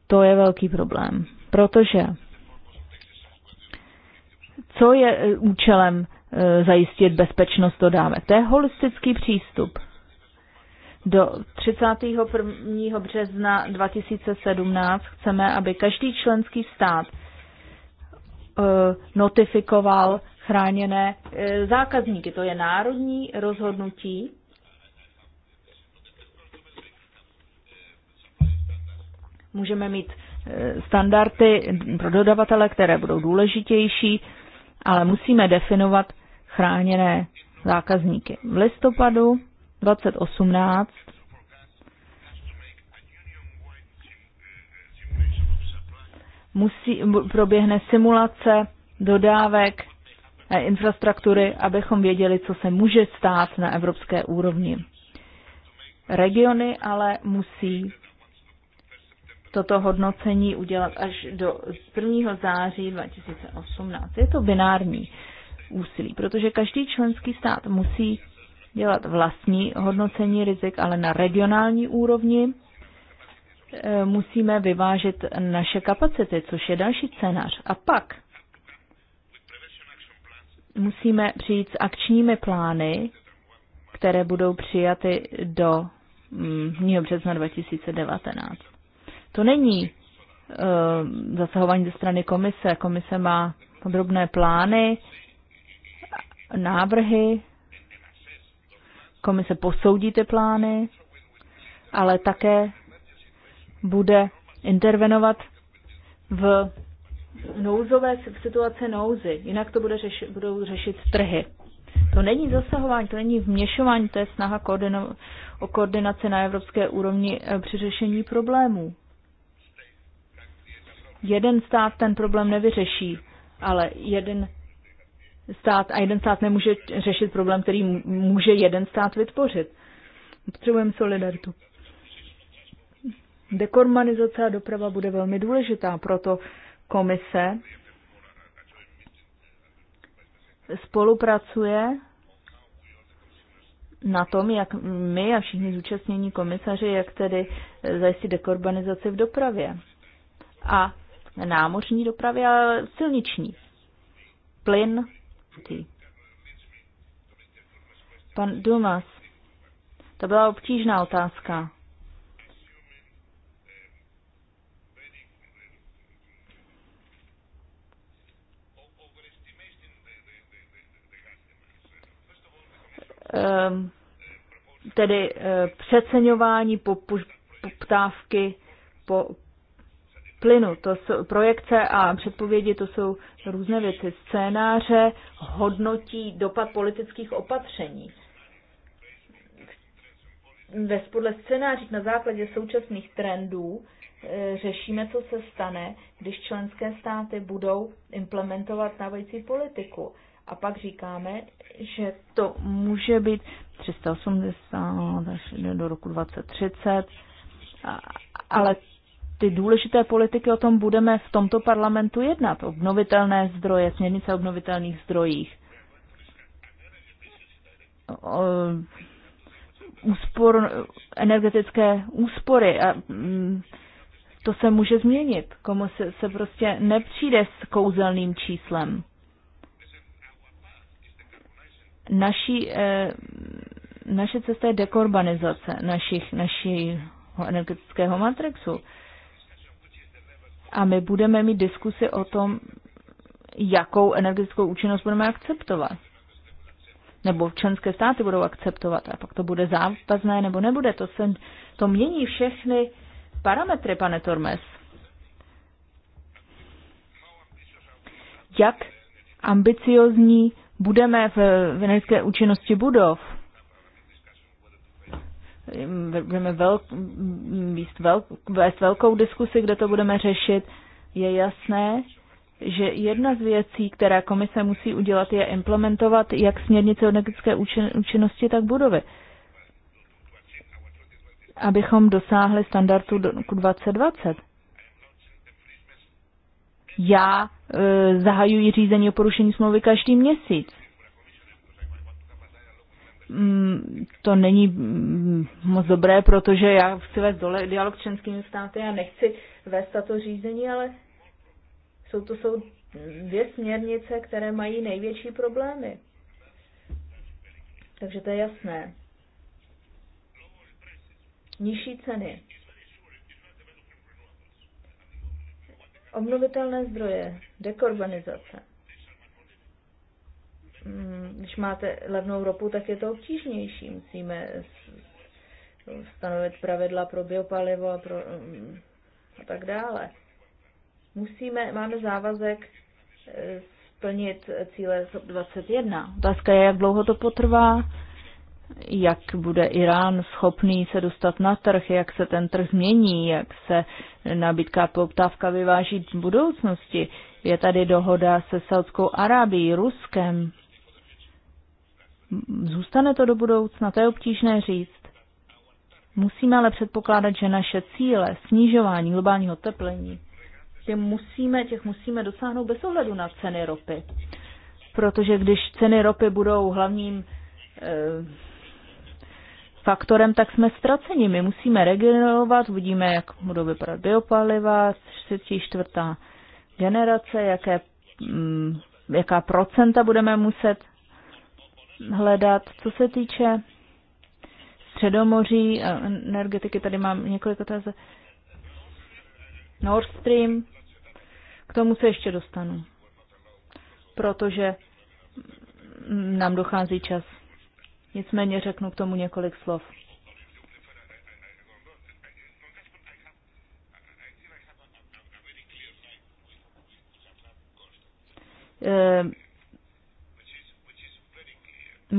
to je velký problém, protože co je e, účelem e, zajistit bezpečnost dodávek? To je holistický přístup. Do 31. března 2017 chceme, aby každý členský stát e, notifikoval chráněné e, zákazníky. To je národní rozhodnutí. Můžeme mít e, standardy pro dodavatele, které budou důležitější, ale musíme definovat chráněné zákazníky. V listopadu 2018 musí, proběhne simulace dodávek Eh, infrastruktury, abychom věděli, co se může stát na evropské úrovni. Regiony ale musí toto hodnocení udělat až do 1. září 2018. Je to binární úsilí, protože každý členský stát musí dělat vlastní hodnocení rizik, ale na regionální úrovni eh, musíme vyvážet naše kapacity, což je další scénář. A pak musíme přijít s akčními plány, které budou přijaty do 1. Mm, března 2019. To není uh, zasahování ze strany komise. Komise má podrobné plány, návrhy, komise posoudí ty plány, ale také bude intervenovat v nouzové v situaci nouzy, jinak to bude řeši, budou řešit trhy. To není zasahování, to není vměšování, to je snaha koordino, o koordinaci na evropské úrovni eh, při řešení problémů. Jeden stát ten problém nevyřeší, ale jeden stát a jeden stát nemůže řešit problém, který může jeden stát vytvořit. Potřebujeme solidaritu. Dekormanizace a doprava bude velmi důležitá, proto komise spolupracuje na tom, jak my a všichni zúčastnění komisaři, jak tedy zajistit dekorbanizaci v dopravě. A námořní dopravě, ale silniční. Plyn. ty, Pan Dumas, to byla obtížná otázka. Ehm, tedy eh, přeceňování poptávky po plynu. To jsou projekce a předpovědi, to jsou různé věci. Scénáře hodnotí dopad politických opatření. Ve podle scénářích na základě současných trendů eh, řešíme, co se stane, když členské státy budou implementovat stávající politiku. A pak říkáme, že to může být 380 do roku 2030, ale ty důležité politiky o tom budeme v tomto parlamentu jednat. Obnovitelné zdroje, směrnice obnovitelných zdrojích. úspor, energetické úspory a mm, to se může změnit. Komu se, se prostě nepřijde s kouzelným číslem. Naší, eh, naše cesta je dekorbanizace našich, našeho energetického matrixu. A my budeme mít diskusy o tom, jakou energetickou účinnost budeme akceptovat. Nebo členské státy budou akceptovat. A pak to bude závazné nebo nebude. To, se, to mění všechny parametry, pane Tormes. Jak ambiciozní budeme v energetické účinnosti budov. Budeme velk, vést, velk, vést velkou diskusi, kde to budeme řešit. Je jasné, že jedna z věcí, která komise musí udělat, je implementovat jak směrnice o energetické účinnosti, tak budovy. Abychom dosáhli standardu do roku 2020 já e, zahajuji řízení o porušení smlouvy každý měsíc. Mm, to není mm, moc dobré, protože já chci vést dole dialog s členskými státy a nechci vést tato řízení, ale jsou to jsou dvě směrnice, které mají největší problémy. Takže to je jasné. Nižší ceny. Obnovitelné zdroje, dekorbanizace. Hmm, když máte levnou ropu, tak je to obtížnější. Musíme stanovit pravidla pro biopalivo a, pro, hmm, a tak dále. Musíme, máme závazek eh, splnit cíle 21. Otázka je, jak dlouho to potrvá jak bude Irán schopný se dostat na trh, jak se ten trh změní, jak se nabídka a poptávka vyváží v budoucnosti. Je tady dohoda se Saudskou Arábií, Ruskem. Zůstane to do budoucna, to je obtížné říct. Musíme ale předpokládat, že naše cíle snižování globálního teplení, těch musíme, těch musíme dosáhnout bez ohledu na ceny ropy. Protože když ceny ropy budou hlavním eh, faktorem, tak jsme ztraceni. My musíme regenerovat, uvidíme, jak budou vypadat biopaliva, třetí, čtvrtá generace, jaké, mm, jaká procenta budeme muset hledat. Co se týče Středomoří a energetiky, tady mám několik otázek. Nord Stream, k tomu se ještě dostanu, protože nám dochází čas. Nicméně řeknu k tomu několik slov. Ehm,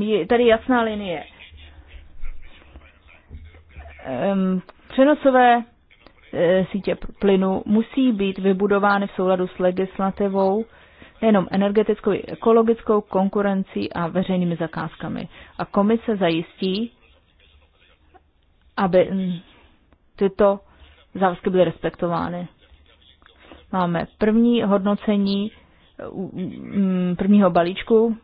je tady jasná linie. Ehm, přenosové eh, sítě plynu musí být vybudovány v souladu s legislativou nejenom energetickou, i ekologickou konkurencí a veřejnými zakázkami. A komise zajistí, aby mm, tyto závazky byly respektovány. Máme první hodnocení mm, prvního balíčku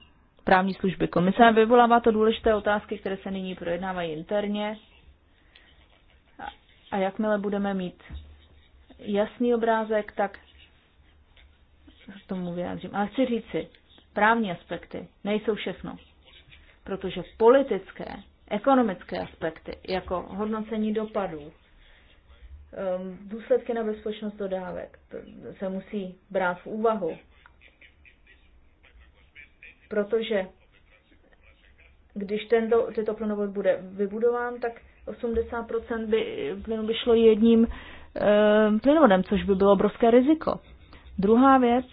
právní služby komise. Vyvolává to důležité otázky, které se nyní projednávají interně. A jakmile budeme mít jasný obrázek, tak k tomu vyjádřím. Ale chci říci, právní aspekty nejsou všechno, protože politické, ekonomické aspekty, jako hodnocení dopadů, um, důsledky na bezpečnost dodávek, se musí brát v úvahu, protože když tento, tento plynovod bude vybudován, tak 80% by, plynu by šlo jedním e, plynovodem, což by bylo obrovské riziko. Druhá věc,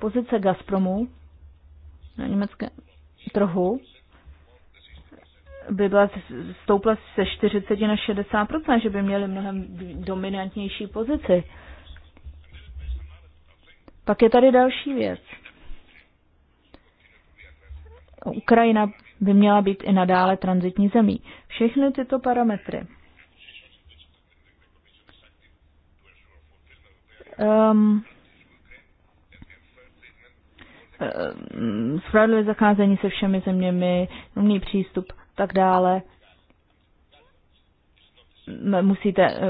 pozice Gazpromu na německém trhu by byla stoupla se 40 na 60 že by měli mnohem dominantnější pozici. Pak je tady další věc. Ukrajina by měla být i nadále transitní zemí. Všechny tyto parametry. Um, Eh, spravedlivé zacházení se všemi zeměmi, rovný přístup, tak dále. Musíte, eh,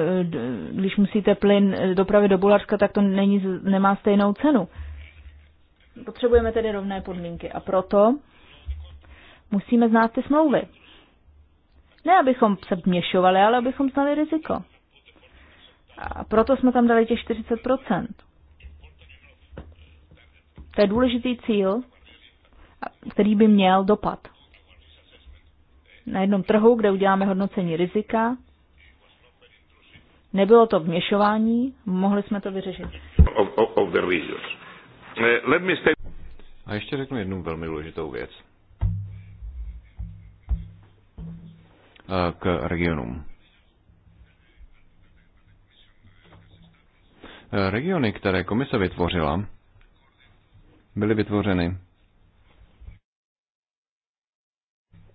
když musíte plyn dopravit do Bulharska, tak to není, nemá stejnou cenu. Potřebujeme tedy rovné podmínky a proto musíme znát ty smlouvy. Ne, abychom se měšovali, ale abychom znali riziko. A proto jsme tam dali těch 40 to je důležitý cíl, který by měl dopad. Na jednom trhu, kde uděláme hodnocení rizika, nebylo to vměšování, mohli jsme to vyřešit. Eh, A ještě řeknu jednu velmi důležitou věc. Eh, k regionům. Eh, regiony, které komise vytvořila, byly vytvořeny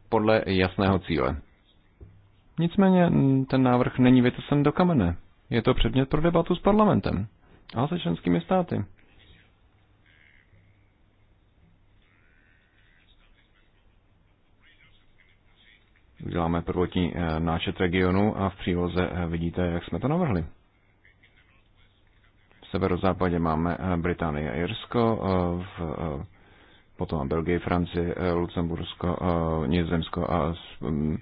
podle jasného cíle. Nicméně ten návrh není vytesen do kamene. Je to předmět pro debatu s parlamentem a se členskými státy. Uděláme prvotní eh, náčet regionu a v příloze eh, vidíte, jak jsme to navrhli severozápadě máme eh, Británie a Irsko, eh, v, eh, potom Belgii, Francii, Lucembursko, Nizozemsko a mm,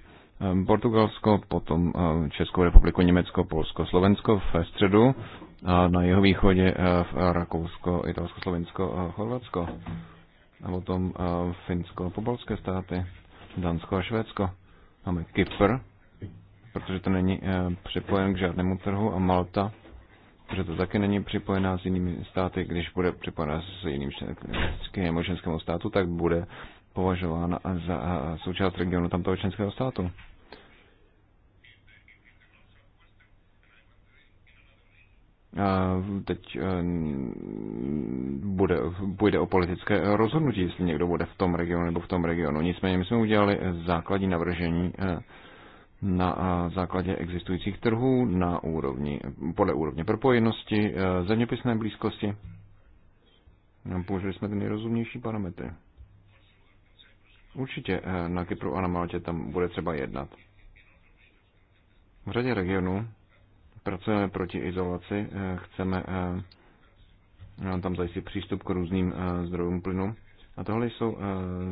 Portugalsko, potom Českou republiku, Německo, Polsko, Slovensko ve středu a na jeho východě v Rakousko, Italsko, Slovensko a Chorvatsko. A potom Finsko a pobalské státy, Dánsko a Švédsko. Máme Kypr, protože to není připojen k žádnému trhu a Malta protože to taky není připojená s jinými státy, když bude připojená s jiným členským členskému státu, tak bude považována za součást regionu tamtoho členského státu. A teď e, bude, bude o politické rozhodnutí, jestli někdo bude v tom regionu nebo v tom regionu. Nicméně my jsme udělali základní navržení e, na základě existujících trhů, na úrovni, podle úrovně propojenosti, e, zeměpisné blízkosti. No, použili jsme ty nejrozumnější parametry. Určitě e, na Kypru a na Maltě tam bude třeba jednat. V řadě regionů pracujeme proti izolaci, e, chceme no, tam zajistit přístup k různým zdrojům plynu. A tohle jsou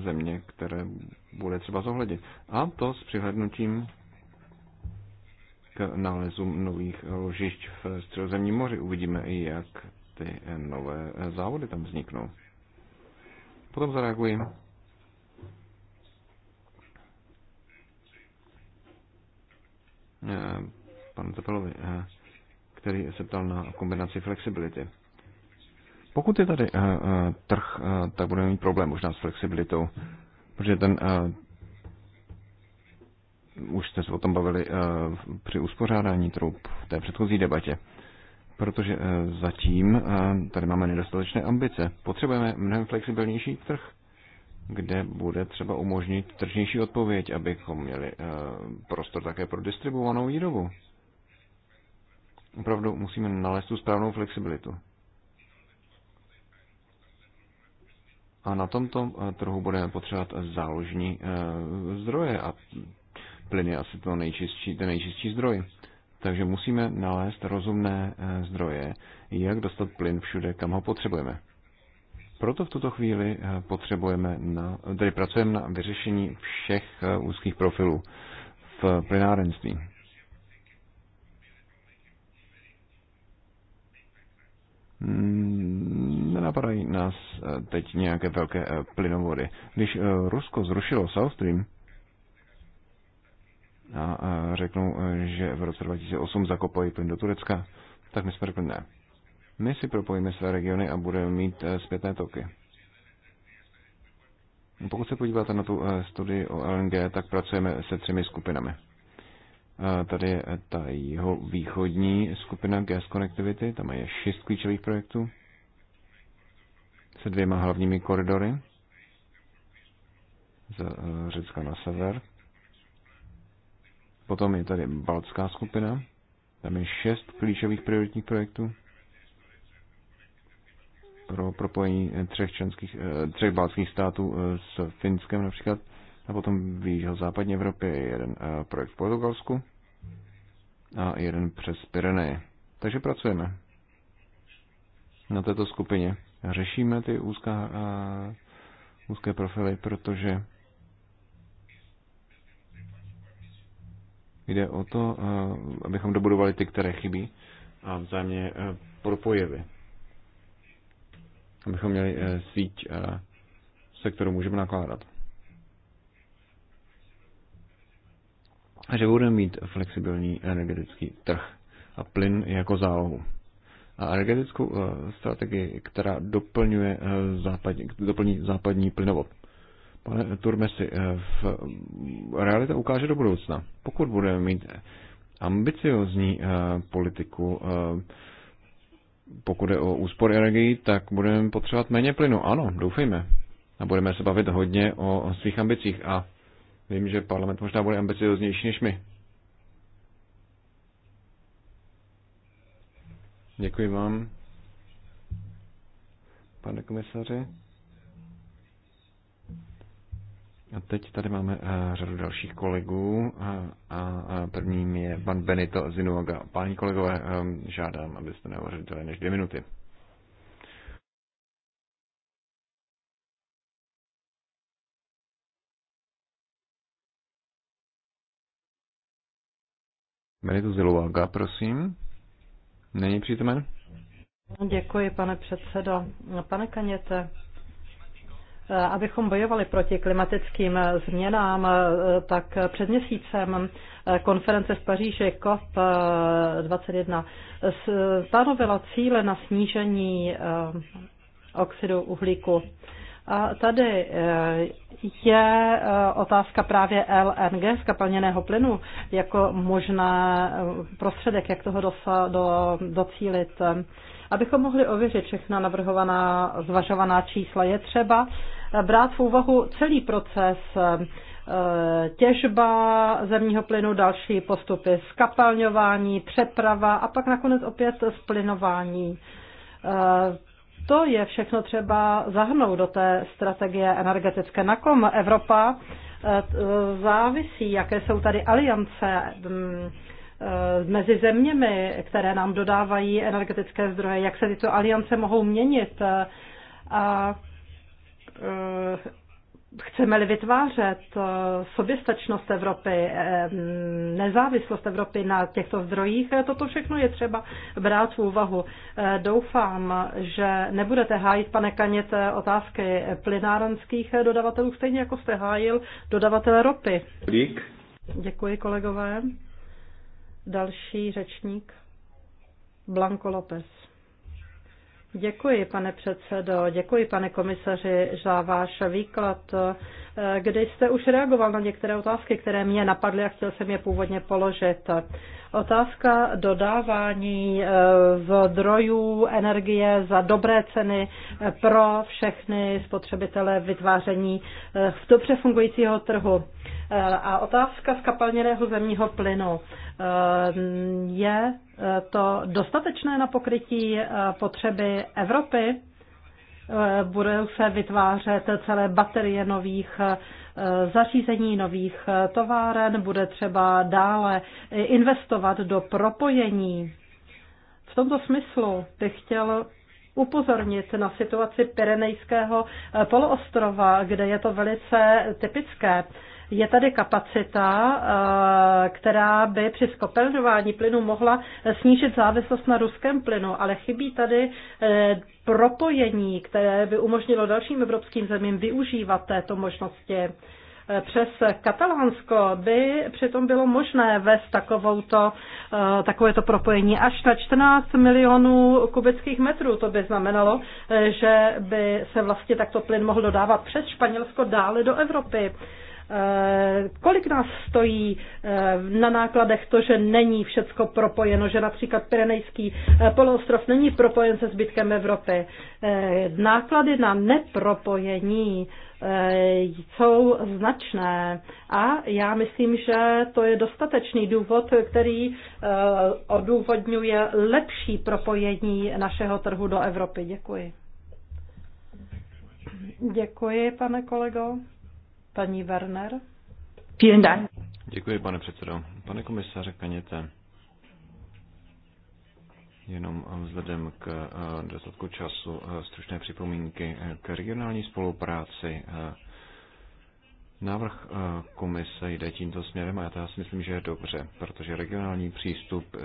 země, které bude třeba zohledit. A to s přihlednutím k nálezům nových ložišť v Středozemním moři. Uvidíme i, jak ty nové závody tam vzniknou. Potom zareaguji. Pan Tepelovi, který se ptal na kombinaci flexibility. Pokud je tady trh, tak budeme mít problém možná s flexibilitou, protože ten už jste se o tom bavili eh, při uspořádání troub v té předchozí debatě. Protože eh, zatím eh, tady máme nedostatečné ambice. Potřebujeme mnohem flexibilnější trh, kde bude třeba umožnit tržnější odpověď, abychom měli prostor také pro distribuovanou výrobu. Opravdu musíme nalézt tu správnou flexibilitu. A na tomto trhu budeme potřebovat záložní zdroje a Plyn je asi to nejčistší, ten nejčistší zdroj. Takže musíme nalézt rozumné eh, zdroje, jak dostat plyn všude, kam ho potřebujeme. Proto v tuto chvíli eh, potřebujeme na, tady pracujeme na vyřešení všech eh, úzkých profilů v plynárenství. Hmm, nenapadají nás teď nějaké velké plynovody. Když Rusko zrušilo South Stream, a, řeknou, e, že v roce 2008 zakopají plyn do Turecka, tak my jsme řekli ne. My si propojíme své regiony a budeme mít e, zpětné toky. Pokud se podíváte na tu e, studii o LNG, tak pracujeme se třemi skupinami. Tady je ta jeho východní skupina Gas Connectivity, tam je šest klíčových projektů se dvěma hlavními koridory z Řecka na sever. Potom je tady Baltská skupina. Tam je šest klíčových prioritních projektů pro propojení eh, třech, členských, eh, třech baltských států eh, s Finskem například. A potom v západní Evropě je jeden projekt v Portugalsku a jeden přes Pyreneje. Takže pracujeme na této skupině. Řešíme ty úzká, úzké profily, protože Jde o to, eh, abychom dobudovali ty, které chybí a vzájemně eh, propojili. Abychom měli eh, síť, se kterou můžeme nakládat. A že budeme mít flexibilní energetický trh a plyn jako zálohu. A energetickou strategii, která doplňuje západní, doplní západní plynovod. Pane Turmesi, eh, v, realita ukáže do budoucna. Pokud budeme mít ambiciozní eh, politiku, eh, pokud je o úspor energii, tak budeme potřebovat méně plynu. Ano, doufejme. A budeme se bavit hodně o svých ambicích. A vím, že parlament možná bude ambicioznější než my. Děkuji vám, pane komisaři. A teď tady máme eh, řadu dalších kolegů eh, a eh, prvním je pan Benito Zinuoga. Páni kolegové, žádám, abyste nehovořili déle než dvě minuty. Benito Zinuoga, prosím. Není přítomen? Děkuji, pane předsedo. Pane Kaněte, Eh, abychom bojovali proti klimatickým změnám, eh, tak před měsícem eh, konference v Paříži COP21 stanovila cíle na snížení oxidu uhlíku. A tady je otázka právě LNG, skapalněného plynu, jako možná prostředek, jak toho dosa, do, docílit. Abychom mohli ověřit všechna navrhovaná, zvažovaná čísla, je třeba eh, brát v úvahu celý proces eh, těžba zemního plynu, další postupy skapalňování, přeprava a pak nakonec opět splinování. Eh, to je všechno třeba zahrnout do té strategie energetické. Na kom Evropa závisí, jaké jsou tady aliance mm, Eh, mezi zeměmi, které nám dodávají energetické zdroje, jak se tyto aliance mohou měnit. Eh, a eh, chceme-li vytvářet soběstačnost Evropy, nezávislost Evropy na těchto zdrojích, toto všechno je třeba brát v úvahu. Doufám, že nebudete hájit, pane Kaněte, otázky plynárenských dodavatelů, stejně jako jste hájil dodavatele ropy. Dík. Děkuji, kolegové. Další řečník Blanco López. Děkuji, pane předsedo, děkuji, pane komisaři, za váš výklad kde jste už reagoval na některé otázky, které mě napadly a chtěl jsem je původně položit. Otázka dodávání eh, zdrojů energie za dobré ceny eh, pro všechny spotřebitele vytváření eh, v dobře fungujícího trhu. A otázka z kapalněného zemního plynu. Je to dostatečné na pokrytí potřeby Evropy? Eh, budou se vytvářet celé baterie nových eh, zařízení, nových eh, továren, bude třeba dále investovat do propojení. V tomto smyslu bych chtěl upozornit na situaci Pirenejského poloostrova, kde je to velice typické. Je tady kapacita, eh, která by při skopelňování plynu mohla snížit závislost na ruském plynu, ale chybí tady eh, propojení, které by umožnilo dalším evropským zemím využívat této možnosti eh, přes Katalánsko by přitom bylo možné vést takovouto, takovéto propojení až na 14 milionů kubických metrů. To by znamenalo, že by se vlastně takto plyn mohl dodávat přes Španělsko dále do Evropy. Eh, kolik nás stojí eh, na nákladech to, že není všecko propojeno, že například Pirenejský eh, poloostrov není propojen se zbytkem Evropy? Náklady na nepropojení jsou značné a já myslím, že to je dostatečný důvod, který odůvodňuje lepší propojení našeho trhu do Evropy. Děkuji. Děkuji, pane kolego. Paní Werner. Vielen Dank. Děkuji, pane předsedo. Pane komisaře Kaněte, jenom vzhledem k eh, dostatku času eh, stručné připomínky eh, k regionální spolupráci. Návrh komise jde tímto směrem a já to si myslím, že je dobře, protože regionální přístup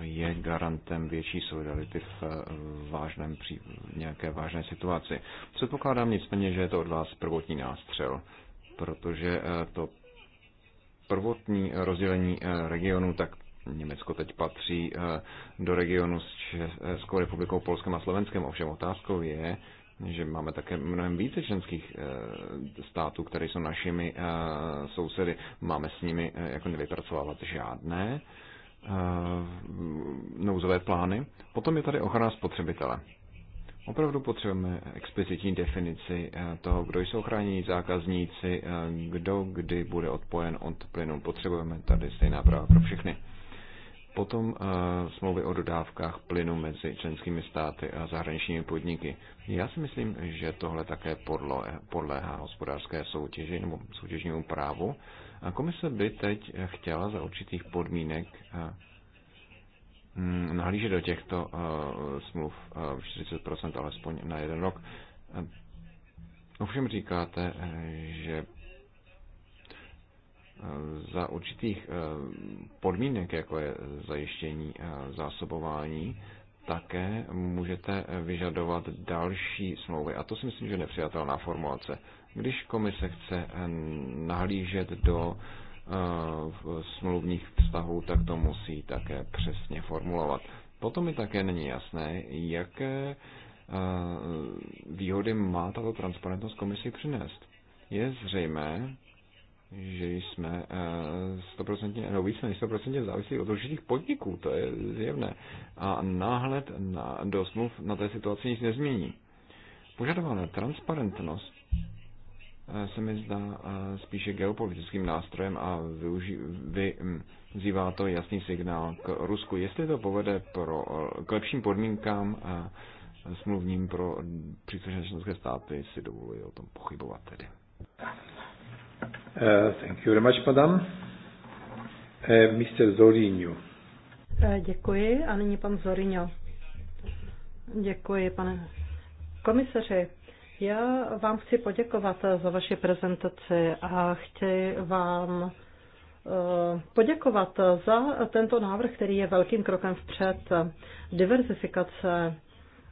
je garantem větší solidarity v vážném, nějaké vážné situaci. Předpokládám nicméně, že je to od vás prvotní nástřel protože eh, to prvotní rozdělení eh, regionu, tak Německo teď patří eh, do regionu s Českou republikou, Polskem a Slovenskem. Ovšem otázkou je, že máme také mnohem více členských států, které jsou našimi sousedy. Máme s nimi jako nevypracovávat žádné nouzové plány. Potom je tady ochrana spotřebitele. Opravdu potřebujeme explicitní definici eh, toho, kdo jsou chránění zákazníci, eh, kdo kdy bude odpojen od plynu. Potřebujeme tady stejná práva pro všechny. Potom eh, smlouvy o dodávkách plynu mezi členskými státy a zahraničními podniky. Já si myslím, že tohle také podléhá hospodářské soutěži nebo soutěžnímu právu. A komise by teď chtěla za určitých podmínek Mm, nahlížet do těchto eh, smluv 40% eh, alespoň na jeden rok. Eh, ovšem říkáte, že za určitých podmínek, jako je zajištění zásobování, také můžete vyžadovat další smlouvy. A to si myslím, že je nepřijatelná formulace. Když komise chce nahlížet do Eh, v smluvních vztahů, tak to musí také přesně formulovat. Potom mi také není jasné, jaké eh, výhody má tato transparentnost komisi přinést. Je zřejmé, že jsme 100%, eh, no víc než 100% závislí od určitých podniků, to je zjevné. A náhled na, do smluv na té situaci nic nezmění. Požadovaná transparentnost Eh, se mi zdá eh, spíše geopolitickým nástrojem a využí, vyzývá to jasný signál k Rusku. Jestli to povede pro, eh, k lepším podmínkám smluvním pro příslušné členské státy, si dovoluji o tom pochybovat tedy. Uh, thank you very much, madam. Uh, Mr. Zorinio. děkuji a nyní pan Zorinio. Děkuji, pane komisaři. Já vám chci poděkovat za vaši prezentaci a chci vám eh, poděkovat za tento návrh, který je velkým krokem vpřed. Diversifikace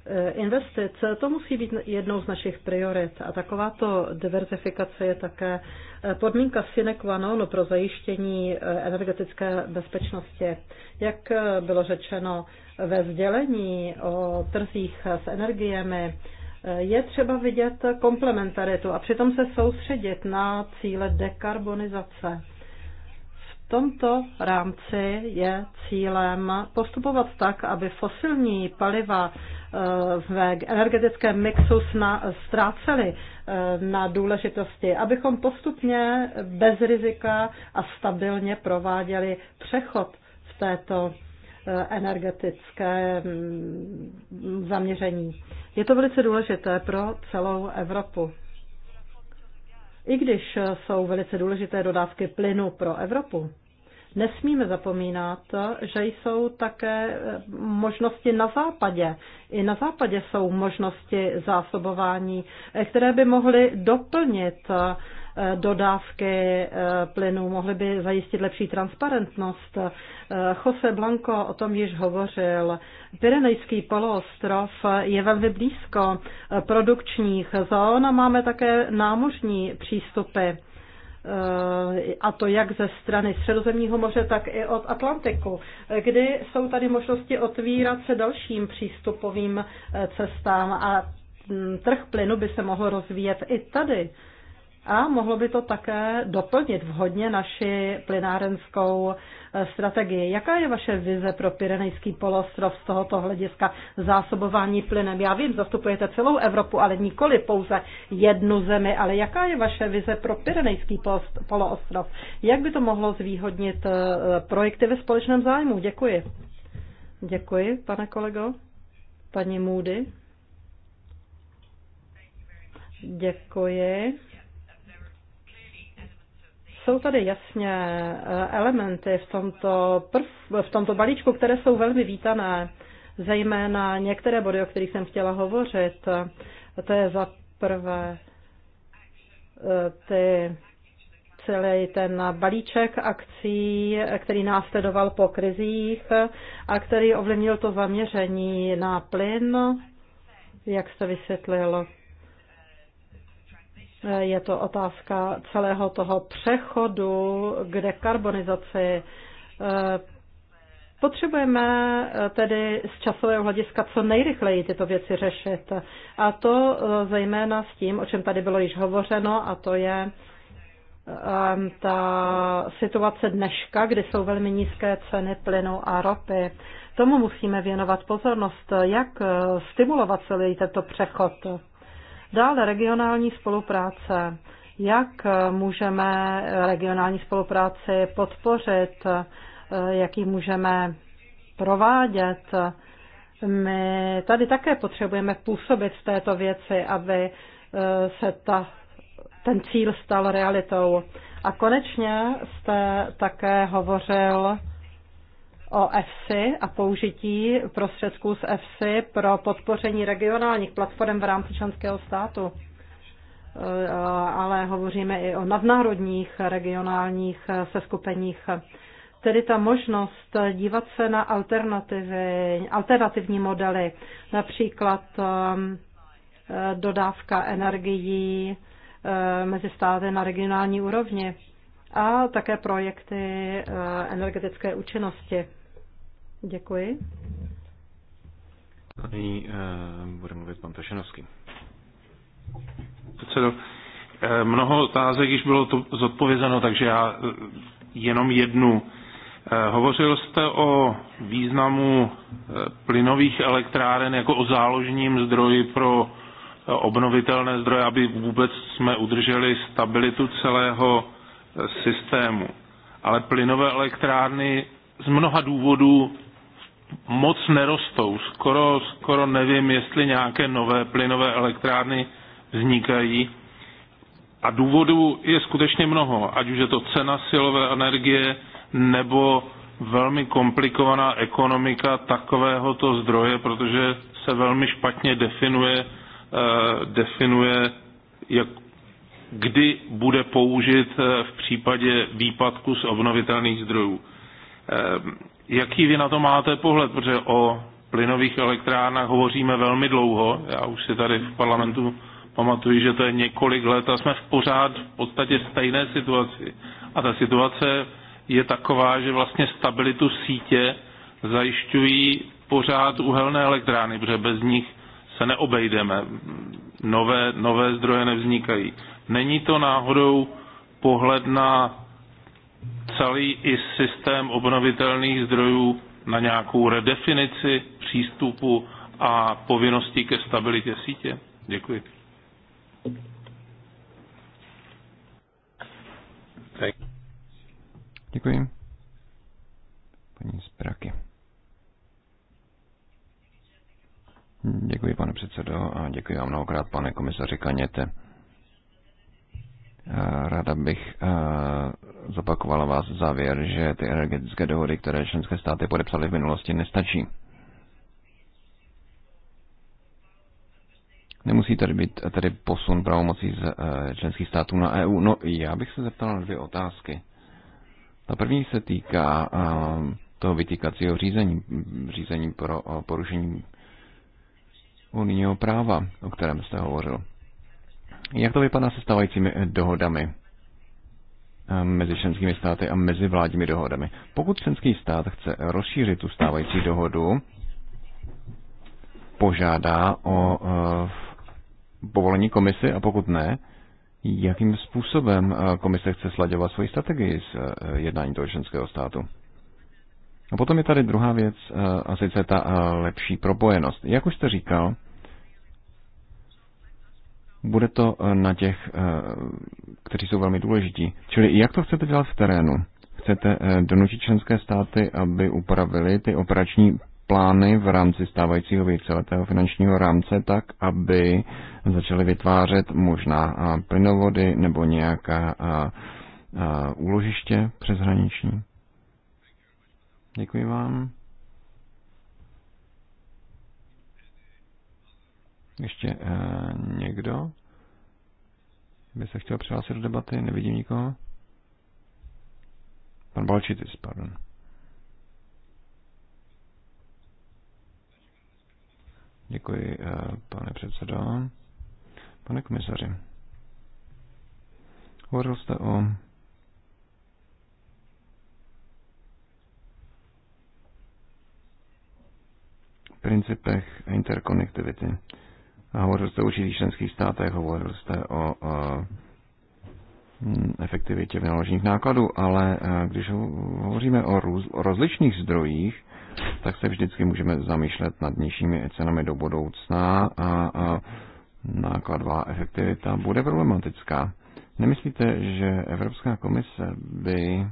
eh, investic, to musí být jednou z našich priorit a takováto diversifikace je také eh, podmínka sine qua non pro zajištění energetické bezpečnosti. Jak bylo řečeno ve sdělení o trzích s energiemi, je třeba vidět komplementaritu a přitom se soustředit na cíle dekarbonizace. V tomto rámci je cílem postupovat tak, aby fosilní paliva eh, v energetickém mixu ztrácely eh, na důležitosti, abychom postupně bez rizika a stabilně prováděli přechod v této eh, energetické mm, zaměření. Je to velice důležité pro celou Evropu. I když jsou velice důležité dodávky plynu pro Evropu, nesmíme zapomínat, že jsou také eh, možnosti na západě. I na západě jsou možnosti zásobování, eh, které by mohly doplnit eh, Eh, dodávky eh, plynu, mohly by zajistit lepší transparentnost. Eh, Jose Blanco o tom již hovořil. Pirenejský poloostrov je velmi blízko produkčních zón a máme také námořní přístupy a to jak ze strany Středozemního moře, tak i od Atlantiku, kdy jsou tady možnosti otvírat se dalším přístupovým cestám a mm, trh plynu by se mohl rozvíjet i tady a mohlo by to také doplnit vhodně naši plinárenskou eh, strategii. Jaká je vaše vize pro Pirenejský polostrov z tohoto hlediska zásobování plynem? Já vím, zastupujete celou Evropu, ale nikoli pouze jednu zemi, ale jaká je vaše vize pro Pirenejský poloostrov? Jak by to mohlo zvýhodnit eh, projekty ve společném zájmu? Děkuji. Děkuji, pane kolego. Paní Můdy. Děkuji. Jsou tady jasně eh, elementy v tomto, prv, v tomto balíčku, které jsou velmi vítané, zejména některé body, o kterých jsem chtěla hovořit. To je za prvé eh, ty, celý ten balíček akcí, který následoval po krizích a který ovlivnil to zaměření na plyn, jak jste vysvětlil. Je to otázka celého toho přechodu k dekarbonizaci. Potřebujeme tedy z časového hlediska co nejrychleji tyto věci řešit. A to eh, zejména s tím, o čem tady bylo již hovořeno, a to je eh, ta situace dneška, kdy jsou velmi nízké ceny plynu a ropy. Tomu musíme věnovat pozornost, jak eh, stimulovat celý tento přechod. Dále regionální spolupráce. Jak eh, můžeme eh, regionální spolupráci podpořit, eh, jak ji můžeme provádět. My tady také potřebujeme působit v této věci, aby se ta, ten cíl stal realitou. A konečně jste také hovořil o EFSI a použití prostředků z EFSI pro podpoření regionálních platform v rámci členského státu. Eh, ale hovoříme i o nadnárodních regionálních seskupeních. Tedy ta možnost dívat se na alternativy, alternativní modely, například ehm, eh, dodávka energií eh, mezi státy na regionální úrovni a také projekty energetické účinnosti. Děkuji. A nyní uh, bude mluvit pan Tošenovský. Předsedo, eh, mnoho otázek již bylo to zodpovězeno, takže já eh, jenom jednu. Hovořil jste o významu plynových elektráren jako o záložním zdroji pro obnovitelné zdroje, aby vůbec jsme udrželi stabilitu celého systému. Ale plynové elektrárny z mnoha důvodů moc nerostou. Skoro, skoro nevím, jestli nějaké nové plynové elektrárny vznikají. A důvodů je skutečně mnoho, ať už je to cena silové energie nebo velmi komplikovaná ekonomika takovéhoto zdroje, protože se velmi špatně definuje, eh, definuje jak, kdy bude použit eh, v případě výpadku z obnovitelných zdrojů. Eh, Jaký vy na to máte pohled, protože o plynových elektrárnách hovoříme velmi dlouho. Já už si tady v parlamentu pamatuju, že to je několik let a jsme v pořád v podstatě stejné situaci. A ta situace je taková, že vlastně stabilitu sítě zajišťují pořád uhelné elektrárny, protože bez nich se neobejdeme. Nové, nové zdroje nevznikají. Není to náhodou pohled na celý i systém obnovitelných zdrojů na nějakou redefinici přístupu a povinností ke stabilitě sítě? Děkuji. Děkuji. Paní Spraky. Děkuji, pane předsedo, a děkuji vám mnohokrát, pane komisaři Kaněte. Eh, ráda bych eh, zopakovala vás závěr, že ty energetické dohody, které členské státy podepsaly v minulosti, nestačí. Nemusí tady být tady posun pravomocí z eh, členských států na EU. No, já bych se zeptal na dvě otázky. Ta první se týká toho vytýkacího řízení, řízení pro porušení unijního práva, o kterém jste hovořil. Jak to vypadá se stávajícími eh, dohodami eh, mezi členskými státy a mezi vládními dohodami? Pokud členský stát chce rozšířit tu stávající dohodu, požádá o eh, povolení komisy a pokud ne, jakým způsobem komise chce slaďovat svoji strategii s jednání toho členského státu? A potom je tady druhá věc, a sice ta lepší propojenost. Jak už jste říkal, bude to eh, na těch, eh, kteří jsou velmi důležití. Čili jak to chcete dělat v terénu? Chcete eh, donutit členské státy, aby upravili ty operační plány v rámci stávajícího víceletého finančního rámce tak, aby začaly vytvářet možná plynovody nebo nějaká úložiště přeshraniční? Děkuji vám. Ještě eh, někdo by se chtěl přihlásit do debaty? Nevidím nikoho. Pan Balčitis, pardon. Děkuji, eh, pane předsedo. Pane komisaři, hovořil jste o principech interkonektivity. Hovořil jste o určitých členských státech, hovořil jste o, o hm, efektivitě vynaložených nákladů, ale e, když hovoříme o, růz, o rozličných zdrojích, tak se vždycky můžeme zamýšlet nad nižšími cenami do budoucna a, a nákladová efektivita bude problematická. Nemyslíte, že Evropská komise by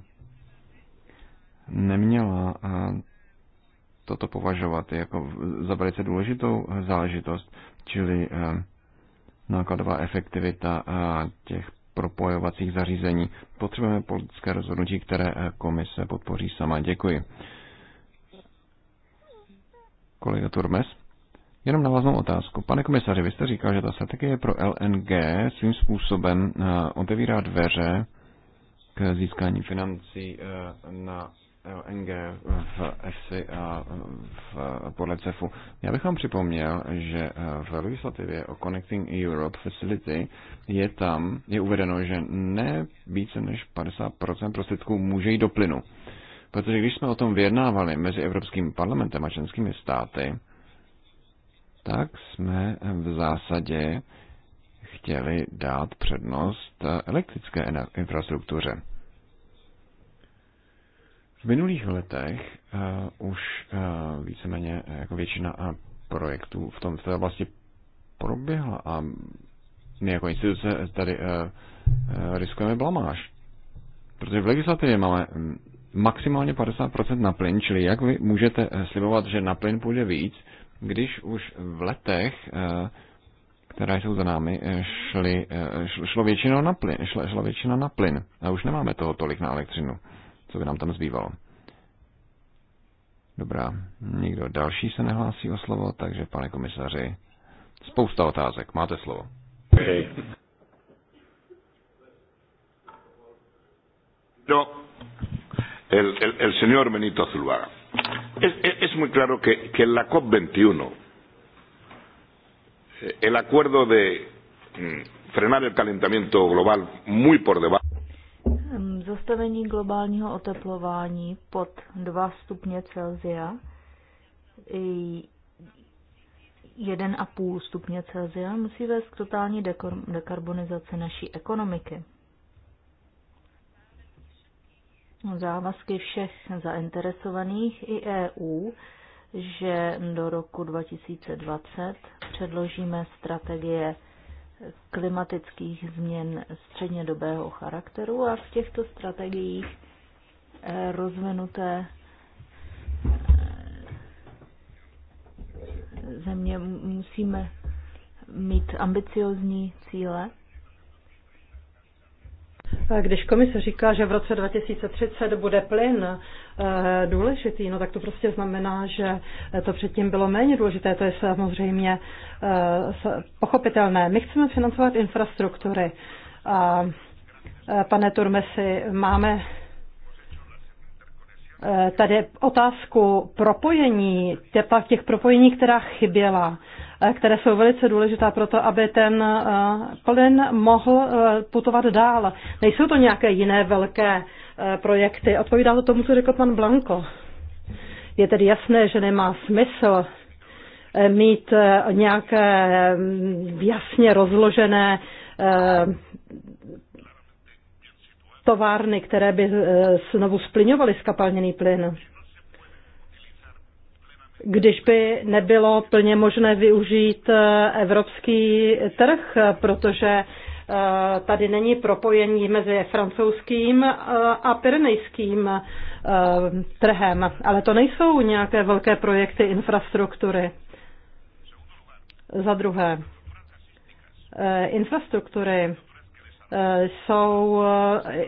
neměla e, toto považovat jako za velice důležitou záležitost? čili eh, nákladová efektivita eh, těch propojovacích zařízení. Potřebujeme politické rozhodnutí, které eh, komise podpoří sama. Děkuji. Kolega Turmes. Jenom návaznou otázku. Pane komisaři, vy jste říkal, že ta strategie pro LNG svým způsobem otevírá dveře k získání financí na LNG v EFSI a v, podle CEFu. Já bych vám připomněl, že eh, v legislativě o Connecting Europe Facility je tam, je uvedeno, že ne více než 50% prostředků může jít do plynu. Protože když jsme o tom vyjednávali mezi Evropským parlamentem a členskými státy, tak jsme eh, v zásadě chtěli dát přednost eh, elektrické infrastruktuře. V minulých letech uh, už uh, víceméně eh, jako většina uh, projektů v, tom, té oblasti proběhla a my jako instituce tady uh, uh, riskujeme blamáž. Protože v legislativě máme mm, maximálně 50% na plyn, čili jak vy můžete slibovat, že na plyn půjde víc, když už v letech, která jsou za námi, šly šlo většinou na plyn, šla, šlo většina na plyn a už nemáme toho tolik na elektřinu co by nám tam zbývalo. Dobrá, nikdo další se nehlásí o slovo, takže pane komisaři, spousta otázek, máte slovo. No, el, el, el señor Benito Zuluaga. Es, es, es muy claro que, que la COP21, eh, el acuerdo de mm, frenar el calentamiento global muy por debajo zastavení globálního oteplování pod 2 stupně Celsia, 1,5 stupně Celsia musí vést k totální dekarbonizaci naší ekonomiky. Závazky všech zainteresovaných i EU, že do roku 2020 předložíme strategie klimatických změn střednědobého charakteru a v těchto strategiích eh, rozvinuté eh, země musíme mít ambiciozní cíle Eh, když komise říká, že v roce 2030 bude plyn eh, důležitý, no tak to prostě znamená, že to předtím bylo méně důležité, to je samozřejmě eh, pochopitelné. My chceme financovat infrastruktury. A pane Turmesi, máme tady otázku propojení, těch propojení, která chyběla. Eh, které jsou velice důležitá pro to, aby ten eh, plyn mohl eh, putovat dál. Nejsou to nějaké jiné velké projekty. Odpovídá to tomu, co řekl pan Blanko. Je tedy jasné, že nemá smysl mít nějaké mm, jasně rozložené továrny, které by znovu splňovaly skapalněný plyn když by nebylo plně možné využít eh, evropský trh, protože eh, tady není propojení mezi francouzským eh, a pyrenejským trhem. Ale to nejsou nějaké velké projekty infrastruktury. Za druhé, infrastruktury jsou eh,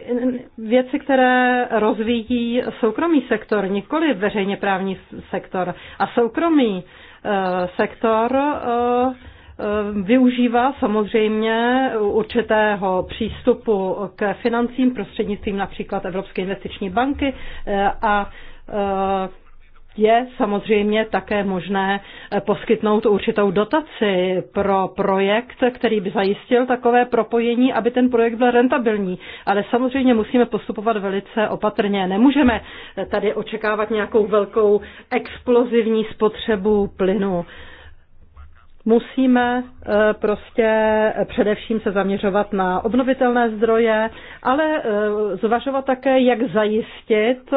věci, které rozvíjí soukromý sektor, nikoli veřejně právní sektor. A soukromý eh, sektor eh, využívá samozřejmě určitého přístupu k financím prostřednictvím například Evropské investiční banky a je samozřejmě také možné eh, poskytnout určitou dotaci pro projekt, který by zajistil takové propojení, aby ten projekt byl rentabilní. Ale samozřejmě musíme postupovat velice opatrně. Nemůžeme eh, tady očekávat nějakou velkou explozivní spotřebu plynu musíme eh, prostě především se zaměřovat na obnovitelné zdroje, ale eh, zvažovat také, jak zajistit eh,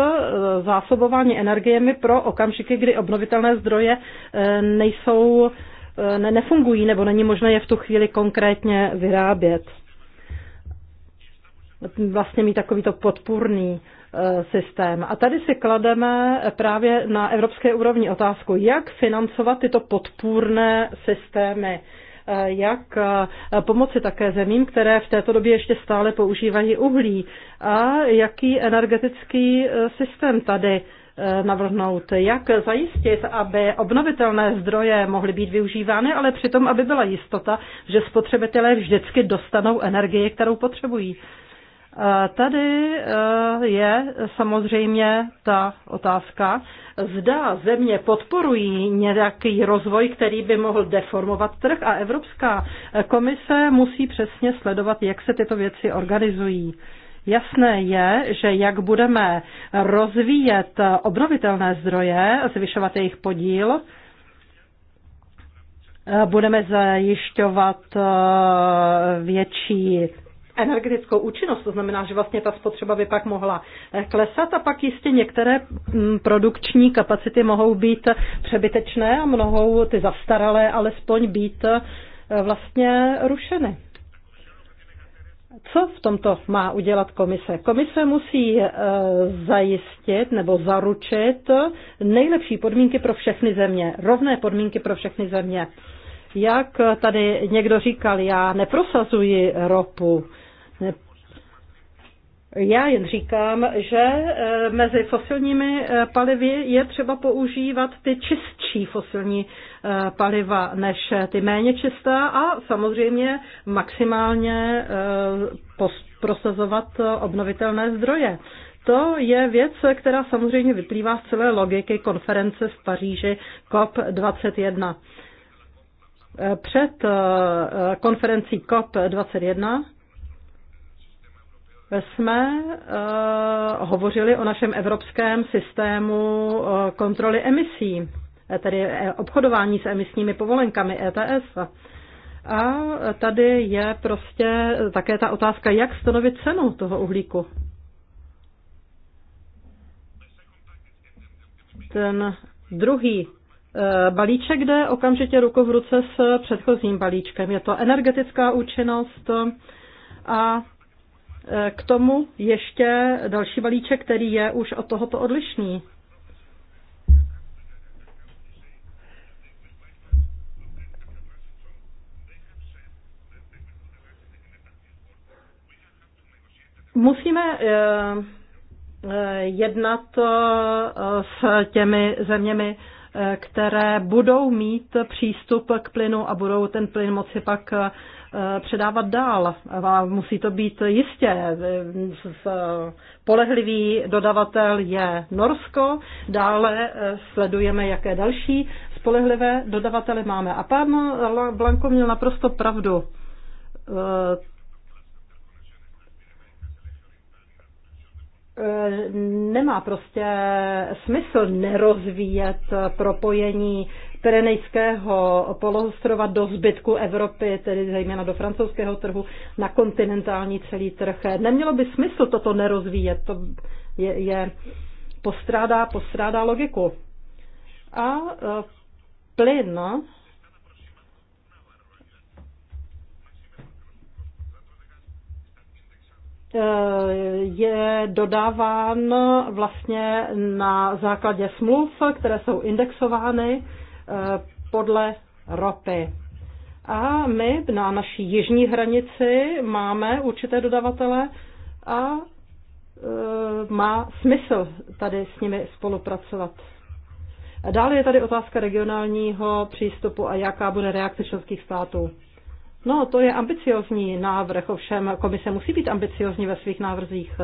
zásobování energiemi pro okamžiky, kdy obnovitelné zdroje nejsou, ne, nefungují nebo není možné je v tu chvíli konkrétně vyrábět. Vlastně mít takovýto podpůrný E, systém. A tady si klademe právě na evropské úrovni otázku, jak financovat tyto podpůrné systémy e, jak e, pomoci také zemím, které v této době ještě stále používají uhlí a jaký energetický systém tady navrhnout, jak zajistit, aby obnovitelné zdroje mohly být využívány, ale přitom, aby byla jistota, že spotřebitelé vždycky dostanou energii, kterou potřebují. Eh, tady eh, je samozřejmě ta otázka, zda země podporují nějaký rozvoj, který by mohl deformovat trh a Evropská komise musí přesně sledovat, jak se tyto věci organizují. Jasné je, že jak budeme rozvíjet obnovitelné zdroje, zvyšovat jejich podíl, eh, budeme zajišťovat větší energetickou účinnost, to znamená, že vlastně ta spotřeba by pak mohla eh, klesat a pak jistě některé mm, produkční kapacity mohou být přebytečné a mnohou ty zastaralé alespoň být eh, vlastně rušeny. Co v tomto má udělat komise? Komise musí eh, zajistit nebo zaručit nejlepší podmínky pro všechny země, rovné podmínky pro všechny země. Jak tady někdo říkal, já neprosazuji ropu, já jen říkám, že eh, mezi fosilními eh, palivy je třeba používat ty čistší fosilní eh, paliva než ty méně čistá a samozřejmě maximálně prosazovat obnovitelné zdroje. To je věc, která samozřejmě vyplývá z celé logiky konference v Paříži COP21. Před konferencí COP21 jsme uh, hovořili o našem evropském systému uh, kontroly emisí, eh, tedy obchodování s emisními povolenkami ETS. A tady je prostě také ta otázka, jak stanovit cenu toho uhlíku. Ten druhý balíček jde okamžitě ruku v ruce s předchozím balíčkem. Je to energetická účinnost a Eh, k tomu ještě další balíček, který je už od tohoto odlišný. Musíme eh, eh, jednat s těmi zeměmi, které budou mít přístup k plynu a budou ten plyn moci pak Eh, předávat dál. A musí to být jistě. Polehlivý dodavatel je Norsko, dále eh, sledujeme, jaké další spolehlivé dodavatele máme. A pan Blanko měl naprosto pravdu. Eh, nemá prostě smysl nerozvíjet propojení Pirenejského poloostrova do zbytku Evropy, tedy zejména do francouzského trhu, na kontinentální celý trh. Nemělo by smysl toto nerozvíjet, to je, je postrádá, postrádá logiku. A e, plyn e, je dodáván vlastně na základě smluv, které jsou indexovány Eh, podle ropy. A my na naší jižní hranici máme určité dodavatele a eh, má smysl tady s nimi spolupracovat. Dále je tady otázka regionálního přístupu a jaká bude reakce členských států. No, to je ambiciozní návrh, ovšem komise musí být ambiciozní ve svých návrzích.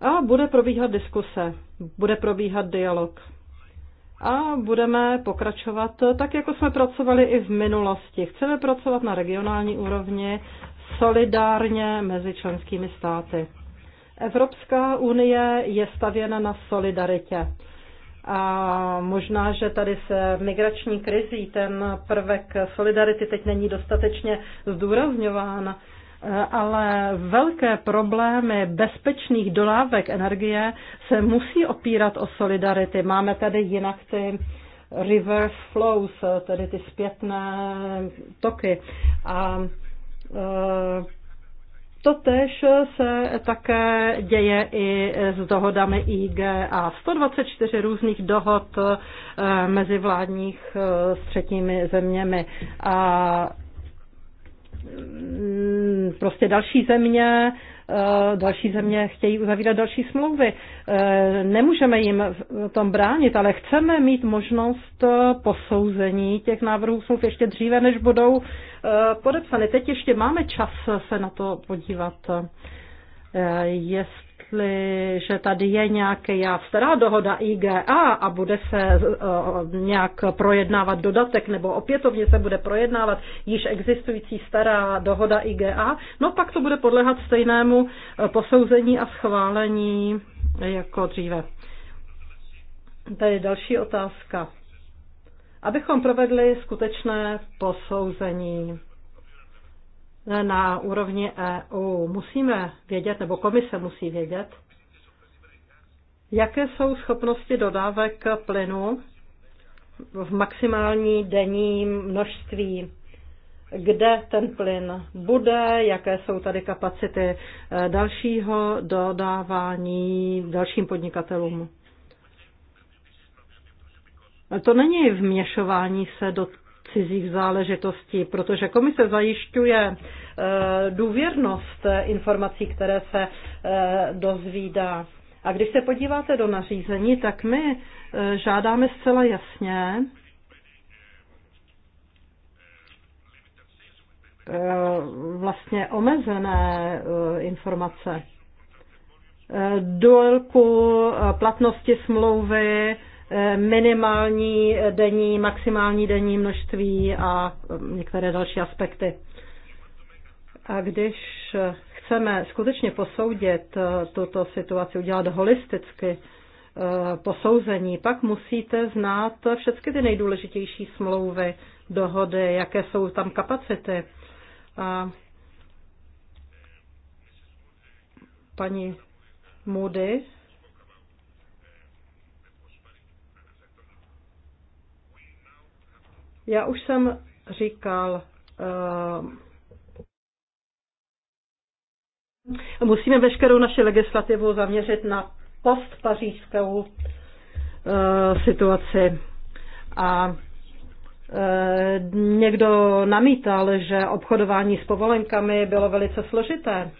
A bude probíhat diskuse, bude probíhat dialog a budeme pokračovat tak, jako jsme pracovali i v minulosti. Chceme pracovat na regionální úrovni solidárně mezi členskými státy. Evropská unie je stavěna na solidaritě. A možná, že tady se migrační krizí ten prvek solidarity teď není dostatečně zdůrazňován, ale velké problémy bezpečných dolávek energie se musí opírat o solidarity. Máme tady jinak ty reverse flows, tedy ty zpětné toky. A e, to tež se také děje i s dohodami IG a 124 různých dohod e, mezivládních e, s třetími zeměmi. A Mm, prostě další země, eh, další země chtějí uzavírat další smlouvy. Eh, nemůžeme jim v tom bránit, ale chceme mít možnost eh, posouzení těch návrhů smluv ještě dříve, než budou podepsány. Teď ještě máme čas se na to podívat. Jest že tady je nějaká stará dohoda IGA a bude se eh, nějak projednávat dodatek nebo opětovně se bude projednávat již existující stará dohoda IGA, no pak to bude podléhat stejnému eh, posouzení a schválení eh, jako dříve. Tady je další otázka. Abychom provedli skutečné posouzení na úrovni EU. Musíme vědět, nebo komise musí vědět, jaké jsou schopnosti dodávek plynu v maximální denní množství, kde ten plyn bude, jaké jsou tady kapacity eh, dalšího dodávání dalším podnikatelům. To není vměšování se do cizích záležitostí, protože komise zajišťuje eh, důvěrnost eh, informací, které se eh, dozvídá. A když se podíváte do nařízení, tak my žádáme zcela jasně, vlastně omezené informace. Dolku platnosti smlouvy, Eh, minimální denní, maximální denní množství a eh, některé další aspekty. A když eh, chceme skutečně posoudit tuto situaci, udělat holisticky posouzení, pak musíte znát všechny ty nejdůležitější smlouvy, dohody, jaké jsou tam kapacity. A paní Moody Já už jsem říkal, eh, musíme veškerou naši legislativu zaměřit na postpařížskou eh, situaci. A eh, někdo namítal, že obchodování s povolenkami bylo velice složité,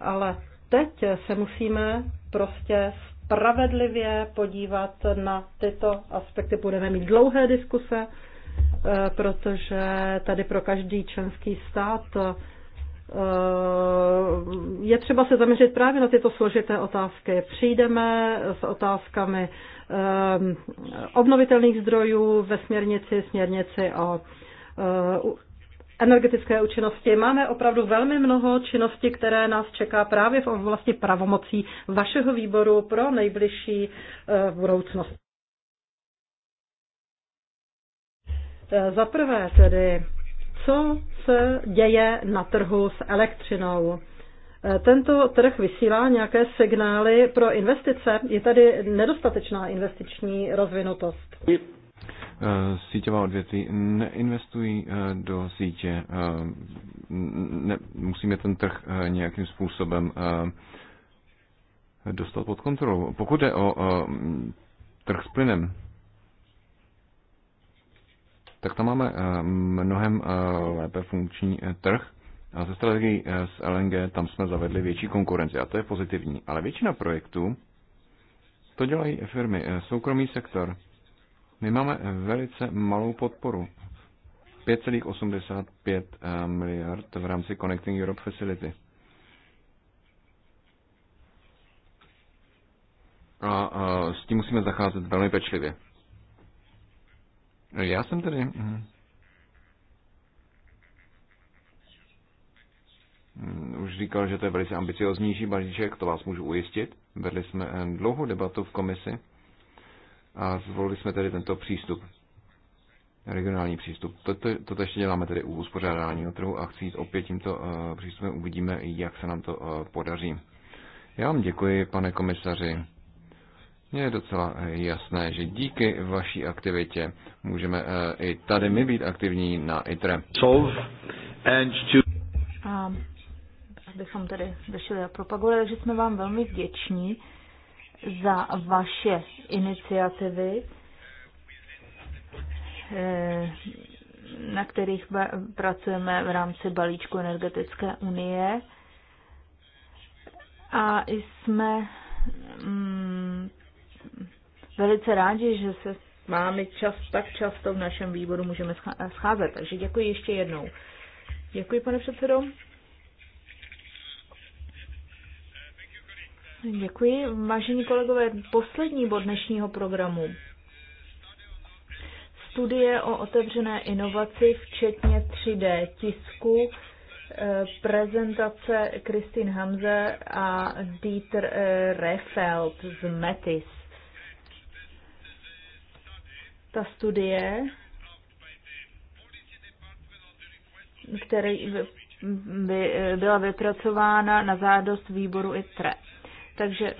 ale teď se musíme prostě spravedlivě podívat na tyto aspekty. Budeme mít dlouhé diskuse Eh, protože tady pro každý členský stát eh, je třeba se zaměřit právě na tyto složité otázky. Přijdeme s otázkami eh, obnovitelných zdrojů ve směrnici, směrnici o energetické účinnosti. Máme opravdu velmi mnoho činností, které nás čeká právě v oblasti pravomocí vašeho výboru pro nejbližší budoucnost. Eh, za prvé tedy, co se děje na trhu s elektřinou? Eh, tento trh vysílá nějaké signály pro investice. Je tady nedostatečná investiční rozvinutost. Eh, síťová odvětví neinvestují do sítě. Ne, musíme ten trh nějakým způsobem dostat pod kontrolu. Pokud je o trh s plynem, tak tam máme eh, mnohem eh, lépe funkční eh, trh. A ze strategii s LNG tam jsme zavedli větší konkurenci a to je pozitivní. Ale většina projektů to dělají firmy, soukromý sektor. My máme velice malou podporu. 5,85 miliard v rámci Connecting Europe Facility. A, a s tím musíme zacházet velmi pečlivě. Já jsem tedy mhm. mm, už říkal, že to je velice ambicioznější balíček, to vás můžu ujistit. Vedli jsme eh, dlouhou debatu v komisi a zvolili jsme tedy tento přístup, regionální přístup. Toto, toto ještě děláme tedy u uspořádání na trhu a chci jít opět tímto eh, přístupem, uvidíme, jak se nám to eh, podaří. Já vám děkuji, pane komisaři je docela eh, jasné, že díky vaší aktivitě můžeme eh, i tady my být aktivní na ITRE. A abychom tedy řešili a propagovali, že jsme vám velmi vděční za vaše iniciativy, eh, na kterých pracujeme v rámci balíčku energetické unie. A jsme velice rádi, že se máme čas tak často v našem výboru můžeme scházet. Takže děkuji ještě jednou. Děkuji, pane předsedo. Děkuji. Vážení kolegové, poslední bod dnešního programu. Studie o otevřené inovaci, včetně 3D tisku, eh, prezentace Kristin Hamze a Dieter eh, Refeld z Metis ta studie, který by byla vypracována na zádost výboru ITRE. Takže,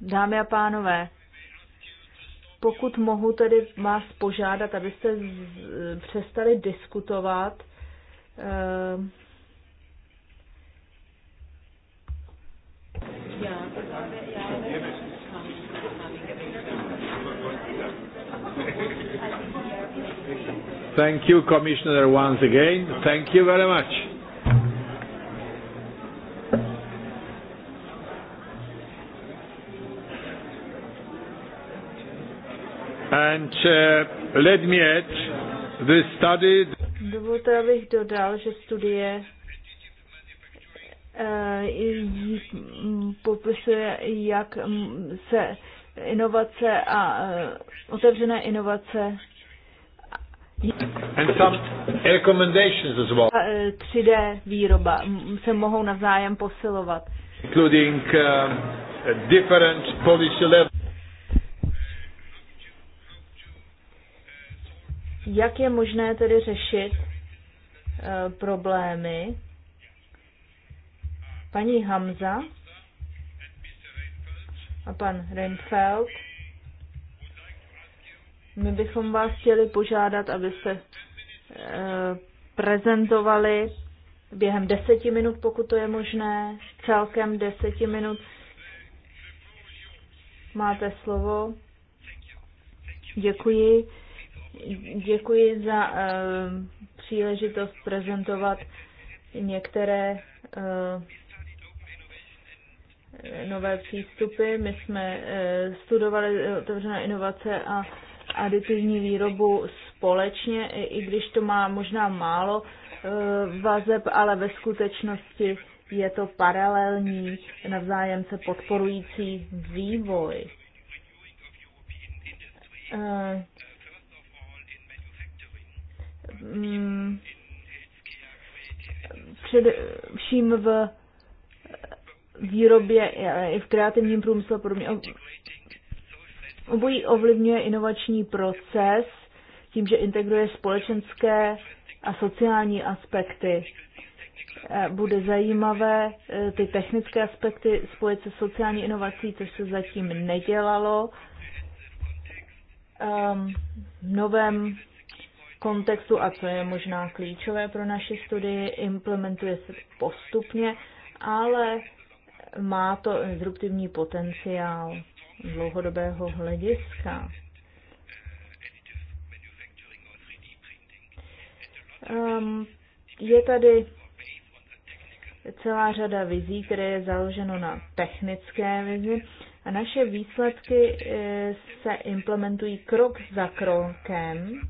dámy a pánové, pokud mohu tedy vás požádat, abyste přestali diskutovat, eh, Já, Thank you, Commissioner, once again. Thank you very much. And uh, let me add, the study... Dovolte, abych dodal, že studie uh, popisuje, jak se inovace a uh, otevřené inovace And some recommendations as well. 3D e, výroba se mohou navzájem posilovat. Including uh, different policy levels. Jak je možné tedy řešit uh, problémy? Paní Hamza a pan Reinfeldt my bychom vás chtěli požádat, abyste eh, prezentovali během deseti minut, pokud to je možné, celkem deseti minut. Máte slovo. Děkuji. Děkuji za eh, příležitost prezentovat některé eh, nové přístupy. My jsme studovali otevřené inovace a aditivní výrobu společně, i když to má možná málo e, vazeb, ale ve skutečnosti je to paralelní, navzájem se podporující vývoj. E, mm, především v výrobě e, i v kreativním průmyslu podobně Obojí ovlivňuje inovační proces tím, že integruje společenské a sociální aspekty. Eh, bude zajímavé eh, ty technické aspekty spojit se sociální inovací, což se zatím nedělalo. Ehm, v novém kontextu, a co je možná klíčové pro naši studii, implementuje se postupně, ale má to disruptivní potenciál dlouhodobého hlediska. Um, je tady celá řada vizí, které je založeno na technické vizi a naše výsledky eh, se implementují krok za krokem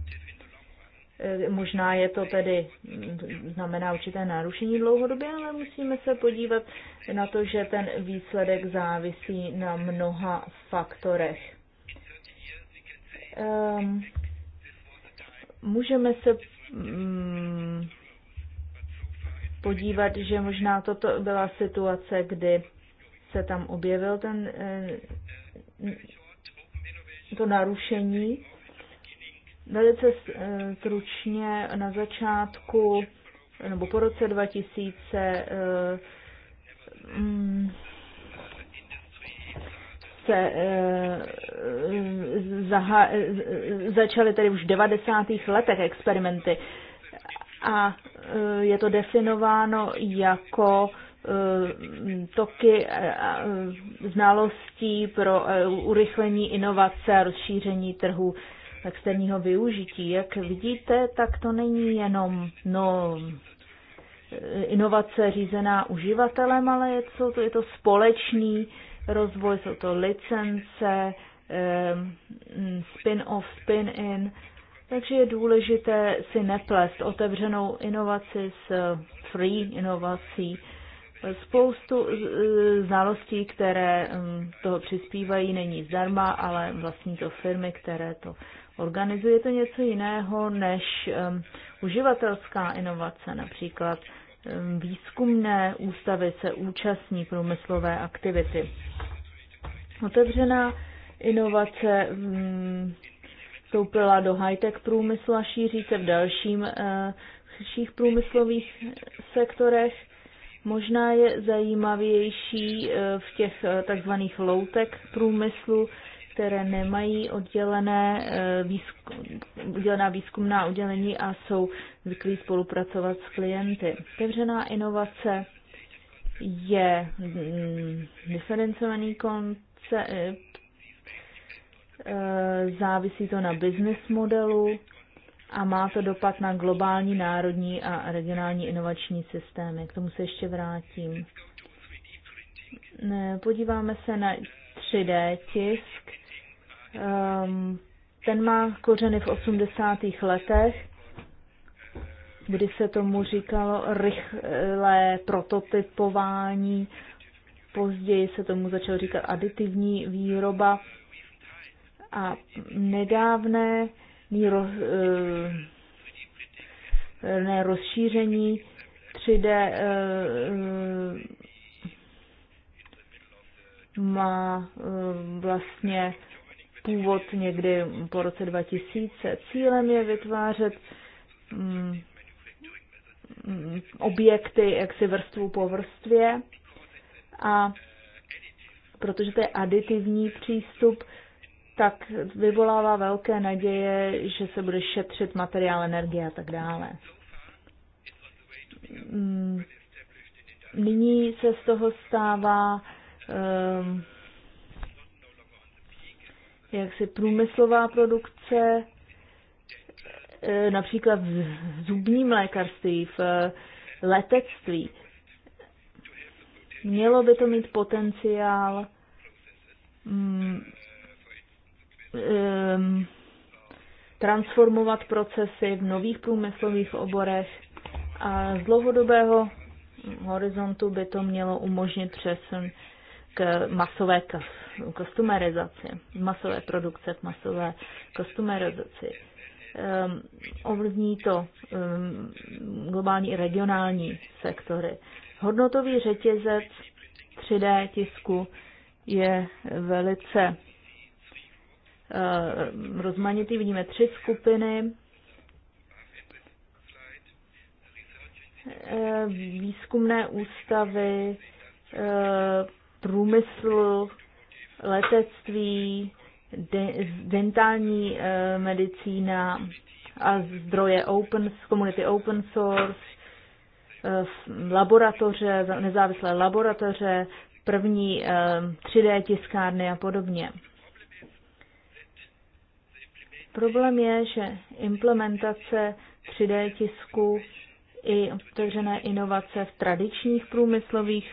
Eh, možná je to tedy, mm, znamená určité narušení dlouhodobě, ale musíme se podívat na to, že ten výsledek závisí na mnoha faktorech. Um, můžeme se um, podívat, že možná toto byla situace, kdy se tam objevil ten, eh, to narušení Velice eh, stručně na začátku nebo po roce 2000 eh, mm, se eh, zaha, začaly tedy už v 90. letech experimenty a je to definováno jako toky znalostí pro urychlení inovace a rozšíření trhu externího využití. Jak vidíte, tak to není jenom no, inovace řízená uživatelem, ale je, to, je to společný rozvoj, jsou to licence, spin-off, spin-in. Takže je důležité si neplést otevřenou inovaci s free inovací. Spoustu e, znalostí, které toho přispívají, není zdarma, ale vlastní to firmy, které to Organizuje to něco jiného než um, uživatelská inovace, například um, výzkumné ústavy se účastní průmyslové aktivity. Otevřená inovace um, vstoupila do high-tech průmyslu a šíří se v dalším, uh, průmyslových sektorech. Možná je zajímavější eh, v těch eh, takzvaných loutek průmyslu, které nemají oddělené eh, výzkum, oddělená výzkumná oddělení a jsou zvyklí spolupracovat s klienty. Otevřená inovace je mm, diferencovaný koncept, eh, závisí to na business modelu a má to dopad na globální, národní a regionální inovační systémy. K tomu se ještě vrátím. Eh, podíváme se na 3D tisk. Ehm, ten má kořeny v 80. letech, kdy se tomu říkalo rychlé prototypování, později se tomu začalo říkat aditivní výroba a nedávné roz, ehm, ne, rozšíření 3D ehm, má vlastně původ někdy po roce 2000. Cílem je vytvářet mm, mm, objekty jaksi vrstvu po vrstvě a protože to je aditivní přístup, tak vyvolává velké naděje, že se bude šetřit materiál, energie a tak dále. Mm, nyní se z toho stává um, jaksi průmyslová produkce, e, například v zubním lékařství, v e, letectví. Mělo by to mít potenciál mm, transformovat procesy v nových průmyslových oborech a z dlouhodobého horizontu by to mělo umožnit přesun k masové kostumerizaci, masové produkce, k masové kostumerizaci. Um, ehm, ovlivní to um, globální i regionální sektory. Hodnotový řetězec 3D tisku je velice uh, rozmanitý. Vidíme tři skupiny. výzkumné ústavy, průmysl, letectví, de, dentální e, medicína a zdroje open, z komunity open source, e, laboratoře, nezávislé laboratoře, první e, eh, 3D tiskárny a podobně. Problém je, že implementace 3D tisku i otevřené inovace v tradičních průmyslových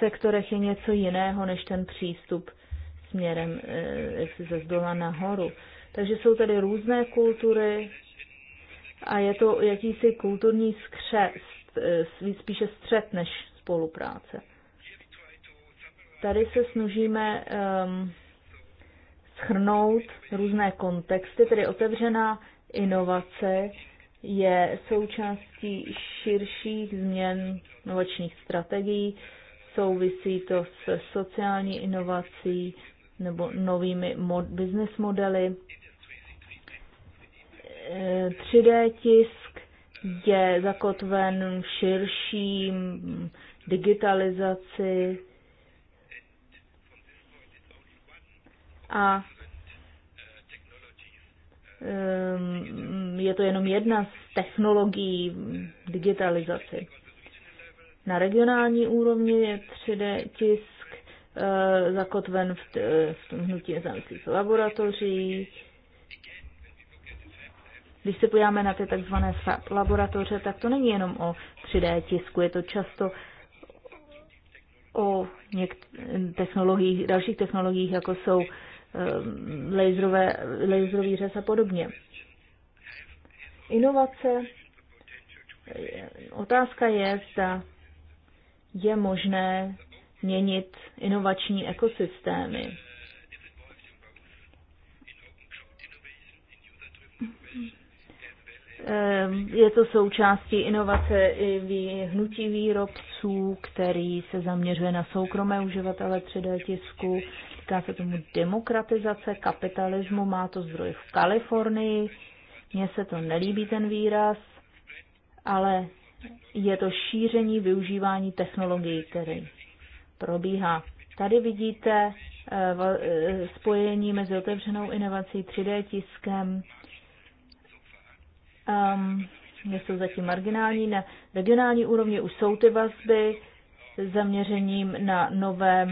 sektorech je něco jiného než ten přístup směrem, eh, jak ze zdola nahoru. Takže jsou tady různé kultury a je to jakýsi kulturní skřest, eh, spíše střet než spolupráce. Tady se snažíme um, schrnout různé kontexty, tedy otevřená inovace je součástí širších změn inovačních strategií, souvisí to s sociální inovací nebo novými mod, business modely. Eh, 3D tisk je zakotven v širším digitalizaci a ehm, je to jenom jedna z technologií digitalizace. Na regionální úrovni je 3D tisk e, zakotven v, t, eh, v tom hnutí nezávislých laboratoří. Když se podíváme na ty tzv. laboratoře, tak to není jenom o 3D tisku, je to často o technologiích, dalších technologiích, jako jsou e, laserové, laserový řez a podobně. Inovace. Otázka je, zda je možné měnit inovační ekosystémy. Ehm, je to součástí inovace i hnutí výrobců, který se zaměřuje na soukromé uživatele 3D tisku. Týká se tomu demokratizace kapitalismu, má to zdroj v Kalifornii. Mně se to nelíbí ten výraz, ale je to šíření využívání technologií, které probíhá. Tady vidíte eh, eh, spojení mezi otevřenou inovací, 3D tiskem. Um, ehm, jsou zatím marginální. Na regionální úrovni už jsou ty vazby zaměřením na nové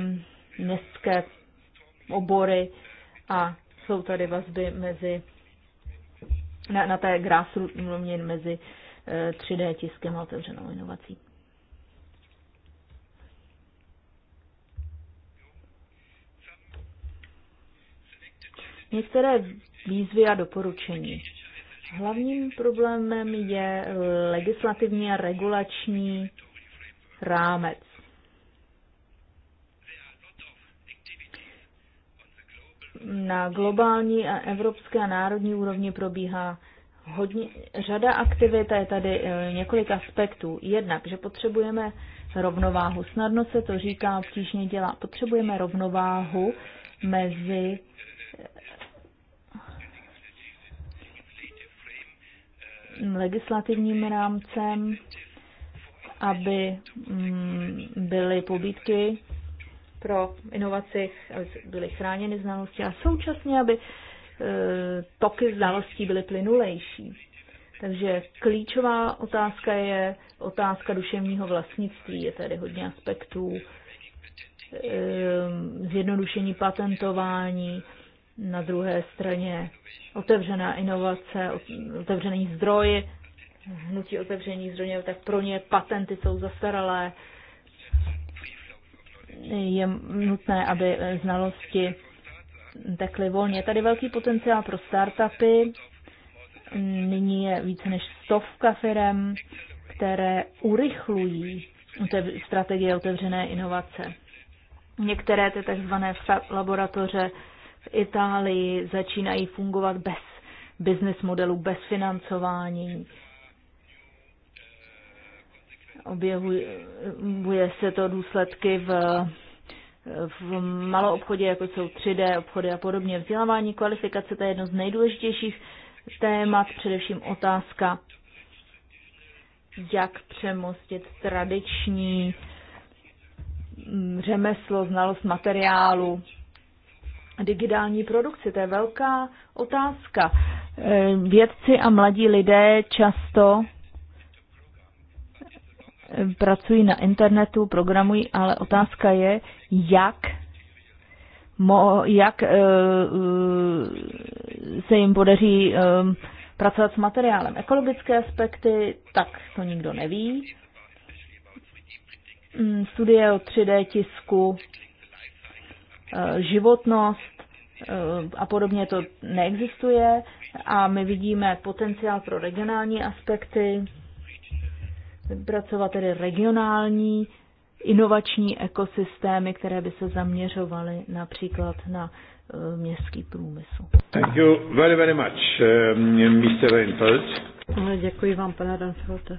městské obory a jsou tady vazby mezi na, na té grassroot mezi 3D tiskem a otevřenou inovací. Některé výzvy a doporučení. Hlavním problémem je legislativní a regulační rámec. Na globální a evropské a národní úrovni probíhá hodně, řada aktivit, je tady e, několik aspektů. Jednak, že potřebujeme rovnováhu. Snadno se to říká, obtížně dělá. Potřebujeme rovnováhu mezi e, legislativním rámcem, aby mm, byly pobídky pro inovaci, aby byly chráněny znalosti a současně, aby E, toky znalostí byly plynulejší. Takže klíčová otázka je otázka duševního vlastnictví. Je tady hodně aspektů e, zjednodušení patentování, na druhé straně otevřená inovace, otevřený zdroj, hnutí otevření zdroje, tak pro ně patenty jsou zastaralé. Je nutné, aby znalosti tekly volně. Tady velký potenciál pro startupy. Nyní je více než stovka firm, které urychlují strategie otevřené inovace. Některé ty tzv. laboratoře v Itálii začínají fungovat bez business modelu, bez financování. Objevuje se to důsledky v v malou obchodě, jako jsou 3D obchody a podobně. Vzdělávání kvalifikace to je jedno z nejdůležitějších témat, především otázka, jak přemostit tradiční mm, řemeslo, znalost materiálu, digitální produkci. To je velká otázka. E, vědci a mladí lidé často e, pracují na internetu, programují, ale otázka je, jak mo, jak e, se jim podaří e, pracovat s materiálem. Ekologické aspekty, tak to nikdo neví. Mm, studie o 3D tisku, e, životnost e, a podobně to neexistuje a my vidíme potenciál pro regionální aspekty, pracovat tedy regionální inovační ekosystémy, které by se zaměřovaly například na eh, městský průmysl. Thank you very, very much, Mr. Um, děkuji vám, pane Reinfeld.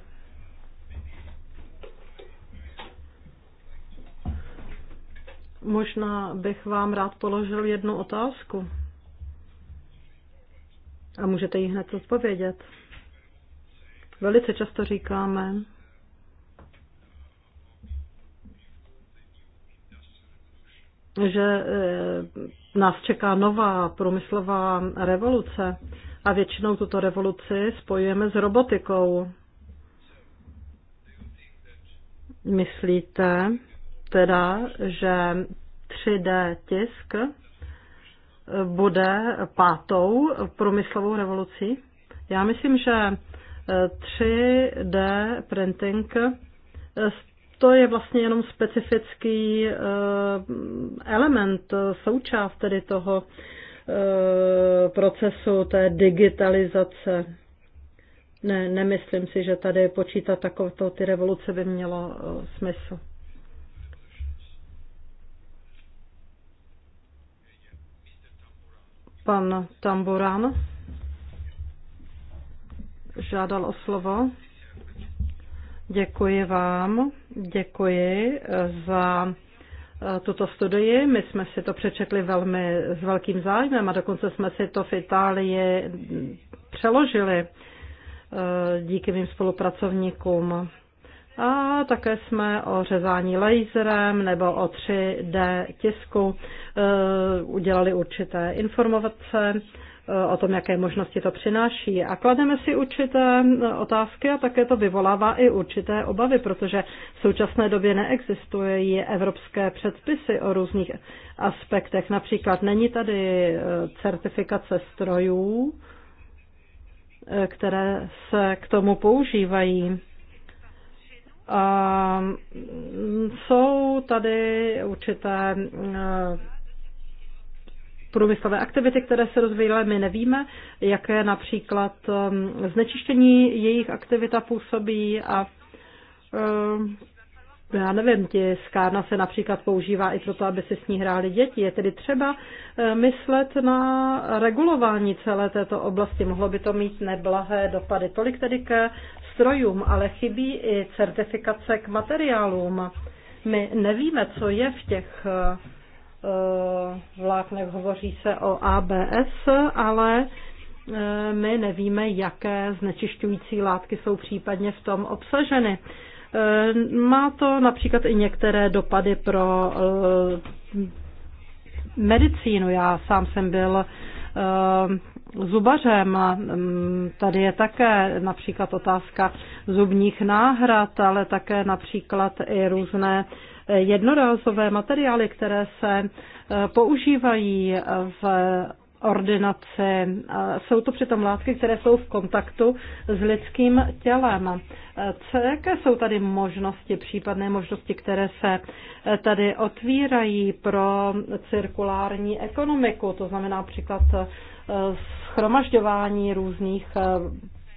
Možná bych vám rád položil jednu otázku. A můžete ji hned odpovědět. Velice často říkáme, že e, nás čeká nová průmyslová revoluce a většinou tuto revoluci spojujeme s robotikou. Myslíte teda, že 3D tisk bude pátou průmyslovou revolucí? Já myslím, že 3D e, printing to je vlastně jenom specifický eh, element, součást tedy toho eh, procesu té digitalizace. Ne, nemyslím si, že tady počítat takovéto ty revoluce by mělo eh, smysl. Pan Tamburán žádal o slovo. Děkuji vám, děkuji eh, za eh, tuto studii. My jsme si to přečetli velmi s velkým zájmem a dokonce jsme si to v Itálii mm, přeložili eh, díky mým spolupracovníkům. A také jsme o řezání laserem nebo o 3D tisku udělali určité informace o tom, jaké možnosti to přináší. A klademe si určité otázky a také to vyvolává i určité obavy, protože v současné době neexistují evropské předpisy o různých aspektech. Například není tady eh, certifikace strojů, eh, které se k tomu používají. A mm, jsou tady určité eh, průmyslové aktivity, které se rozvíjely, my nevíme, jaké například um, znečištění jejich aktivita působí a um, já nevím, ti skárna se například používá i proto, aby si s ní hráli děti. Je tedy třeba eh, myslet na regulování celé této oblasti. Mohlo by to mít neblahé dopady. Tolik tedy ke strojům, ale chybí i certifikace k materiálům. My nevíme, co je v těch eh, Eh, vláknech, hovoří se o ABS, ale eh, my nevíme, jaké znečišťující látky jsou případně v tom obsaženy. Eh, má to například i některé dopady pro medicínu. Já sám jsem byl zubařem. Mm, tady je také například otázka zubních náhrad, ale také například i různé jednorázové materiály, které se eh, používají v ordinace. Eh, jsou to přitom látky, které jsou v kontaktu s lidským tělem. Eh, co, jaké jsou tady možnosti, případné možnosti, které se tady otvírají pro cirkulární ekonomiku, to znamená například schromažďování různých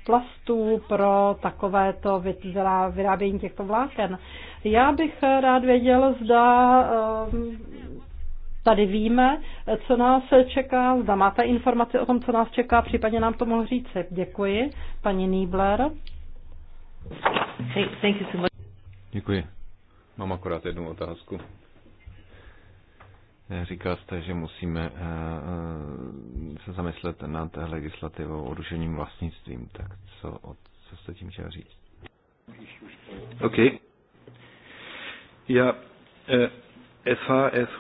plastů pro takovéto vyrábění těchto vláken. Já bych rád věděl, zda ehm, tady víme, co nás čeká, zda máte informace o tom, co nás čeká, případně nám to mohl říci. Děkuji, paní Niebler. Děkuji. Mám akorát jednu otázku. Říkal jste, že musíme eh, eh, se zamyslet nad legislativou o rušením vlastnictvím. Tak co, co jste tím chtěl říct? OK. Já. Eh,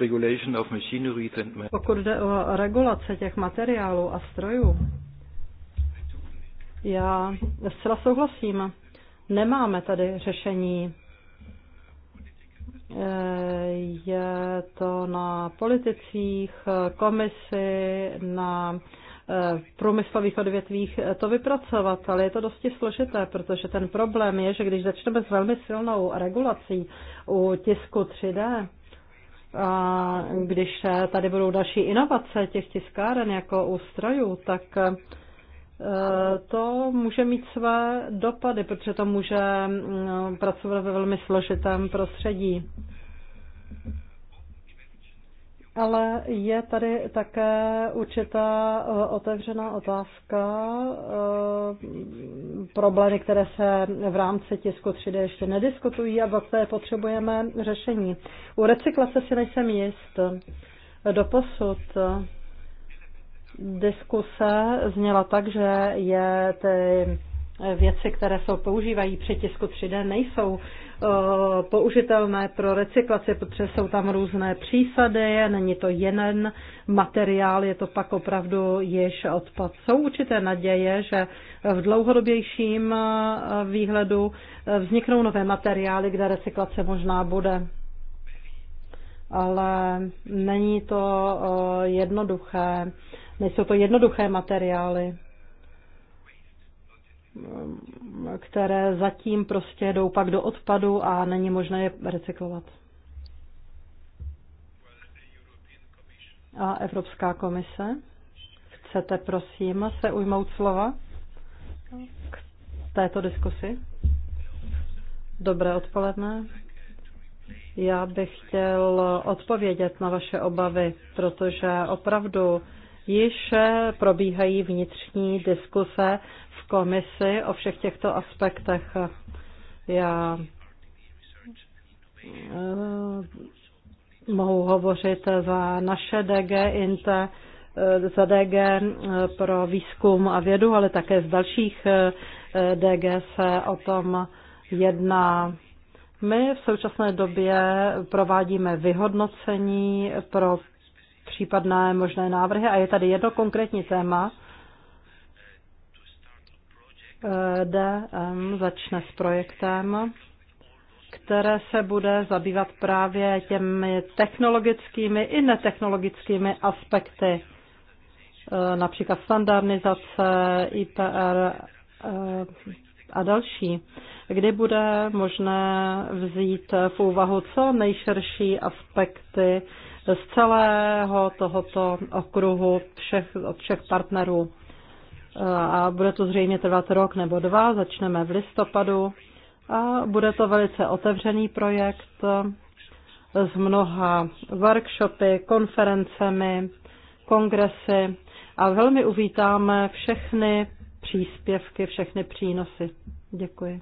regulation of Pokud jde o regulace těch materiálů a strojů, já zcela souhlasím. Nemáme tady řešení je to na politicích, komisi, na eh, průmyslových odvětvích to vypracovat, ale je to dosti složité, protože ten problém je, že když začneme s velmi silnou regulací u tisku 3D, a když tady budou další inovace těch tiskáren jako ústrojů, tak Eh, to může mít své dopady, protože to může mm, pracovat ve velmi složitém prostředí. Ale je tady také určitá eh, otevřená otázka, eh, problémy, které se v rámci tisku 3D ještě nediskutují a vlastně potřebujeme řešení. U recyklace si nejsem jist. Doposud Diskuse zněla tak, že je ty věci, které se používají při tisku 3D, nejsou uh, použitelné pro recyklaci, protože jsou tam různé přísady, není to jeden materiál, je to pak opravdu již odpad. Jsou určité naděje, že v dlouhodobějším uh, výhledu uh, vzniknou nové materiály, kde recyklace možná bude. Ale není to jednoduché Nejsou to jednoduché materiály, které zatím prostě jdou pak do odpadu a není možné je recyklovat. A Evropská komise? Chcete, prosím, se ujmout slova k této diskusi? Dobré odpoledne. Já bych chtěl odpovědět na vaše obavy, protože opravdu Již probíhají vnitřní diskuse v komisi o všech těchto aspektech. Já eh, mohu hovořit za naše DG INTE, eh, za DG eh, pro výzkum a vědu, ale také z dalších DG se o tom jedná. My v současné době provádíme vyhodnocení pro případné možné návrhy. A je tady jedno konkrétní téma. DM začne s projektem, které se bude zabývat právě těmi technologickými i netechnologickými aspekty, e, například standardizace, IPR e, a další, kdy bude možné vzít v úvahu co nejširší aspekty z celého tohoto okruhu všech, od všech partnerů. A bude to zřejmě trvat rok nebo dva, začneme v listopadu a bude to velice otevřený projekt s mnoha workshopy, konferencemi, kongresy a velmi uvítáme všechny příspěvky, všechny přínosy. Děkuji.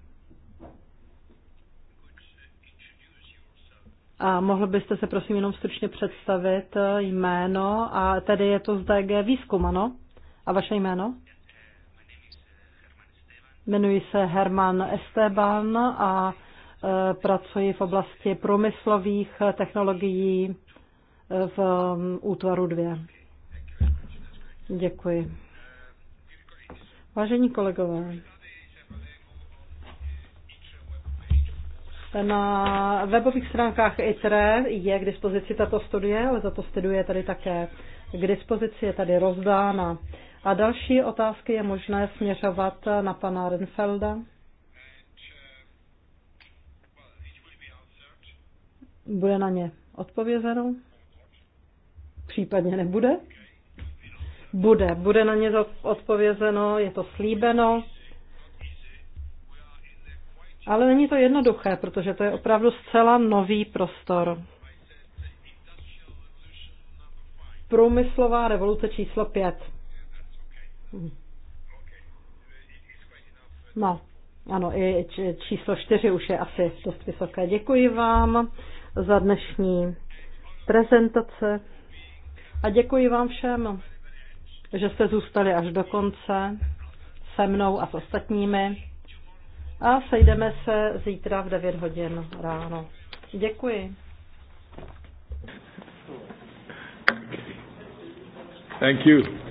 A mohl byste se prosím jenom stručně představit eh, jméno a tedy je to z DG Výzkum, ano? A vaše jméno? Jmenuji se Herman Esteban a eh, pracuji v oblasti průmyslových eh, technologií v mm, útvaru 2. Děkuji. Vážení kolegové, Na webových stránkách ITRE je k dispozici tato studie, ale tato studie je tady také k dispozici, je tady rozdána. A další otázky je možné směřovat na pana Renfelda. Bude na ně odpovězeno? Případně nebude? Bude, bude na ně odpovězeno, je to slíbeno. Ale není to jednoduché, protože to je opravdu zcela nový prostor. Průmyslová revoluce číslo 5. No, ano, i číslo 4 už je asi dost vysoké. Děkuji vám za dnešní prezentace a děkuji vám všem, že jste zůstali až do konce se mnou a s ostatními a sejdeme se zítra v 9 hodin ráno. Děkuji. Thank you.